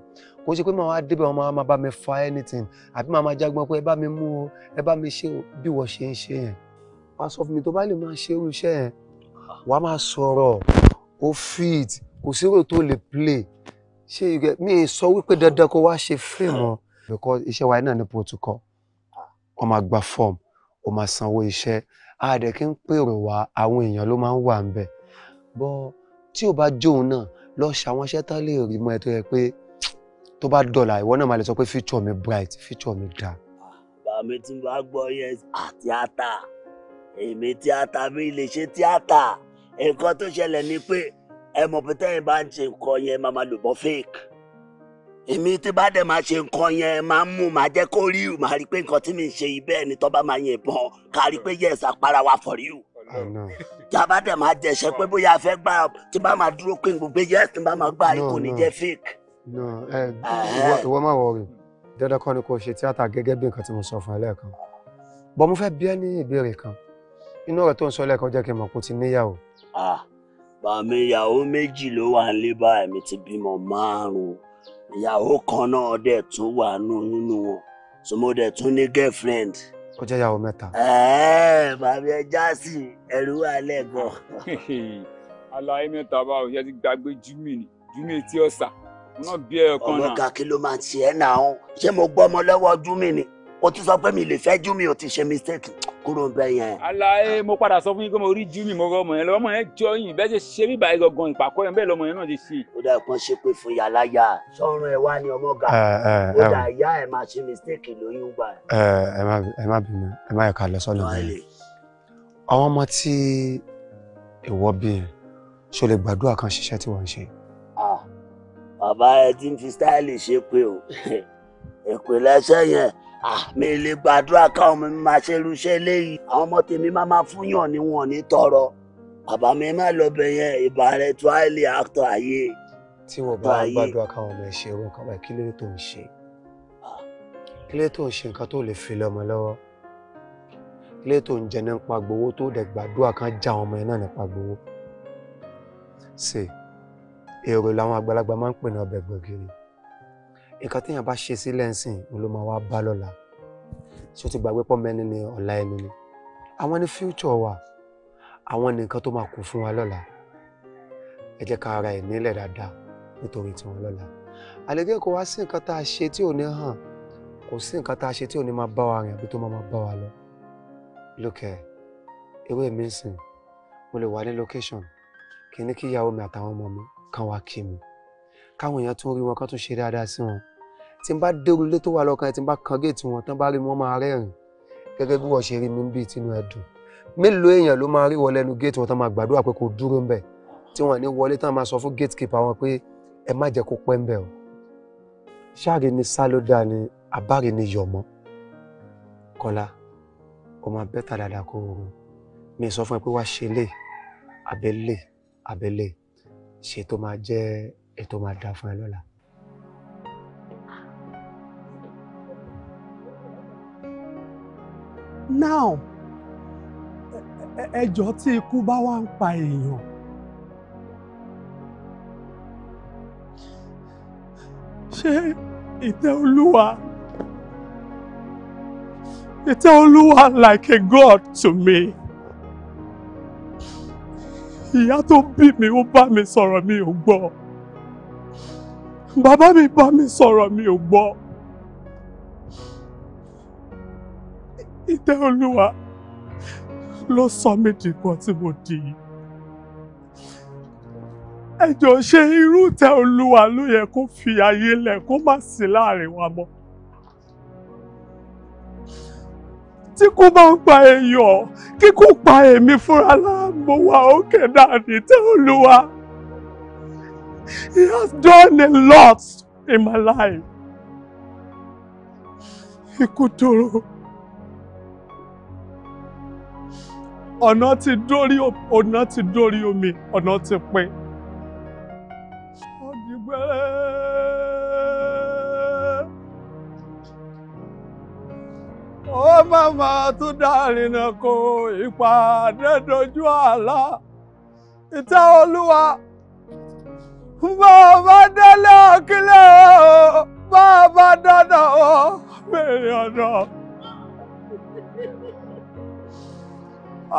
kò ṣe pé màá wá débẹ̀ wọ́n máa bá mi fa anything àbí màá máa jágbọ́n pé ẹ bá mi mú o ẹ bá mi ṣe bí wọ́n ṣe ń ṣe yẹn wàá sọ fún mi tó bá lè máa ṣe irú iṣẹ́ yẹn wàá máa sọ̀rọ̀ o fit kò sí èrò tó lè play ṣé you get mi sọ wípé dandan kó wá ṣe fíìmù because iṣẹ́ wa náà ní protocol wọ́n máa gba form wọ́n máa sanwó iṣẹ́ a dẹ̀ kí ń pèrò wá àwọn èèyàn ló máa ń wà ń bẹ̀ bọ́ tí ò bá jóun náà lọ ṣàwọn iṣẹ́ tán lè rí mọ́ ẹ tó yẹ pé tó bá dọ̀là ìwọ náà máa lè sọ pé future mi bright future mi dáa. bàmí tí wàá gbọ́ yẹn tíátà èmi tíátà mi lè ṣe tíátà nǹkan tó ṣẹlẹ̀ ni pé ẹ mọ̀ pé tẹ́yìn bá ń ṣe nǹkan yẹn máa máa lò bọ́ fake èmi tí bá dẹ̀ máa ṣe nǹkan yẹn máa ń mú máa jẹ́ kó rí ìrù máa rí pé nǹkan tí mi ń ṣe yìí bẹ́ẹ̀ ni tó bá máa yìnbọn ká rí pé yẹ̀sà para wa fọ̀ rí ìrù. tí a bá dẹ̀ máa jẹ̀ṣẹ̀ pé bóyá a fẹ́ gbà tí bá máa dúró pé gbogbo yẹ́sì tí bá máa gbà yìí kò ní jẹ́ fake. ìwọ máa wọ rè dandan kọ́ ni kò ṣe tíátà gẹ́gẹ́ bí nǹkan tí mo sọ fún ẹ lẹ́ẹ̀kan bọ́ mo fẹ́ bí ẹ ní ìbéèrè kan inú rẹ̀ tó ń sọ lẹ́ẹ̀kan jẹ́ kí n mọ̀ kó ti níyàwó. Ah, bàmí ìyàwó méjì ló wà ń lé báyìí mi ti bímọ márùn-ún ìyàwó kan náà dẹ̀ tún wà nínú wọn so mo dẹ̀ tún ní girlfriend. ó jẹ́ ìyàwó mẹ́ta. ẹ̀ẹ́ bàbá ẹ já sí ẹ̀rú alẹ́ gan. aláyé mẹ́ta báwo ṣe ti gbàgbé júmì ni júmì tí ọ̀sà náà bí ẹ̀ ọ̀kan náà. ọmọ kàkí ló máa ń ṣe ẹ́ náà ṣé mo gbọ́ ọmọ lọ́wọ́ júmì ni o tún sọ pé mi lè fẹ́ júmi o ti ṣe mistake kúrò bẹ yẹn. alaye mo padà sọ fún yín pé mo rí júmi mo rọ ọmọ yẹn lọ ọmọ yẹn jọ yìí bẹ́ẹ̀ ṣe ṣe bíbá yẹn gangan ìpàkọ́ yẹn bẹ́ẹ̀ lọmọ yẹn náà ti ṣe. ó dà kán ṣe pé fún yàrá yà sọ́run ẹ̀ wá ní ọmọ ga ó dà yá ẹ̀ máa ṣe mistake lóyún gbà. ẹ má bínú ẹ má yẹ ká lọ sọ́nà bẹ́ẹ̀ àwọn ọmọ tí ìwọ bí yẹn ṣo lè gbàdúrà kan ṣiṣẹ́ tí wọ́n ń ṣe. bàbá ẹ ti ń fi stáìlì ṣe pé o èpè lẹ́sẹ̀ yẹn Ah, mi lè gbàdúrà káwọn ọmọ mi máa ṣe irúṣẹ́ léyìí àwọn ọmọ tèmi máa máa fún yàn ní wọn ní tọrọ bàbá mi má lọ bẹ yẹn ìbàrẹ̀ tó àìlè àtọ̀ ayé. tí wọn bá gbàdúrà káwọn ọmọ ẹ ṣe irú nǹkan báyìí kí ló tó ń ṣe kí ló tó ń ṣe nǹkan tó lè fi lọ́mọ lọ́wọ́ kí ló tó ń jẹ nípa gbowó tó dẹ̀ gbàdúrà kan já ọmọ ẹ náà nípa gbowó. ṣe èrò làwọn àgbàlagbà máa ń pè ní ọbẹ̀ gbọ̀gìrì nǹkan téèyàn bá ṣe sílẹ̀ ń sìn ló máa wá bá lọ́la ṣé o ti gbàgbé pọ́ mẹ́ni ni ọ̀la ẹni ni àwọn ní future wa àwọn ní nǹkan tó máa kù fún wa lọ́la ẹ jẹ́ ká ara ẹ̀ nílẹ̀ dáadáa nítorí tiwọn lọ́la àlejò kò wá sí nǹkan tá a ṣe tí ò ní hàn kò sí nǹkan tá a ṣe tí ò ní máa bá wa rìn àbí tó máa bá wa lọ lókè ewé mi ń sìn mo lè wà ní location kí ní kí ìyàwó mi àtàwọn ọmọ mi kàn wá kí mi káwọn èèyàn tún rí wọn kán tún ṣe dáadáa sí wọn tí n bá dérú ilé tó wà lọ́kàn ẹ̀ tí n bá kan géètì wọn tán bá rí wọn máa rẹ́rìn gẹ́gẹ́ bí wọ́n ṣe rí mi ń bí tinú ẹ̀ dùn mélòó èèyàn ló máa rí wọlé ẹnu géètì wọn tán máa gbàdúrà pé kò dúró ń bẹ̀ tí wọ́n ní wọlé tán máa sọ fún gatekeeper wọn pé ẹ má jẹ́ kó pẹ́ ń bẹ̀ o ṣáàrì ni sálódà ni abáre ni yọ̀mọ́ kọ́lá ó máa bẹ́tà dáadáa kó o mi sọ fún ẹ pé wá ṣe lè abẹ́lé abẹ́lé ṣe tó máa jẹ́ ètò máa dáa fún ẹ lọ́la. now ẹjọ́ tí ikú bá wá ń pa èèyàn ṣé ìtẹ́ olúwa ìtẹ́ olúwa like a god to me ìyá tó bí mi ó bá mi sọ̀rọ̀ mi ò gbọ́ bàbá mi bá mi sọ̀rọ̀ mi ò gbọ́. ìtẹ́ olúwa ló sọ mí di tí mo di yìí ṣe irú ìtẹ́ olúwa ló yẹ kó fi ayé lẹ̀ kó má sí láàrin wa mọ́ tí kò bá ń pa èèyàn kíkú pa èmi fúnra láàmú wa òkè náà ní ìtẹ́ olúwa he has done a lot in my life ikú dúró. ọ̀nà ti dórí ọ̀nà ti dórí omi ọ̀nà ti pin. ó màmá tún dárìnà kó ìpàdé dojú àlá ìtẹ́ olúwa bá a bá délé ọ̀kílẹ̀ o bá a bá dáná o bèrè ọ̀nà.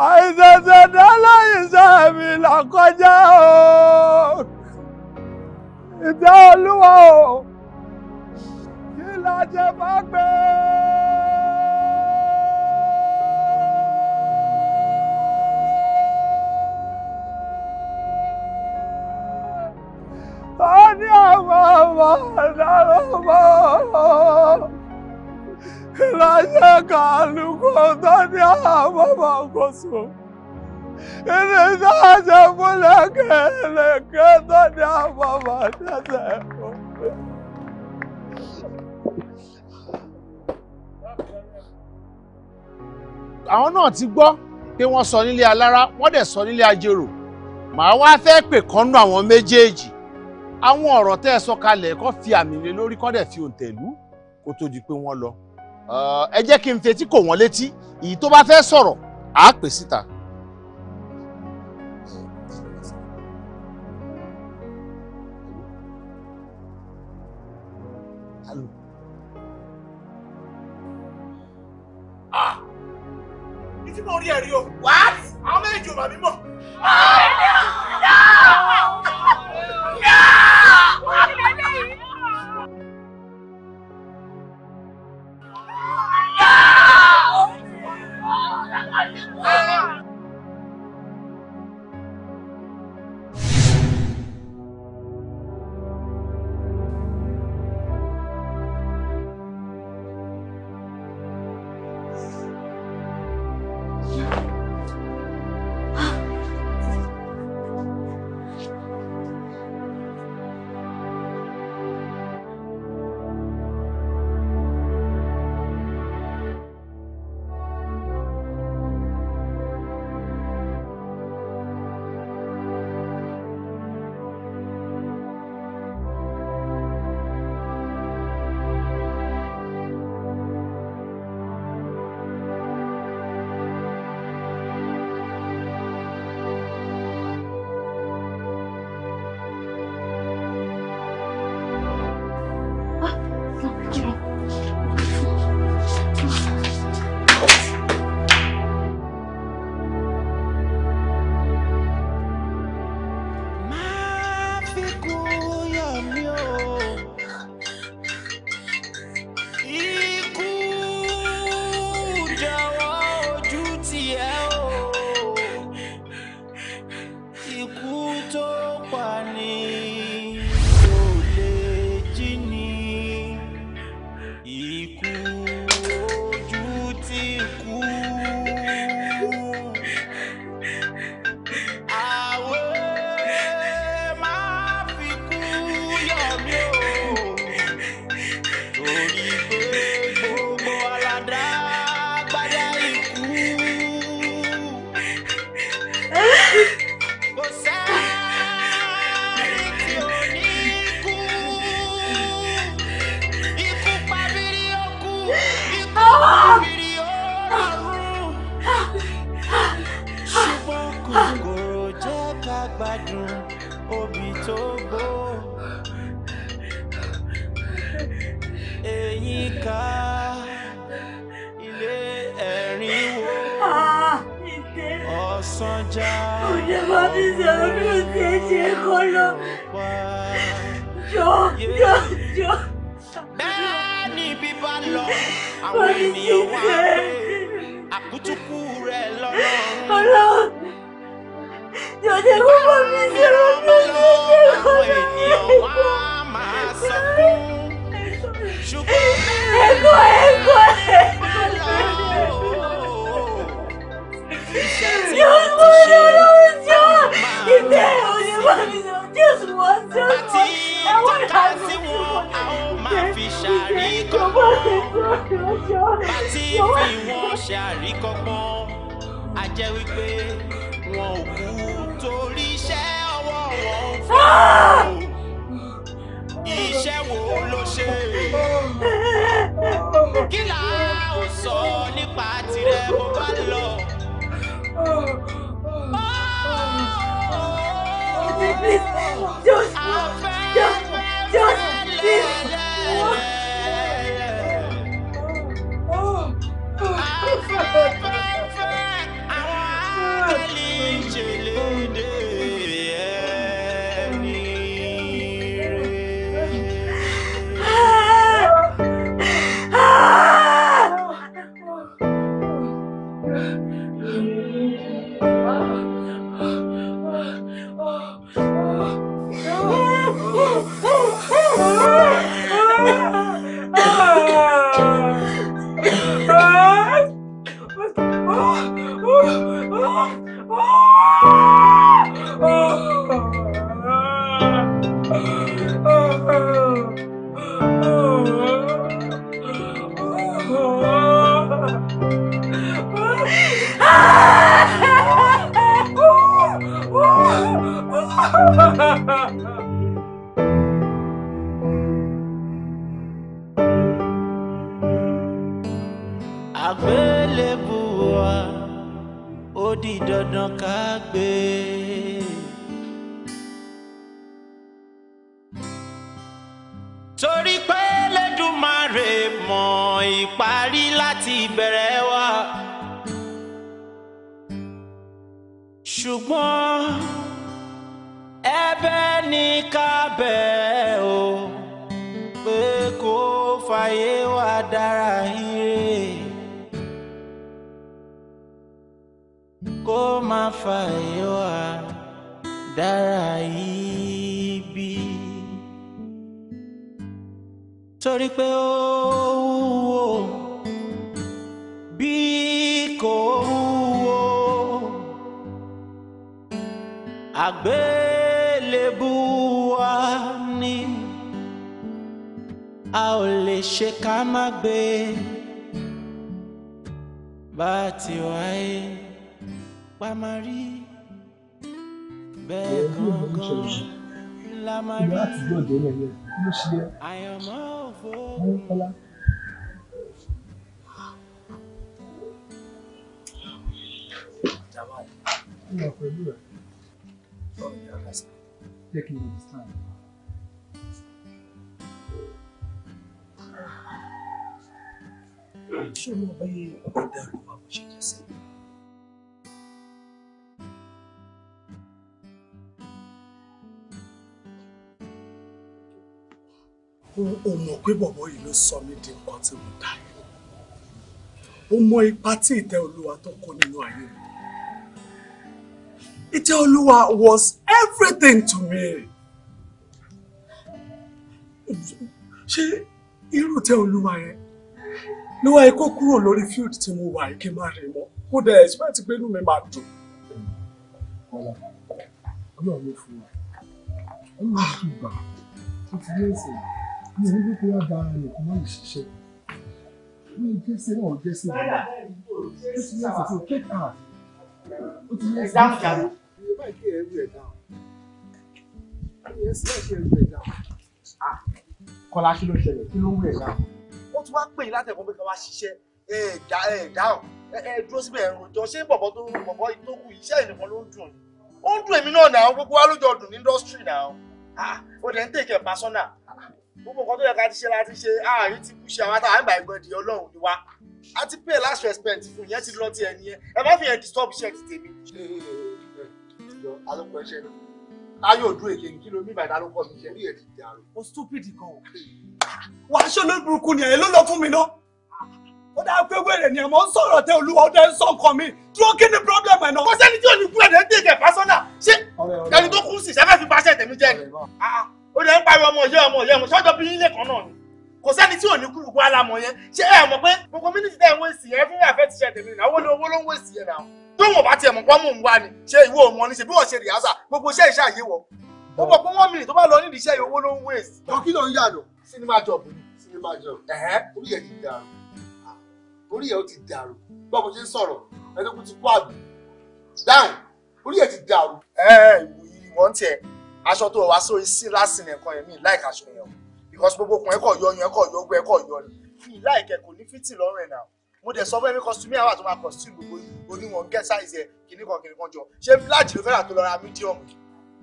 àìsàn ṣẹ̀dá láyìísá mi là kọjá o ìtẹ́ olúwa o kí la ṣe bá gbé. Ani àwọn ọmọ ọ̀daràn mọ́. 라자가누고다냐 마마고소 에레자자불라게레가다냐 마마자자요 àwọn náà ti gbọ́ pé wọ́n sọ nílé alára wọ́n dẹ̀ sọ nílé ajérò màá wá fẹ́ pè kánú àwọn méjèèjì àwọn ọ̀rọ̀ tẹ́ ẹ sọ kalẹ̀ kó fi àmì lé lórí kó dẹ̀ fi òǹtẹ̀lú kó tó di pé wọ́n lọ ẹ jẹ́ kí n fetí kò wọ́n létí èyí tó bá fẹ́ sọ̀rọ̀ àá pè síta. Ah! mo rí ẹ̀rí o. What? Àwọn méjì ò bàbí mọ̀. Oh no! No! No! ṣùgbọ́n ẹ̀bẹ̀ ní ká bẹ̀ o pé kó fàyè wá dára ire kó má fàyè wá dára ibi torí pé ó wù. àgbélébù wa ni a ò lè ṣe ká má gbé bá a ti wáyé pa má rí bẹ́ẹ̀ gangan la má rí àyànmọ́ òfò. Yeah, for you sorry, Abbas. Jẹ́ kí n understand. Ṣé o mọ̀ báyé ọ̀gbọ́n dàrú wa bó ṣe jẹ́ sẹ́yìn? ó mọ̀ pé bọ̀bọ̀ yìí ló sọ mí di nǹkan tí mo dá yìí ó mọ ipa tí ìtẹ́ olúwa tó kó nínú ayé mi Iteoluwa was everything to me. Ṣé irú Iteoluwa yẹn ló wáyé kó kúrò lórí field tí mo wà kí n máa rìn mọ́? Kó dẹ̀ ẹ̀sùn láti pé inú mi máa dùn. Ọlọ́run ló fún wa. Ọlọ́run ló fún wa. Ó ti ní ìsìn. Mi ò ní bí kí wọ́n da ara rẹ̀ kó má lè ṣiṣẹ́. Mi ò jẹ́sẹ̀ náà jẹ́sẹ̀ náà. Ó ti ní ìsìn tó kéka. Ó ti ní ìsìn tó kéka you might get everywhere down. Yes, might get everywhere down. Ah, Kọ́lá kí ló ṣẹlẹ̀ kí ló ń wẹ̀ náà. Ó ti wá pè yín láti ẹ̀kọ́ pé ká wá ṣiṣẹ́ ẹ̀ẹ́dá ẹ̀ẹ́dáhùn ẹ̀ẹ́ dúró síbẹ̀ ẹ̀rùjọ ṣé bọ̀bọ̀ tó bọ̀bọ̀ tó kù iṣẹ́ ìnìkan ló ń dùn ni. Ó ń dùn èmi náà náà gbogbo wa lójó dùn ní indọ́sítírì náà. Ah, ó dẹ̀ ń tèkẹ̀ pásọ́nà. Gbogbo nǹkan tó yẹ ká ti ṣe láti ṣe ààyè ti kú ṣe àwọn àtàwọn àgbà ìgbọ̀ndì Ọlọ́run ni wá a ti pay last respect fún yẹn ti lọ ti ẹni yẹn ẹ má fi yẹn disturb iṣẹ́ ti tèmi yọ alókọ iṣẹ́ náà táyọ̀ dún èké kí ló mí bàdá ló mi ṣe ní èdè ìjà rẹ̀. ó stupid gan o wà á ṣe olórí burúkú ni èyí ló lọ fún mi náà ó dáa pé wèrè ni àmọ́ ń sọ̀rọ̀ tẹ olúwa ó dẹ́ ń sọ nǹkan mi dúró kí ni problem ẹ̀ náà. kò sẹ́ni tí ò ní kúrẹ̀ ní dèjẹ̀ pásọ́nà ṣé ẹni tó kú sí sẹ́fẹ́ fi paṣẹ tẹ̀mí jẹ́ ni ah, ó dẹ̀ ń pariwo ọmọ ìyá ọmọ ìyá ọmọ ṣọ́jọ́ bí ilé kan náà ni kò sẹ́ni tí ò ní alámọ̀ yẹn ṣé ẹ mọ̀ pé gbogbo mínísítà ẹ̀ ń wé sí ẹ fún àfẹ́ ti ṣẹ tẹ̀mí náà owó ló ń wé sí ẹ náà tó wọn bá tiẹ̀ mọ̀ pọ́n ń wá ni ṣé ìwé òun ọ ṣe bí wọ́n ṣe rìhásà gbogbo iṣẹ́ iṣẹ́ àyè wọ̀ ó bọ̀ pé wọ́n mìíràn tó bá lọ nídìí iṣẹ́ owó ló ń waste. tó kí ló ń yà lọ sinimá job sinimá job orí ẹ̀ ti dàrú ah, orí ẹ̀ ó ti dàrú bá mo ṣe ń sọ̀rọ̀ ẹ̀ẹ́dẹ́gbẹ́ ti kú àbí dáhùn orí ẹ̀ ti dàrú. ẹ ẹ ìwọ ń tiẹ̀ aṣọ tó wá sórí sí lásìn nìkan yẹn mi láìka aṣọ yẹn o because gbogbo okùn ẹ̀kọ́ yọ ọyàn ẹ̀kọ́ yọ ogun ẹ̀kọ́ yọ ni mi láìkẹ́ kò ní fìtì lọ́rùn ẹ̀ náà mo dẹ̀ sọ fún ẹ̀mí costume àwọn àtúnwá costume gbogbo oníwọ̀n get size ẹ̀ kìíní kan kìíní kan jọ ṣé large ló fẹ́ rà tó lọ medium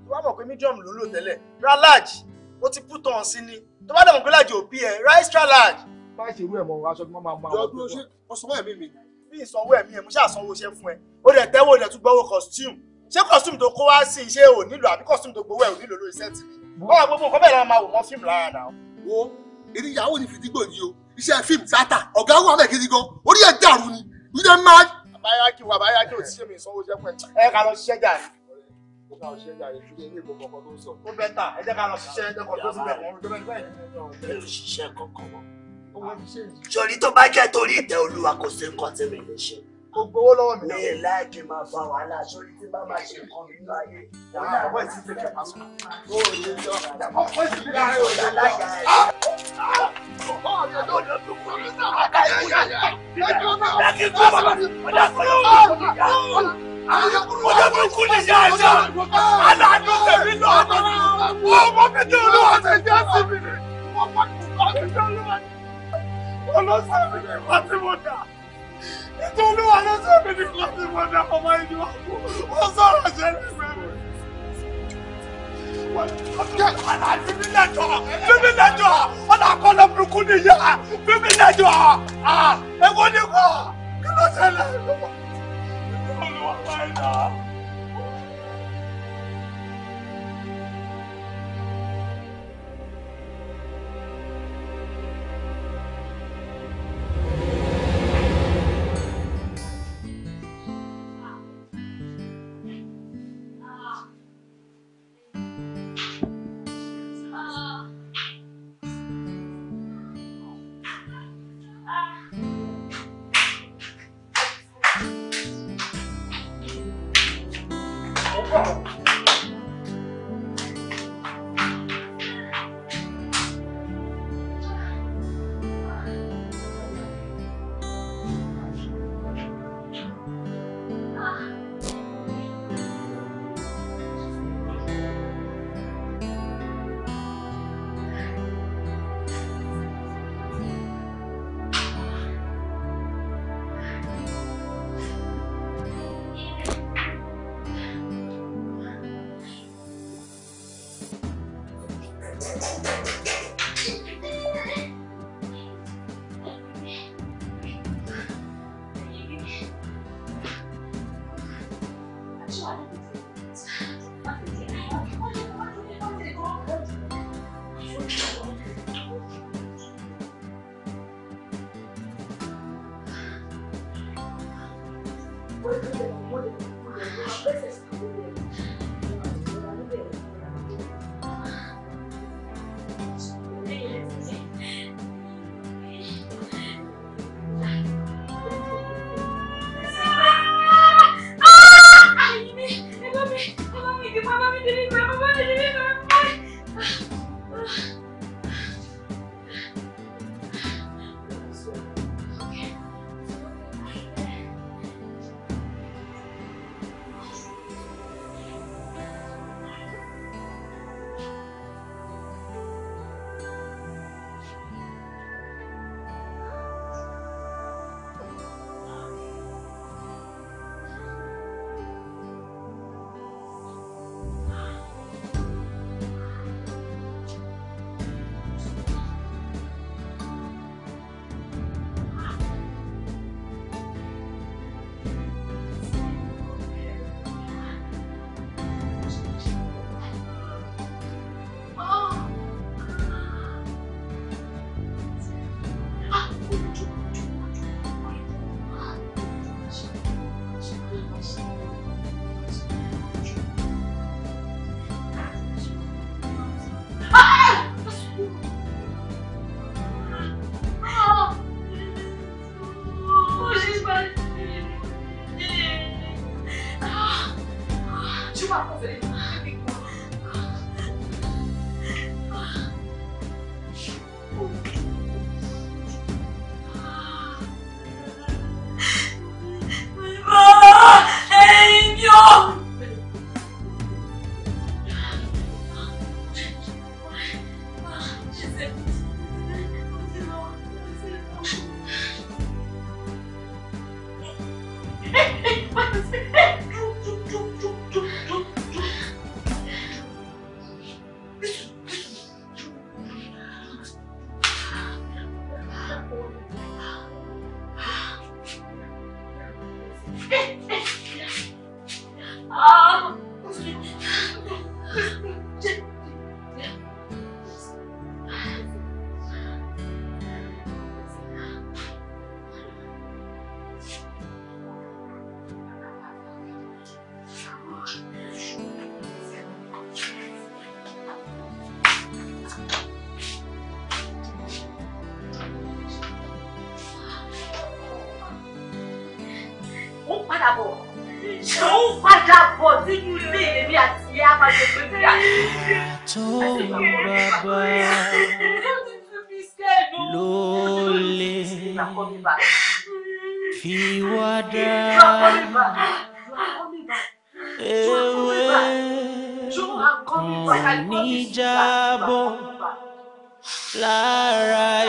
tó bá mọ̀ pé medium ló ń lò tẹ́lẹ̀ ra large ó ti put on sí ni tó bá dẹ̀mọ̀ pé large ò bí ẹ ra extra large. má ṣe irú ẹ̀ mọ́ aṣọ tí wọ́n máa máa wọ́n tó ṣe ọ̀sánwó ẹ̀mí mi. bí ìsanwó ẹ̀mí ẹ̀ mo ṣàsanwó iṣẹ́ fún ẹ ó dẹ̀ tẹ́wọ́ costume ṣé costume tó kó wá sí iṣẹ́ ò nílò àbí costume tó gbowó ẹ̀ ò nílò lórí sẹ́ẹ̀tì mi. wọ́n wá gbogbo nǹkan bẹ́ẹ̀ lọ́wọ́ máa wò mọ́ fíìmù lára náà. wo èdè ìyàwó ni fìdígbò ni o iṣẹ́ fíìmù tíátà ọ̀gá wà bẹ́ẹ̀ gidi gan orí ẹ̀ dàrú ni you dey mad. àbáyákí wà àbáyákí ò ti mi ìsanwó jẹ́ pẹ́ ẹ ká lọ ṣiṣẹ́ jà ó ká lọ ṣiṣẹ́ jà rẹ̀ ṣùgbọ́n ilé ìgbọ̀ngàn kan tó ń sọ. ó bẹ́ tà ẹ jẹ́ ká lọ ṣiṣẹ́ ẹ jẹ́ kọ́ tó ti bẹ̀ wọ́n lọ́dọ́ bẹ́ẹ̀ bẹ́ẹ̀ ni ṣiṣẹ́ tó bá jẹ́ torí ìtẹ́ olúwa kò sí nǹkan tí mi ṣe kò gbowó lọ́wọ́ mi. mi láìkì máa fa wàhálà sórí tí bá máa ṣe nǹkan mi lọ ayé. wọ́n yà wọ́n sì fẹ́kẹ̀ ó lè sọ ọ́ ó sì fi láàrin òun alága ẹ̀. ọ̀pọ̀ ọ̀dọ́ ló mi. ni. wọ́n ti já sí nítorí wà lọ́sẹ̀ mi ní kọ́ tí mo dá ọmọ ẹni wá kú wọ́n sọ̀rọ̀ ṣẹlẹ̀ pẹ̀lú. Bíbí lẹ́jọ́ bíbí lẹ́jọ́ ọ̀nà àkọlẹ̀ burúkú nìyá bíbí lẹ́jọ́ ẹ̀wọ́n ni kọ́ kí ló ṣẹlẹ̀? Olúwa máa ń dà á. bọ̀ ṣòun padà bọ̀ sínú you, èmi àti ìyá àbájọ pé bí a. tó bàbá ló fi wá dá ewé lára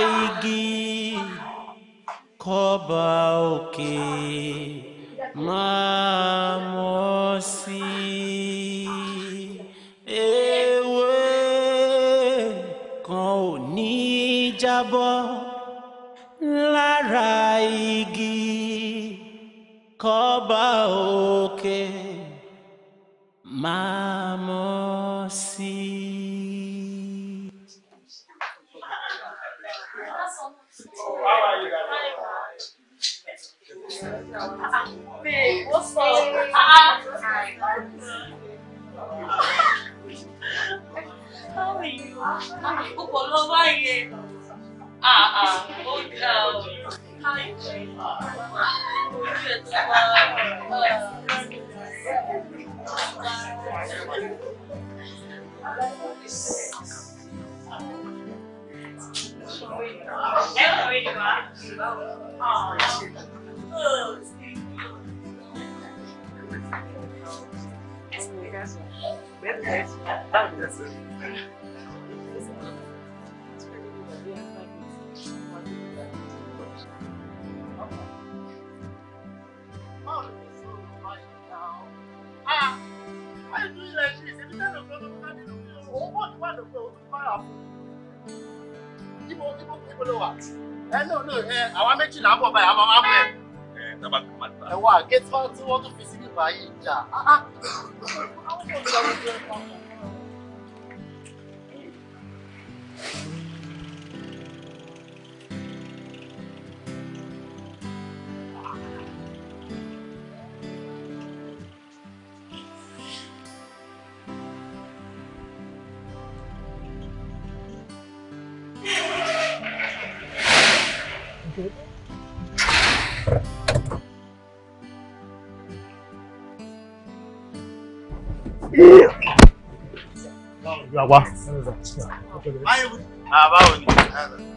Ah, báwo ni?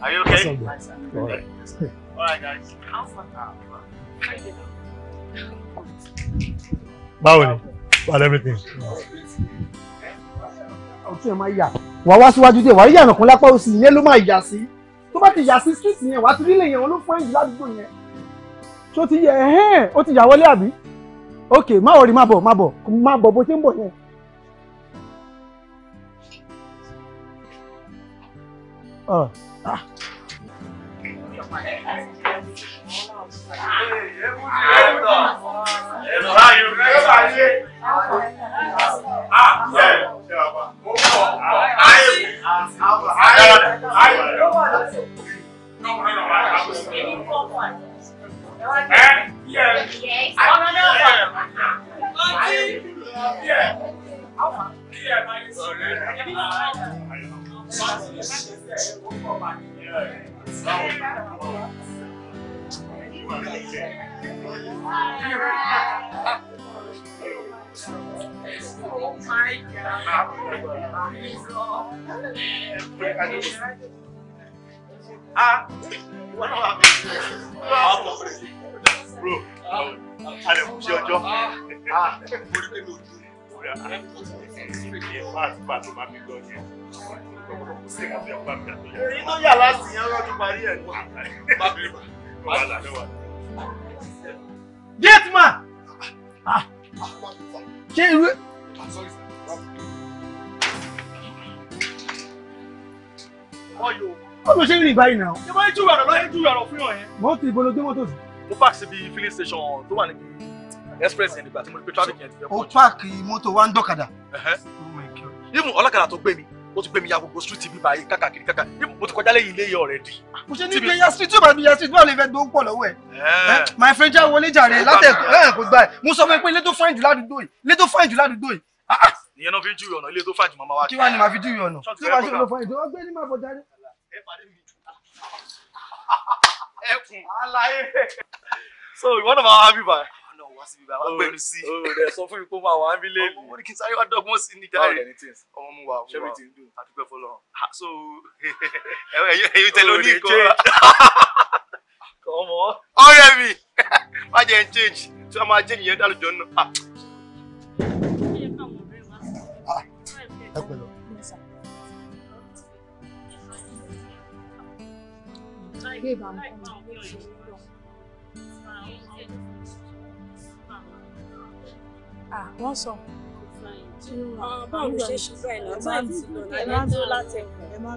Are you okay? All right. All right, All right guys. Báwo ni? About everything. How ẹ̀ máa yà. Wà wá síwájú dé, wà á yànnà kún lápá òsì yẹn ló máa yà sí. Tó bá ti yà sí street yẹn, wà á ti rí lè yẹn wọn ló fún ẹ̀yìn ládùúgbò yẹn. Tó ti yẹ ẹ̀hẹ́n, ó ti yà wọlé àbí? Ok, má wọrí má bọ̀ má bọ̀ má bọ̀ bó ṣe ń bọ̀ yẹn. Yeah. Oh my God. Ah, what about Bro, a lè fún sí ọjọ́. Mo rí pé mi ò dúró. Bá a tó máa fi gbọ́ yẹn. Get tó yà láti yan lọ́dún parí ẹ̀ ní wàhálà. gate man ṣé irú. ó lọ ṣe ń rìn báyìí náà. ṣé wọ́n ń júwèé ọ̀rọ̀ lọ́yẹ́ júwèé ọ̀rọ̀ fún yàn yẹn. mo ti ìbọn ló gbé mọ́tò sí. mo park síbi filling station tó wà express in the tí mo rí pé traffic yẹn ti fẹ́ pọ̀ jù. ó páàkì mọ́tò wa ń dọ́kadà. even ọlọ́kadà tó gbé mi ó tún gbé mi ya street bíbá yìí kákàkiri kákà mo ti kọjá lẹ́yìn ilé yìí ọ̀rẹ́dì. mo ṣe ní gbé ya street tí o bá mi ya street báwo lè fẹ́ gbowó pọ̀ lọ́wọ́ eh. Eh, my friend já wọlé jàre látẹ̀kọ̀ eh, kò gbà ẹ̀ mo sọ fún ẹ pé ilé tó fáìn jù ládùúgbò yìí ilé tó fáìn jù ládùúgbò yìí. Ah, ah. ìyẹn náà fi ń júwe ọ̀nà ilé tó fáìn jù mọ́ wa. kí wàá ni màá fi júwe ọ̀nà tí wàá ṣe lọ fáìn jù ọgbẹ́ ni má so ìwọ náà máa wá wá síbi bá wá gbẹnu sí. o oh, rẹ oh, sọ fún mi kó máa wà á bí léèlì. ọmọ oníkì sáré wá dọ́gbọ́n sí ní dáì. ọmọ mu wà wúwa àdúpẹ́ fọlọ́ so ẹ̀yin tẹ̀lé oní nǹkan. ọmọ. ọ̀rẹ́ mi má jẹ́ n change tí wọ́n máa jẹ́ nìyẹn dálùjọ náà. Ah. ẹ wọ́n sọ. báwo ló ṣe ṣe báyìí náà táìmù ti lọ náà ẹ máa láti ẹ̀kọ́.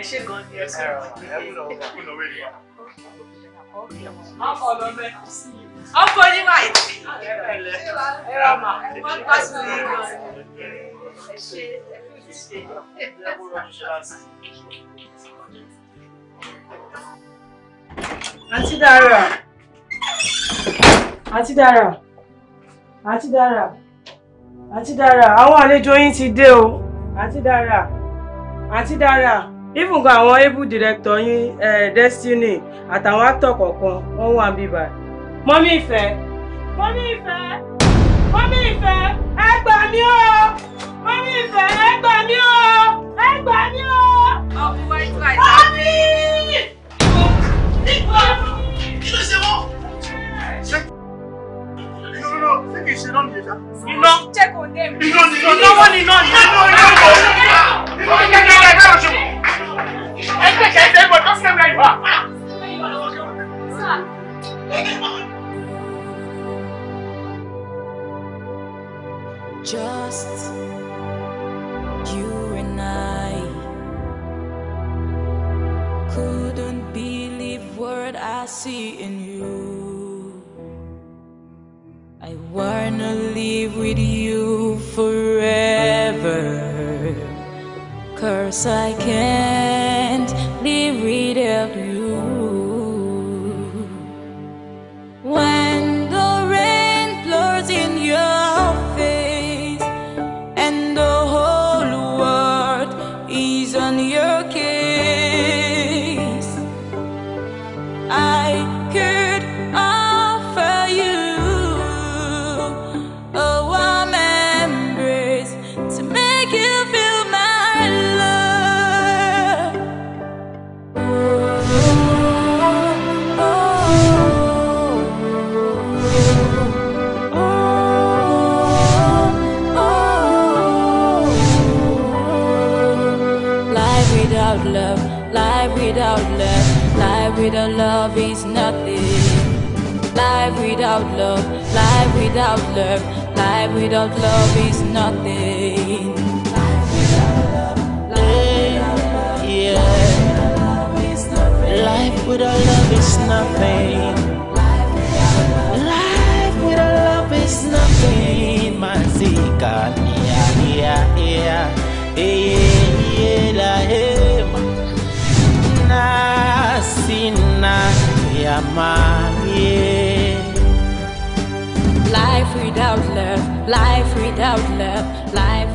ẹ ṣe gan ni ẹ ṣe rọ ẹ kúnlọ kúnlọ wẹ ní máa yìí. ẹ ra mà wọn bá sí i gan. ẹ ṣe ẹ fi ṣe àǹtí dára àǹtí dára àǹtí dára àǹtí dára àwọn àlejò yín ti dé o àǹtí dára àǹtí dára even gan àwọn able director yín eh, destiny àtàwọn actor kọ̀ọ̀kan wọ́n wà bíbá mọ́mí ìfẹ́ mọ́mí ìfẹ́ mọ́mí ìfẹ́ ẹ gbà mí o mọ́mí ìfẹ́ ẹ gbà mí o ẹ gbà mí o. ọkùnrin tó àìsàn mi. Just you and I. couldn't believe what I see in you. I wanna live with you forever. Cause I can't live without you. without love, life without love, life without love is nothing. Life without love, yeah. is nothing. Life without love is nothing. Life without love is nothing. Man, see God, yeah, yeah, yeah, yeah, yeah, yeah. Nah, see, nah, yeah, man, yeah life without love, life without love, life.